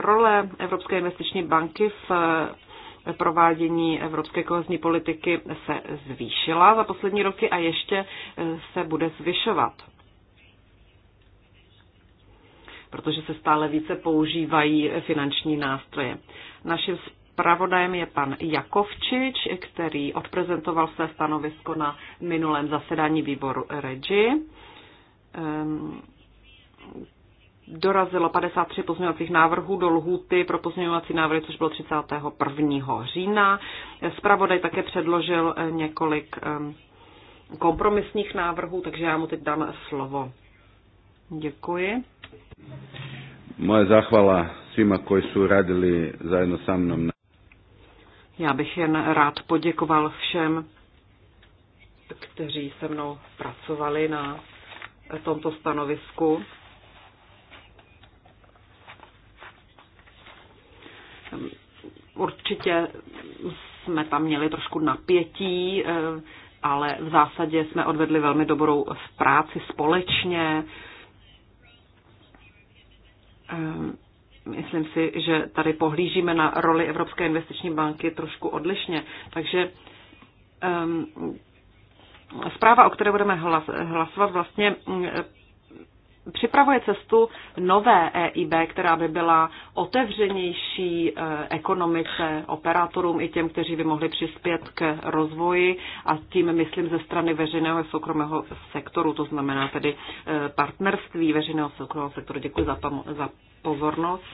Role Evropské investiční banky v eh, provádění evropské kohezní politiky se zvýšila za poslední roky a ještě eh, se bude zvyšovat. Protože se stále více používají finanční nástroje. Naším spravodajem je pan Jakovčič, který odprezentoval své stanovisko na minulém zasedání výboru REGI. Ehm, dorazilo 53 pozměňovacích návrhů do lhůty pro pozměňovací návrhy, což bylo 31. října. Spravodaj také předložil eh, několik kompromisních návrhů, takže já mu teď dám slovo. Děkuji. Moje zachvala svima, koji jsou radili zajedno sa mnom. Já bych jen rád poděkoval všem, kteří se mnou pracovali na tomto stanovisku. Určitě jsme tam měli trošku napětí, eh, ale v zásadě jsme odvedli velmi dobrou práci společně. Eh, myslím si, že tady pohlížíme na roli Evropské investiční banky trošku odlišně. Takže ehm, zpráva, o které budeme hlasovat, vlastně eh, připravuje cestu nové EIB, která by byla otevřenější eh, ekonomice, operátorům i těm, kteří by mohli přispět k rozvoji a tím myslím ze strany veřejného a soukromého sektoru, to znamená tedy eh, partnerství veřejného a soukromého sektoru. Děkuji za, za pozornost.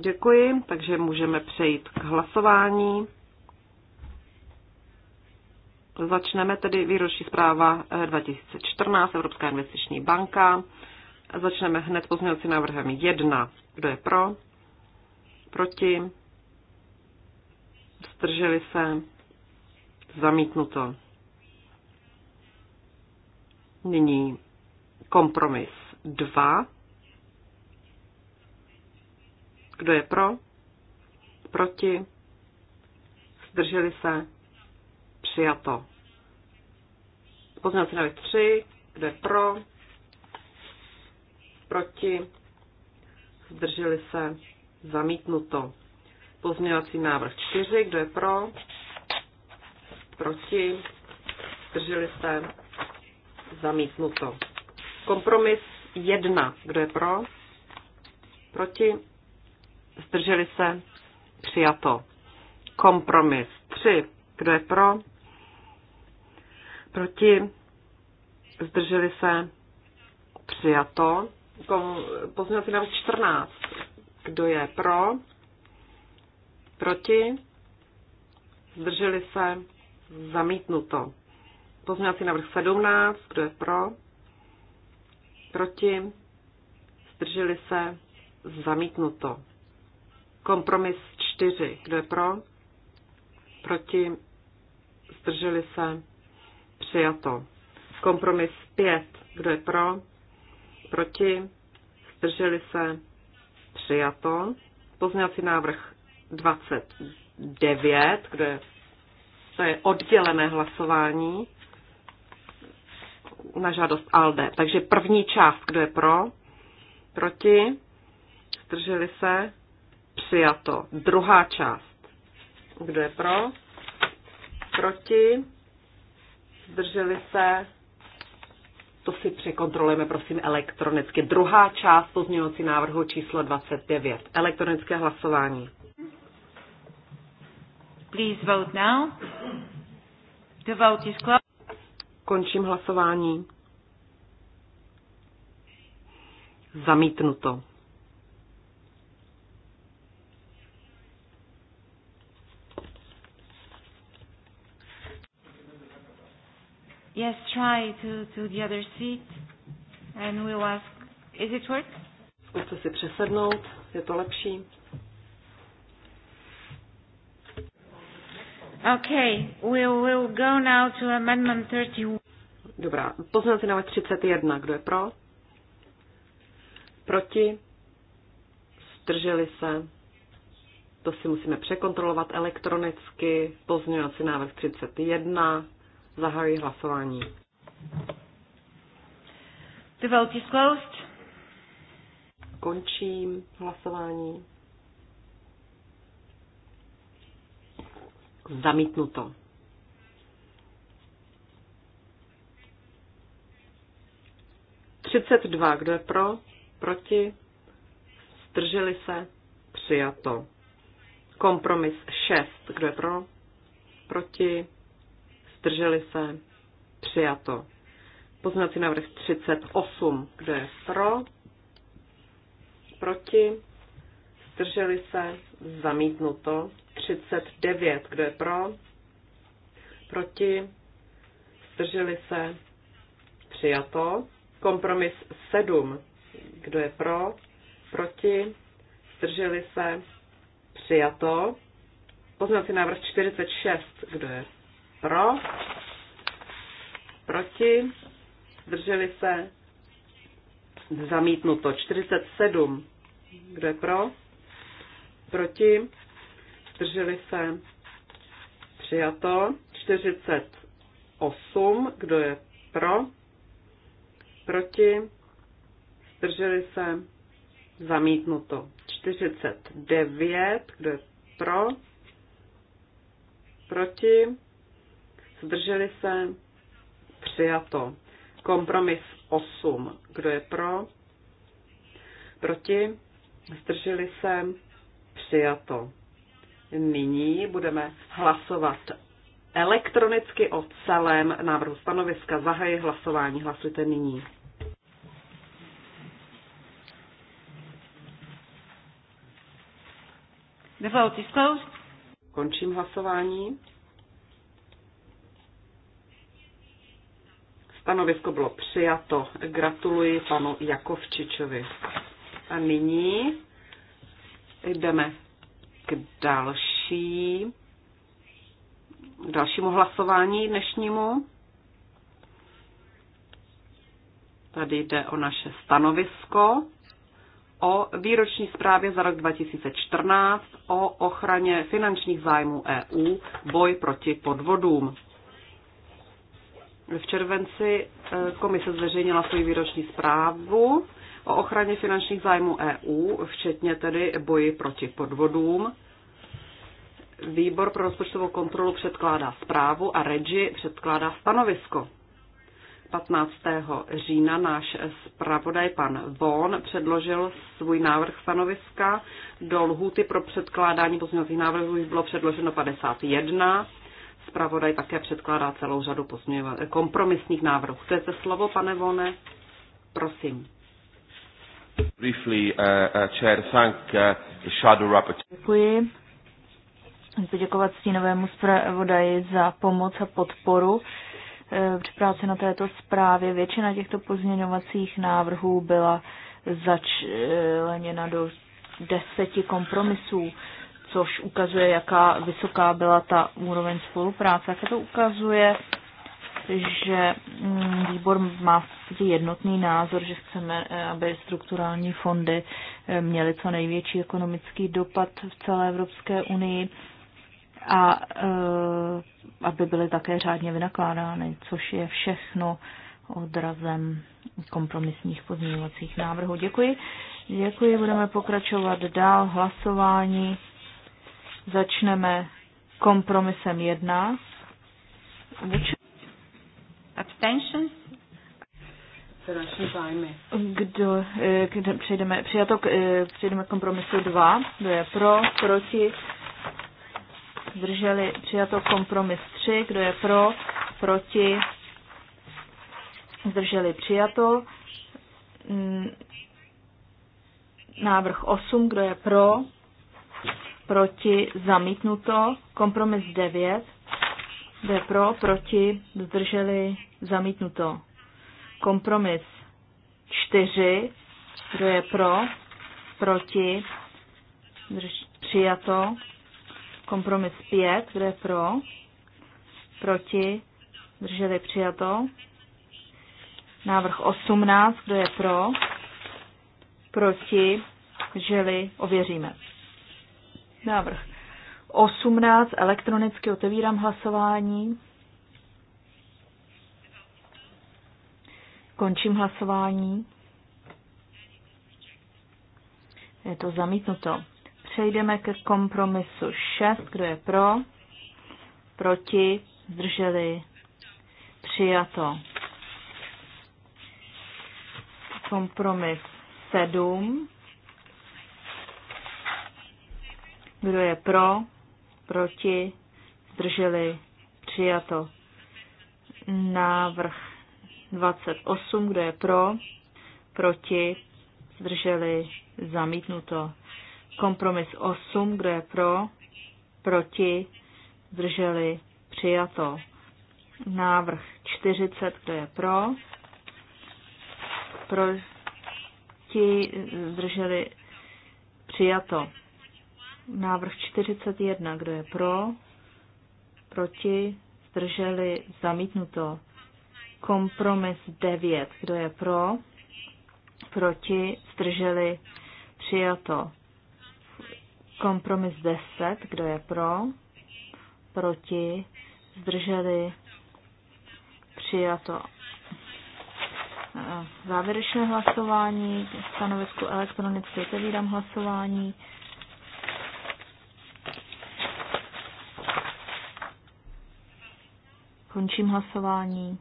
Děkuji, takže můžeme přejít k hlasování. Začneme tedy výroční zpráva eh, 2014 Evropská investiční banka. Začneme hned pozměňovacím návrhem 1. Kdo je pro? Proti? Zdrželi se? Zamítnuto. Nyní kompromis 2. Kdo je pro? Proti? Zdrželi se? Přijato. Pozměňovací návrh 3. Kdo je pro? Proti? Zdrželi se? Zamítnuto. Pozměňovací návrh 4. Kdo je pro? Proti? Zdrželi se? Zamítnuto. Kompromis 1. Kdo je pro? Proti? Zdrželi se? Přijato. Kompromis 3. Kdo je pro? proti, zdrželi se, přijato. Pozměňovací návrh 14. Kdo je pro? Proti? Zdrželi se? Zamítnuto. Pozměňovací návrh 17. Kdo je pro? Proti? Zdrželi se? Zamítnuto. Kompromis 4. Kdo je pro? Proti? Zdrželi se? Přijato. Kompromis 5. Kdo je pro? Proti? Zdrželi se? Přijato. Pozměňovací návrh 29. Kdo je? To je oddělené hlasování na žádost ALDE. Takže první část, kdo je pro? Proti? Zdrželi se? Přijato. Druhá část. Kdo je pro? Proti? zdrželi se, to si překontrolujeme, prosím, elektronicky. Druhá část pozměňovací návrhu číslo 29. Elektronické hlasování. Please vote now. The vote is closed. Končím hlasování. Zamítnuto. Yes, try to, to the other seat and we'll ask, is it work? Zkuste si přesednout, je to lepší. Okay, we will go now to amendment 31. Dobrá, poznáte na 31, kdo je pro? Proti? Zdrželi se? To si musíme překontrolovat elektronicky. Pozměňovací návrh 31. Zahajuji hlasování. The vote is closed. Končím hlasování. Zamítnuto. Třicet dva. Kdo je pro? Proti? Zdrželi se? Přijato. Kompromis 6. Kdo je pro? Proti? zdrželi se, přijato. Poznací návrh 38, kdo je pro, proti, zdrželi se, zamítnuto. 39, kdo je pro, proti, zdrželi se, přijato. Kompromis 7, kdo je pro, proti, zdrželi se, přijato. Poznací návrh 46, kdo je pro, proti, zdrželi se, zamítnuto. 47, kdo je pro, proti, zdrželi se, přijato. 48, kdo je pro, proti, zdrželi se, zamítnuto. 49, kdo je pro, proti, zdrželi se, přijato. Kompromis 8, kdo je pro, proti, zdrželi se, přijato. Nyní budeme hlasovat elektronicky o celém návrhu stanoviska. Zahajuji hlasování, hlasujte nyní. The vote is closed. Končím hlasování. Stanovisko bylo přijato. Gratuluji panu Jakovčičovi. A nyní jdeme k další, dalšímu hlasování dnešnímu. Tady jde o naše stanovisko o výroční zprávě za rok 2014 o ochraně finančních zájmů EU, boj proti podvodům. V červenci eh, komise zveřejnila svoji výroční zprávu o ochraně finančních zájmů EU, včetně tedy boji proti podvodům. Výbor pro rozpočtovou kontrolu předkládá zprávu a Regi předkládá stanovisko. 15. října náš zpravodaj pan Von předložil svůj návrh stanoviska. Do lhůty pro předkládání pozměňovacích návrhů bylo předloženo 51 zpravodaj také předkládá celou řadu eh, kompromisních návrhů. Chcete slovo, pane Vone? Prosím. Briefly, uh, uh, chair, thank, uh, shadow rapporteur. Děkuji. Chci děkovat stínovému zpravodaji za pomoc a podporu eh, při práci na této zprávě. Většina těchto pozměňovacích návrhů byla začleněna do deseti kompromisů což ukazuje, jaká vysoká byla ta úroveň spolupráce. Jaké to ukazuje, že mm, výbor má jednotný názor, že chceme, eh, aby strukturální fondy eh, měly co největší ekonomický dopad v celé Evropské unii a eh, aby byly také řádně vynakládány, což je všechno odrazem kompromisních pozměňovacích návrhů. Děkuji. Děkuji, budeme pokračovat dál hlasování. Začneme kompromisem 1. Abstentions? Kdo, eh, kde přejdeme, přijato, eh, přejdeme k kompromisu 2, kdo je pro, proti, zdrželi, přijato kompromis 3, kdo je pro, proti, zdrželi, přijato, návrh 8, kdo je pro, proti zamítnuto, kompromis 9, jde pro, proti, zdrželi, zamítnuto. Kompromis 4, kdo je pro, proti, drž, přijato. Kompromis 5, kdo je pro, proti, zdrželi, přijato. Návrh 18, kdo je pro, proti, zdrželi, ověříme. Návrh 18. Elektronicky otevírám hlasování. Končím hlasování. Je to zamítnuto. Přejdeme ke kompromisu 6. Kdo je pro? Proti? Zdrželi? Přijato. Kompromis 7. Kdo je pro? Proti? Zdrželi? Přijato. Návrh 28. Kdo je pro? Proti? Zdrželi? Zamítnuto. Kompromis 8. Kdo je pro? Proti? Zdrželi? Přijato. Návrh 40. Kdo je pro? Proti? Zdrželi? Přijato. Návrh 41, kdo je pro, proti, zdrželi, zamítnuto. Kompromis 9, kdo je pro, proti, zdrželi, přijato. Kompromis 10, kdo je pro, proti, zdrželi, přijato. Eh, závěrečné hlasování, stanovisku elektronicky otevírám hlasování. Končím hlasování.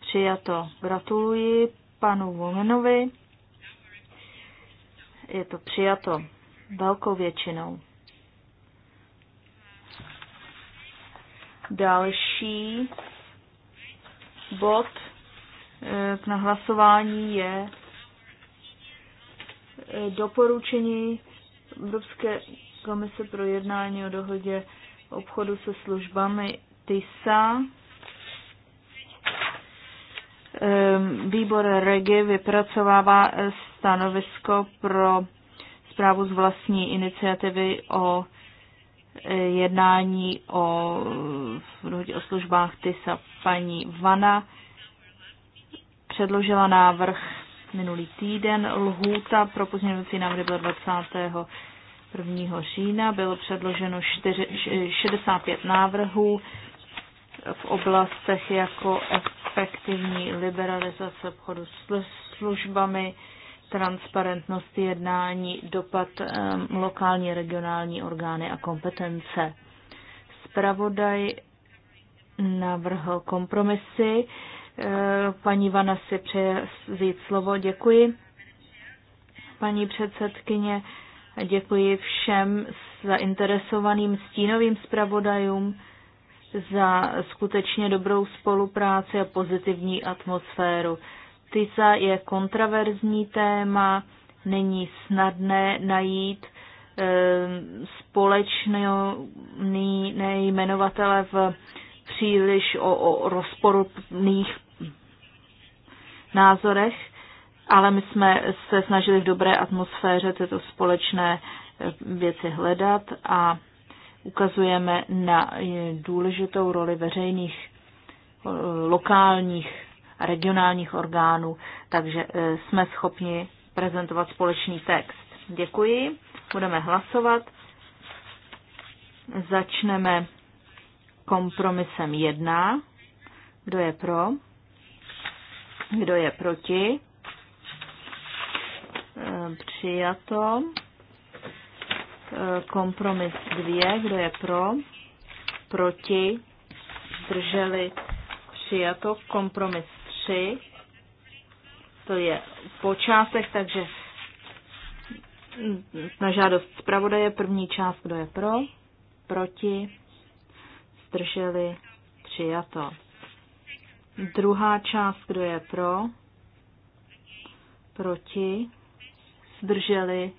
Přijato. Gratuluji panu Vomenovi. Je to přijato velkou většinou. Další bod k eh, nahlasování je eh, doporučení Evropské komise pro jednání o dohodě obchodu se službami TISA. Ehm, výbor REGI vypracovává eh, stanovisko pro zprávu z vlastní iniciativy o eh, jednání o, o službách TISA. Paní Vana předložila návrh minulý týden. Lhůta pro pozměňovací návrhy byla 20. 1. října bylo předloženo 4, 65 návrhů v oblastech jako efektivní liberalizace obchodu s službami, transparentnost jednání, dopad um, lokální regionální orgány a kompetence. Spravodaj navrhl kompromisy. E, paní Vana si přeje vzít slovo. Děkuji. Paní předsedkyně, děkuji všem zainteresovaným stínovým zpravodajům za skutečně dobrou spolupráci a pozitivní atmosféru. TISA je kontraverzní téma, není snadné najít ehm, společný nejmenovatele v příliš o, o rozporných názorech ale my jsme se snažili v dobré atmosféře tyto společné eh, věci hledat a ukazujeme na eh, důležitou roli veřejných, eh, lokálních a regionálních orgánů, takže jsme schopni prezentovat společný text. Děkuji, budeme hlasovat. Začneme kompromisem 1. Kdo je pro? Kdo je proti? přijato. E, kompromis 2, kdo je pro, proti, zdrželi přijato. Kompromis 3, to je po částech, takže na žádost zpravodaje první část, kdo je pro, proti, zdrželi přijato. Druhá část, kdo je pro, proti, zdrželi,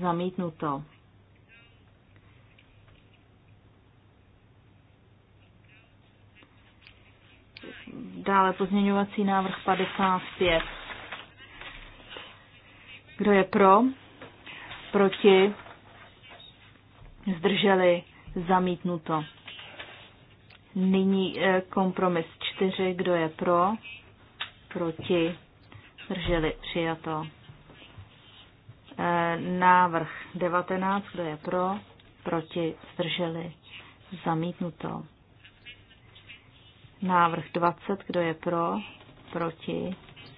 zamítnuto. Dále pozměňovací návrh 55. Kdo je pro? Proti? Zdrželi? Zamítnuto. Nyní eh, kompromis 4. Kdo je pro? Proti? Zdrželi? Přijato. Eh, návrh 19, kdo je pro, proti, zdrželi, zamítnuto. Návrh 20, kdo je pro, proti,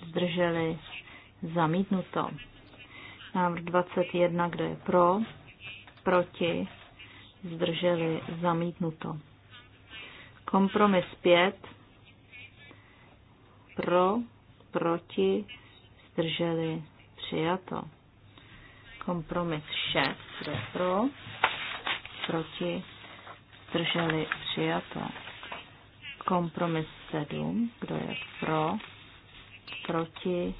zdrželi, zamítnuto. Návrh 21, kdo je pro, proti, zdrželi, zamítnuto. Kompromis 5, pro, proti, zdrželi, přijato. Kompromis 6, kdo pro, proti, zdrželi přijato. Kompromis 7, kdo je pro, proti,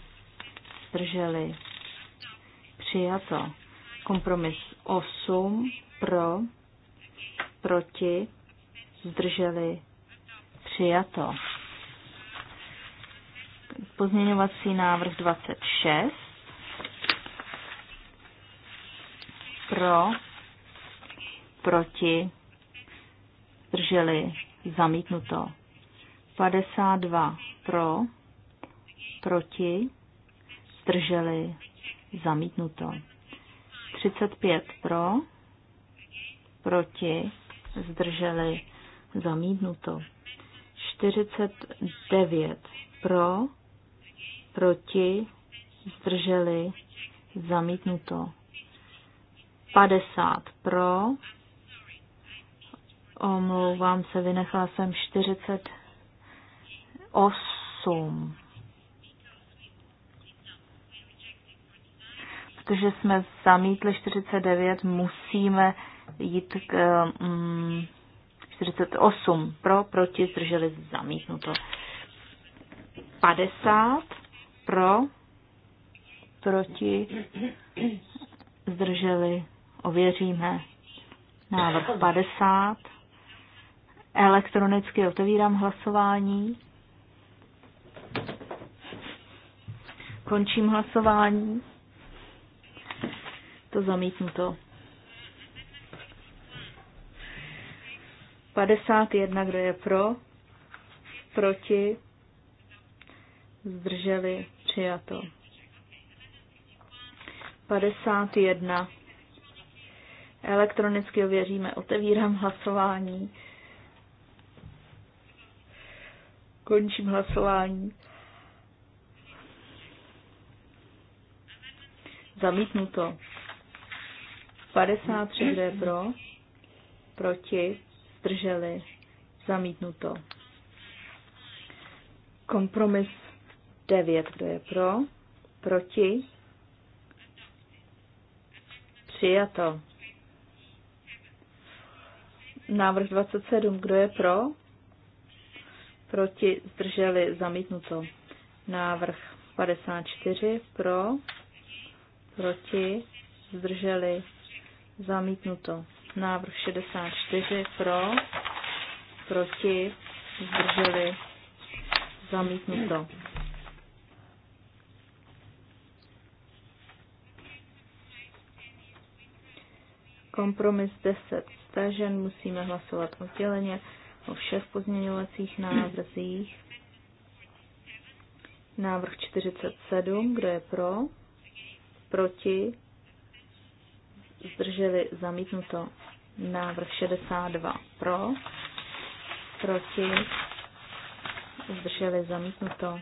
zdrželi přijato. Kompromis 8, pro, proti, zdrželi přijato. Pozměňovací návrh 26. pro, proti, zdrželi, zamítnuto. 52 pro, proti, zdrželi, zamítnuto. 35 pro, proti, zdrželi, zamítnuto. 49 pro, proti, zdrželi, zamítnuto. 50 pro. Omlouvám se, vynechala jsem 48. Protože jsme zamítli 49, musíme jít k um, mm, 48 pro, proti, zdrželi zamítnuto. 50 pro, proti, zdrželi ověříme. Návrh 50. Elektronicky otevírám hlasování. Končím hlasování. To zamítnuto. 51, kdo je pro, proti, zdrželi, přijato. 51 Elektronicky ověříme. Otevírám hlasování. Končím hlasování. Zamítnuto. 53, kde je pro, proti, zdrželi, zamítnuto. Kompromis 9, kdo je pro, proti, přijato. Návrh 27. Kdo je pro? Proti zdrželi zamítnuto. Návrh 54. Pro? Proti zdrželi zamítnuto. Návrh 64. Pro? Proti zdrželi zamítnuto. Kompromis 10 stažen, musíme hlasovat odděleně o všech pozměňovacích návrzích. Návrh 47, kdo je pro, proti, zdrželi zamítnuto. Návrh 62 pro, proti, zdrželi zamítnuto.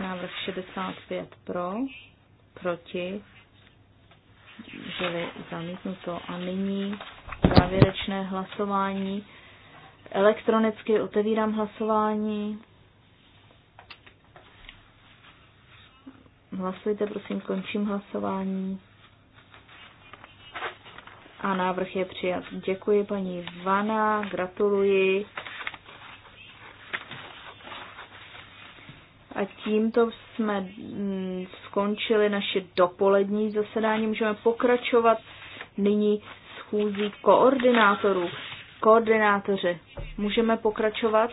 Návrh 65 pro, proti, zdrželi zamítnuto. A nyní závěrečné hlasování. Elektronicky otevírám hlasování. Hlasujte, prosím, končím hlasování. A návrh je přijat. Děkuji paní Vana, gratuluji. A tímto jsme mm, skončili naše dopolední zasedání. Můžeme pokračovat nyní schůzí koordinátorů. Koordinátoři, můžeme pokračovat?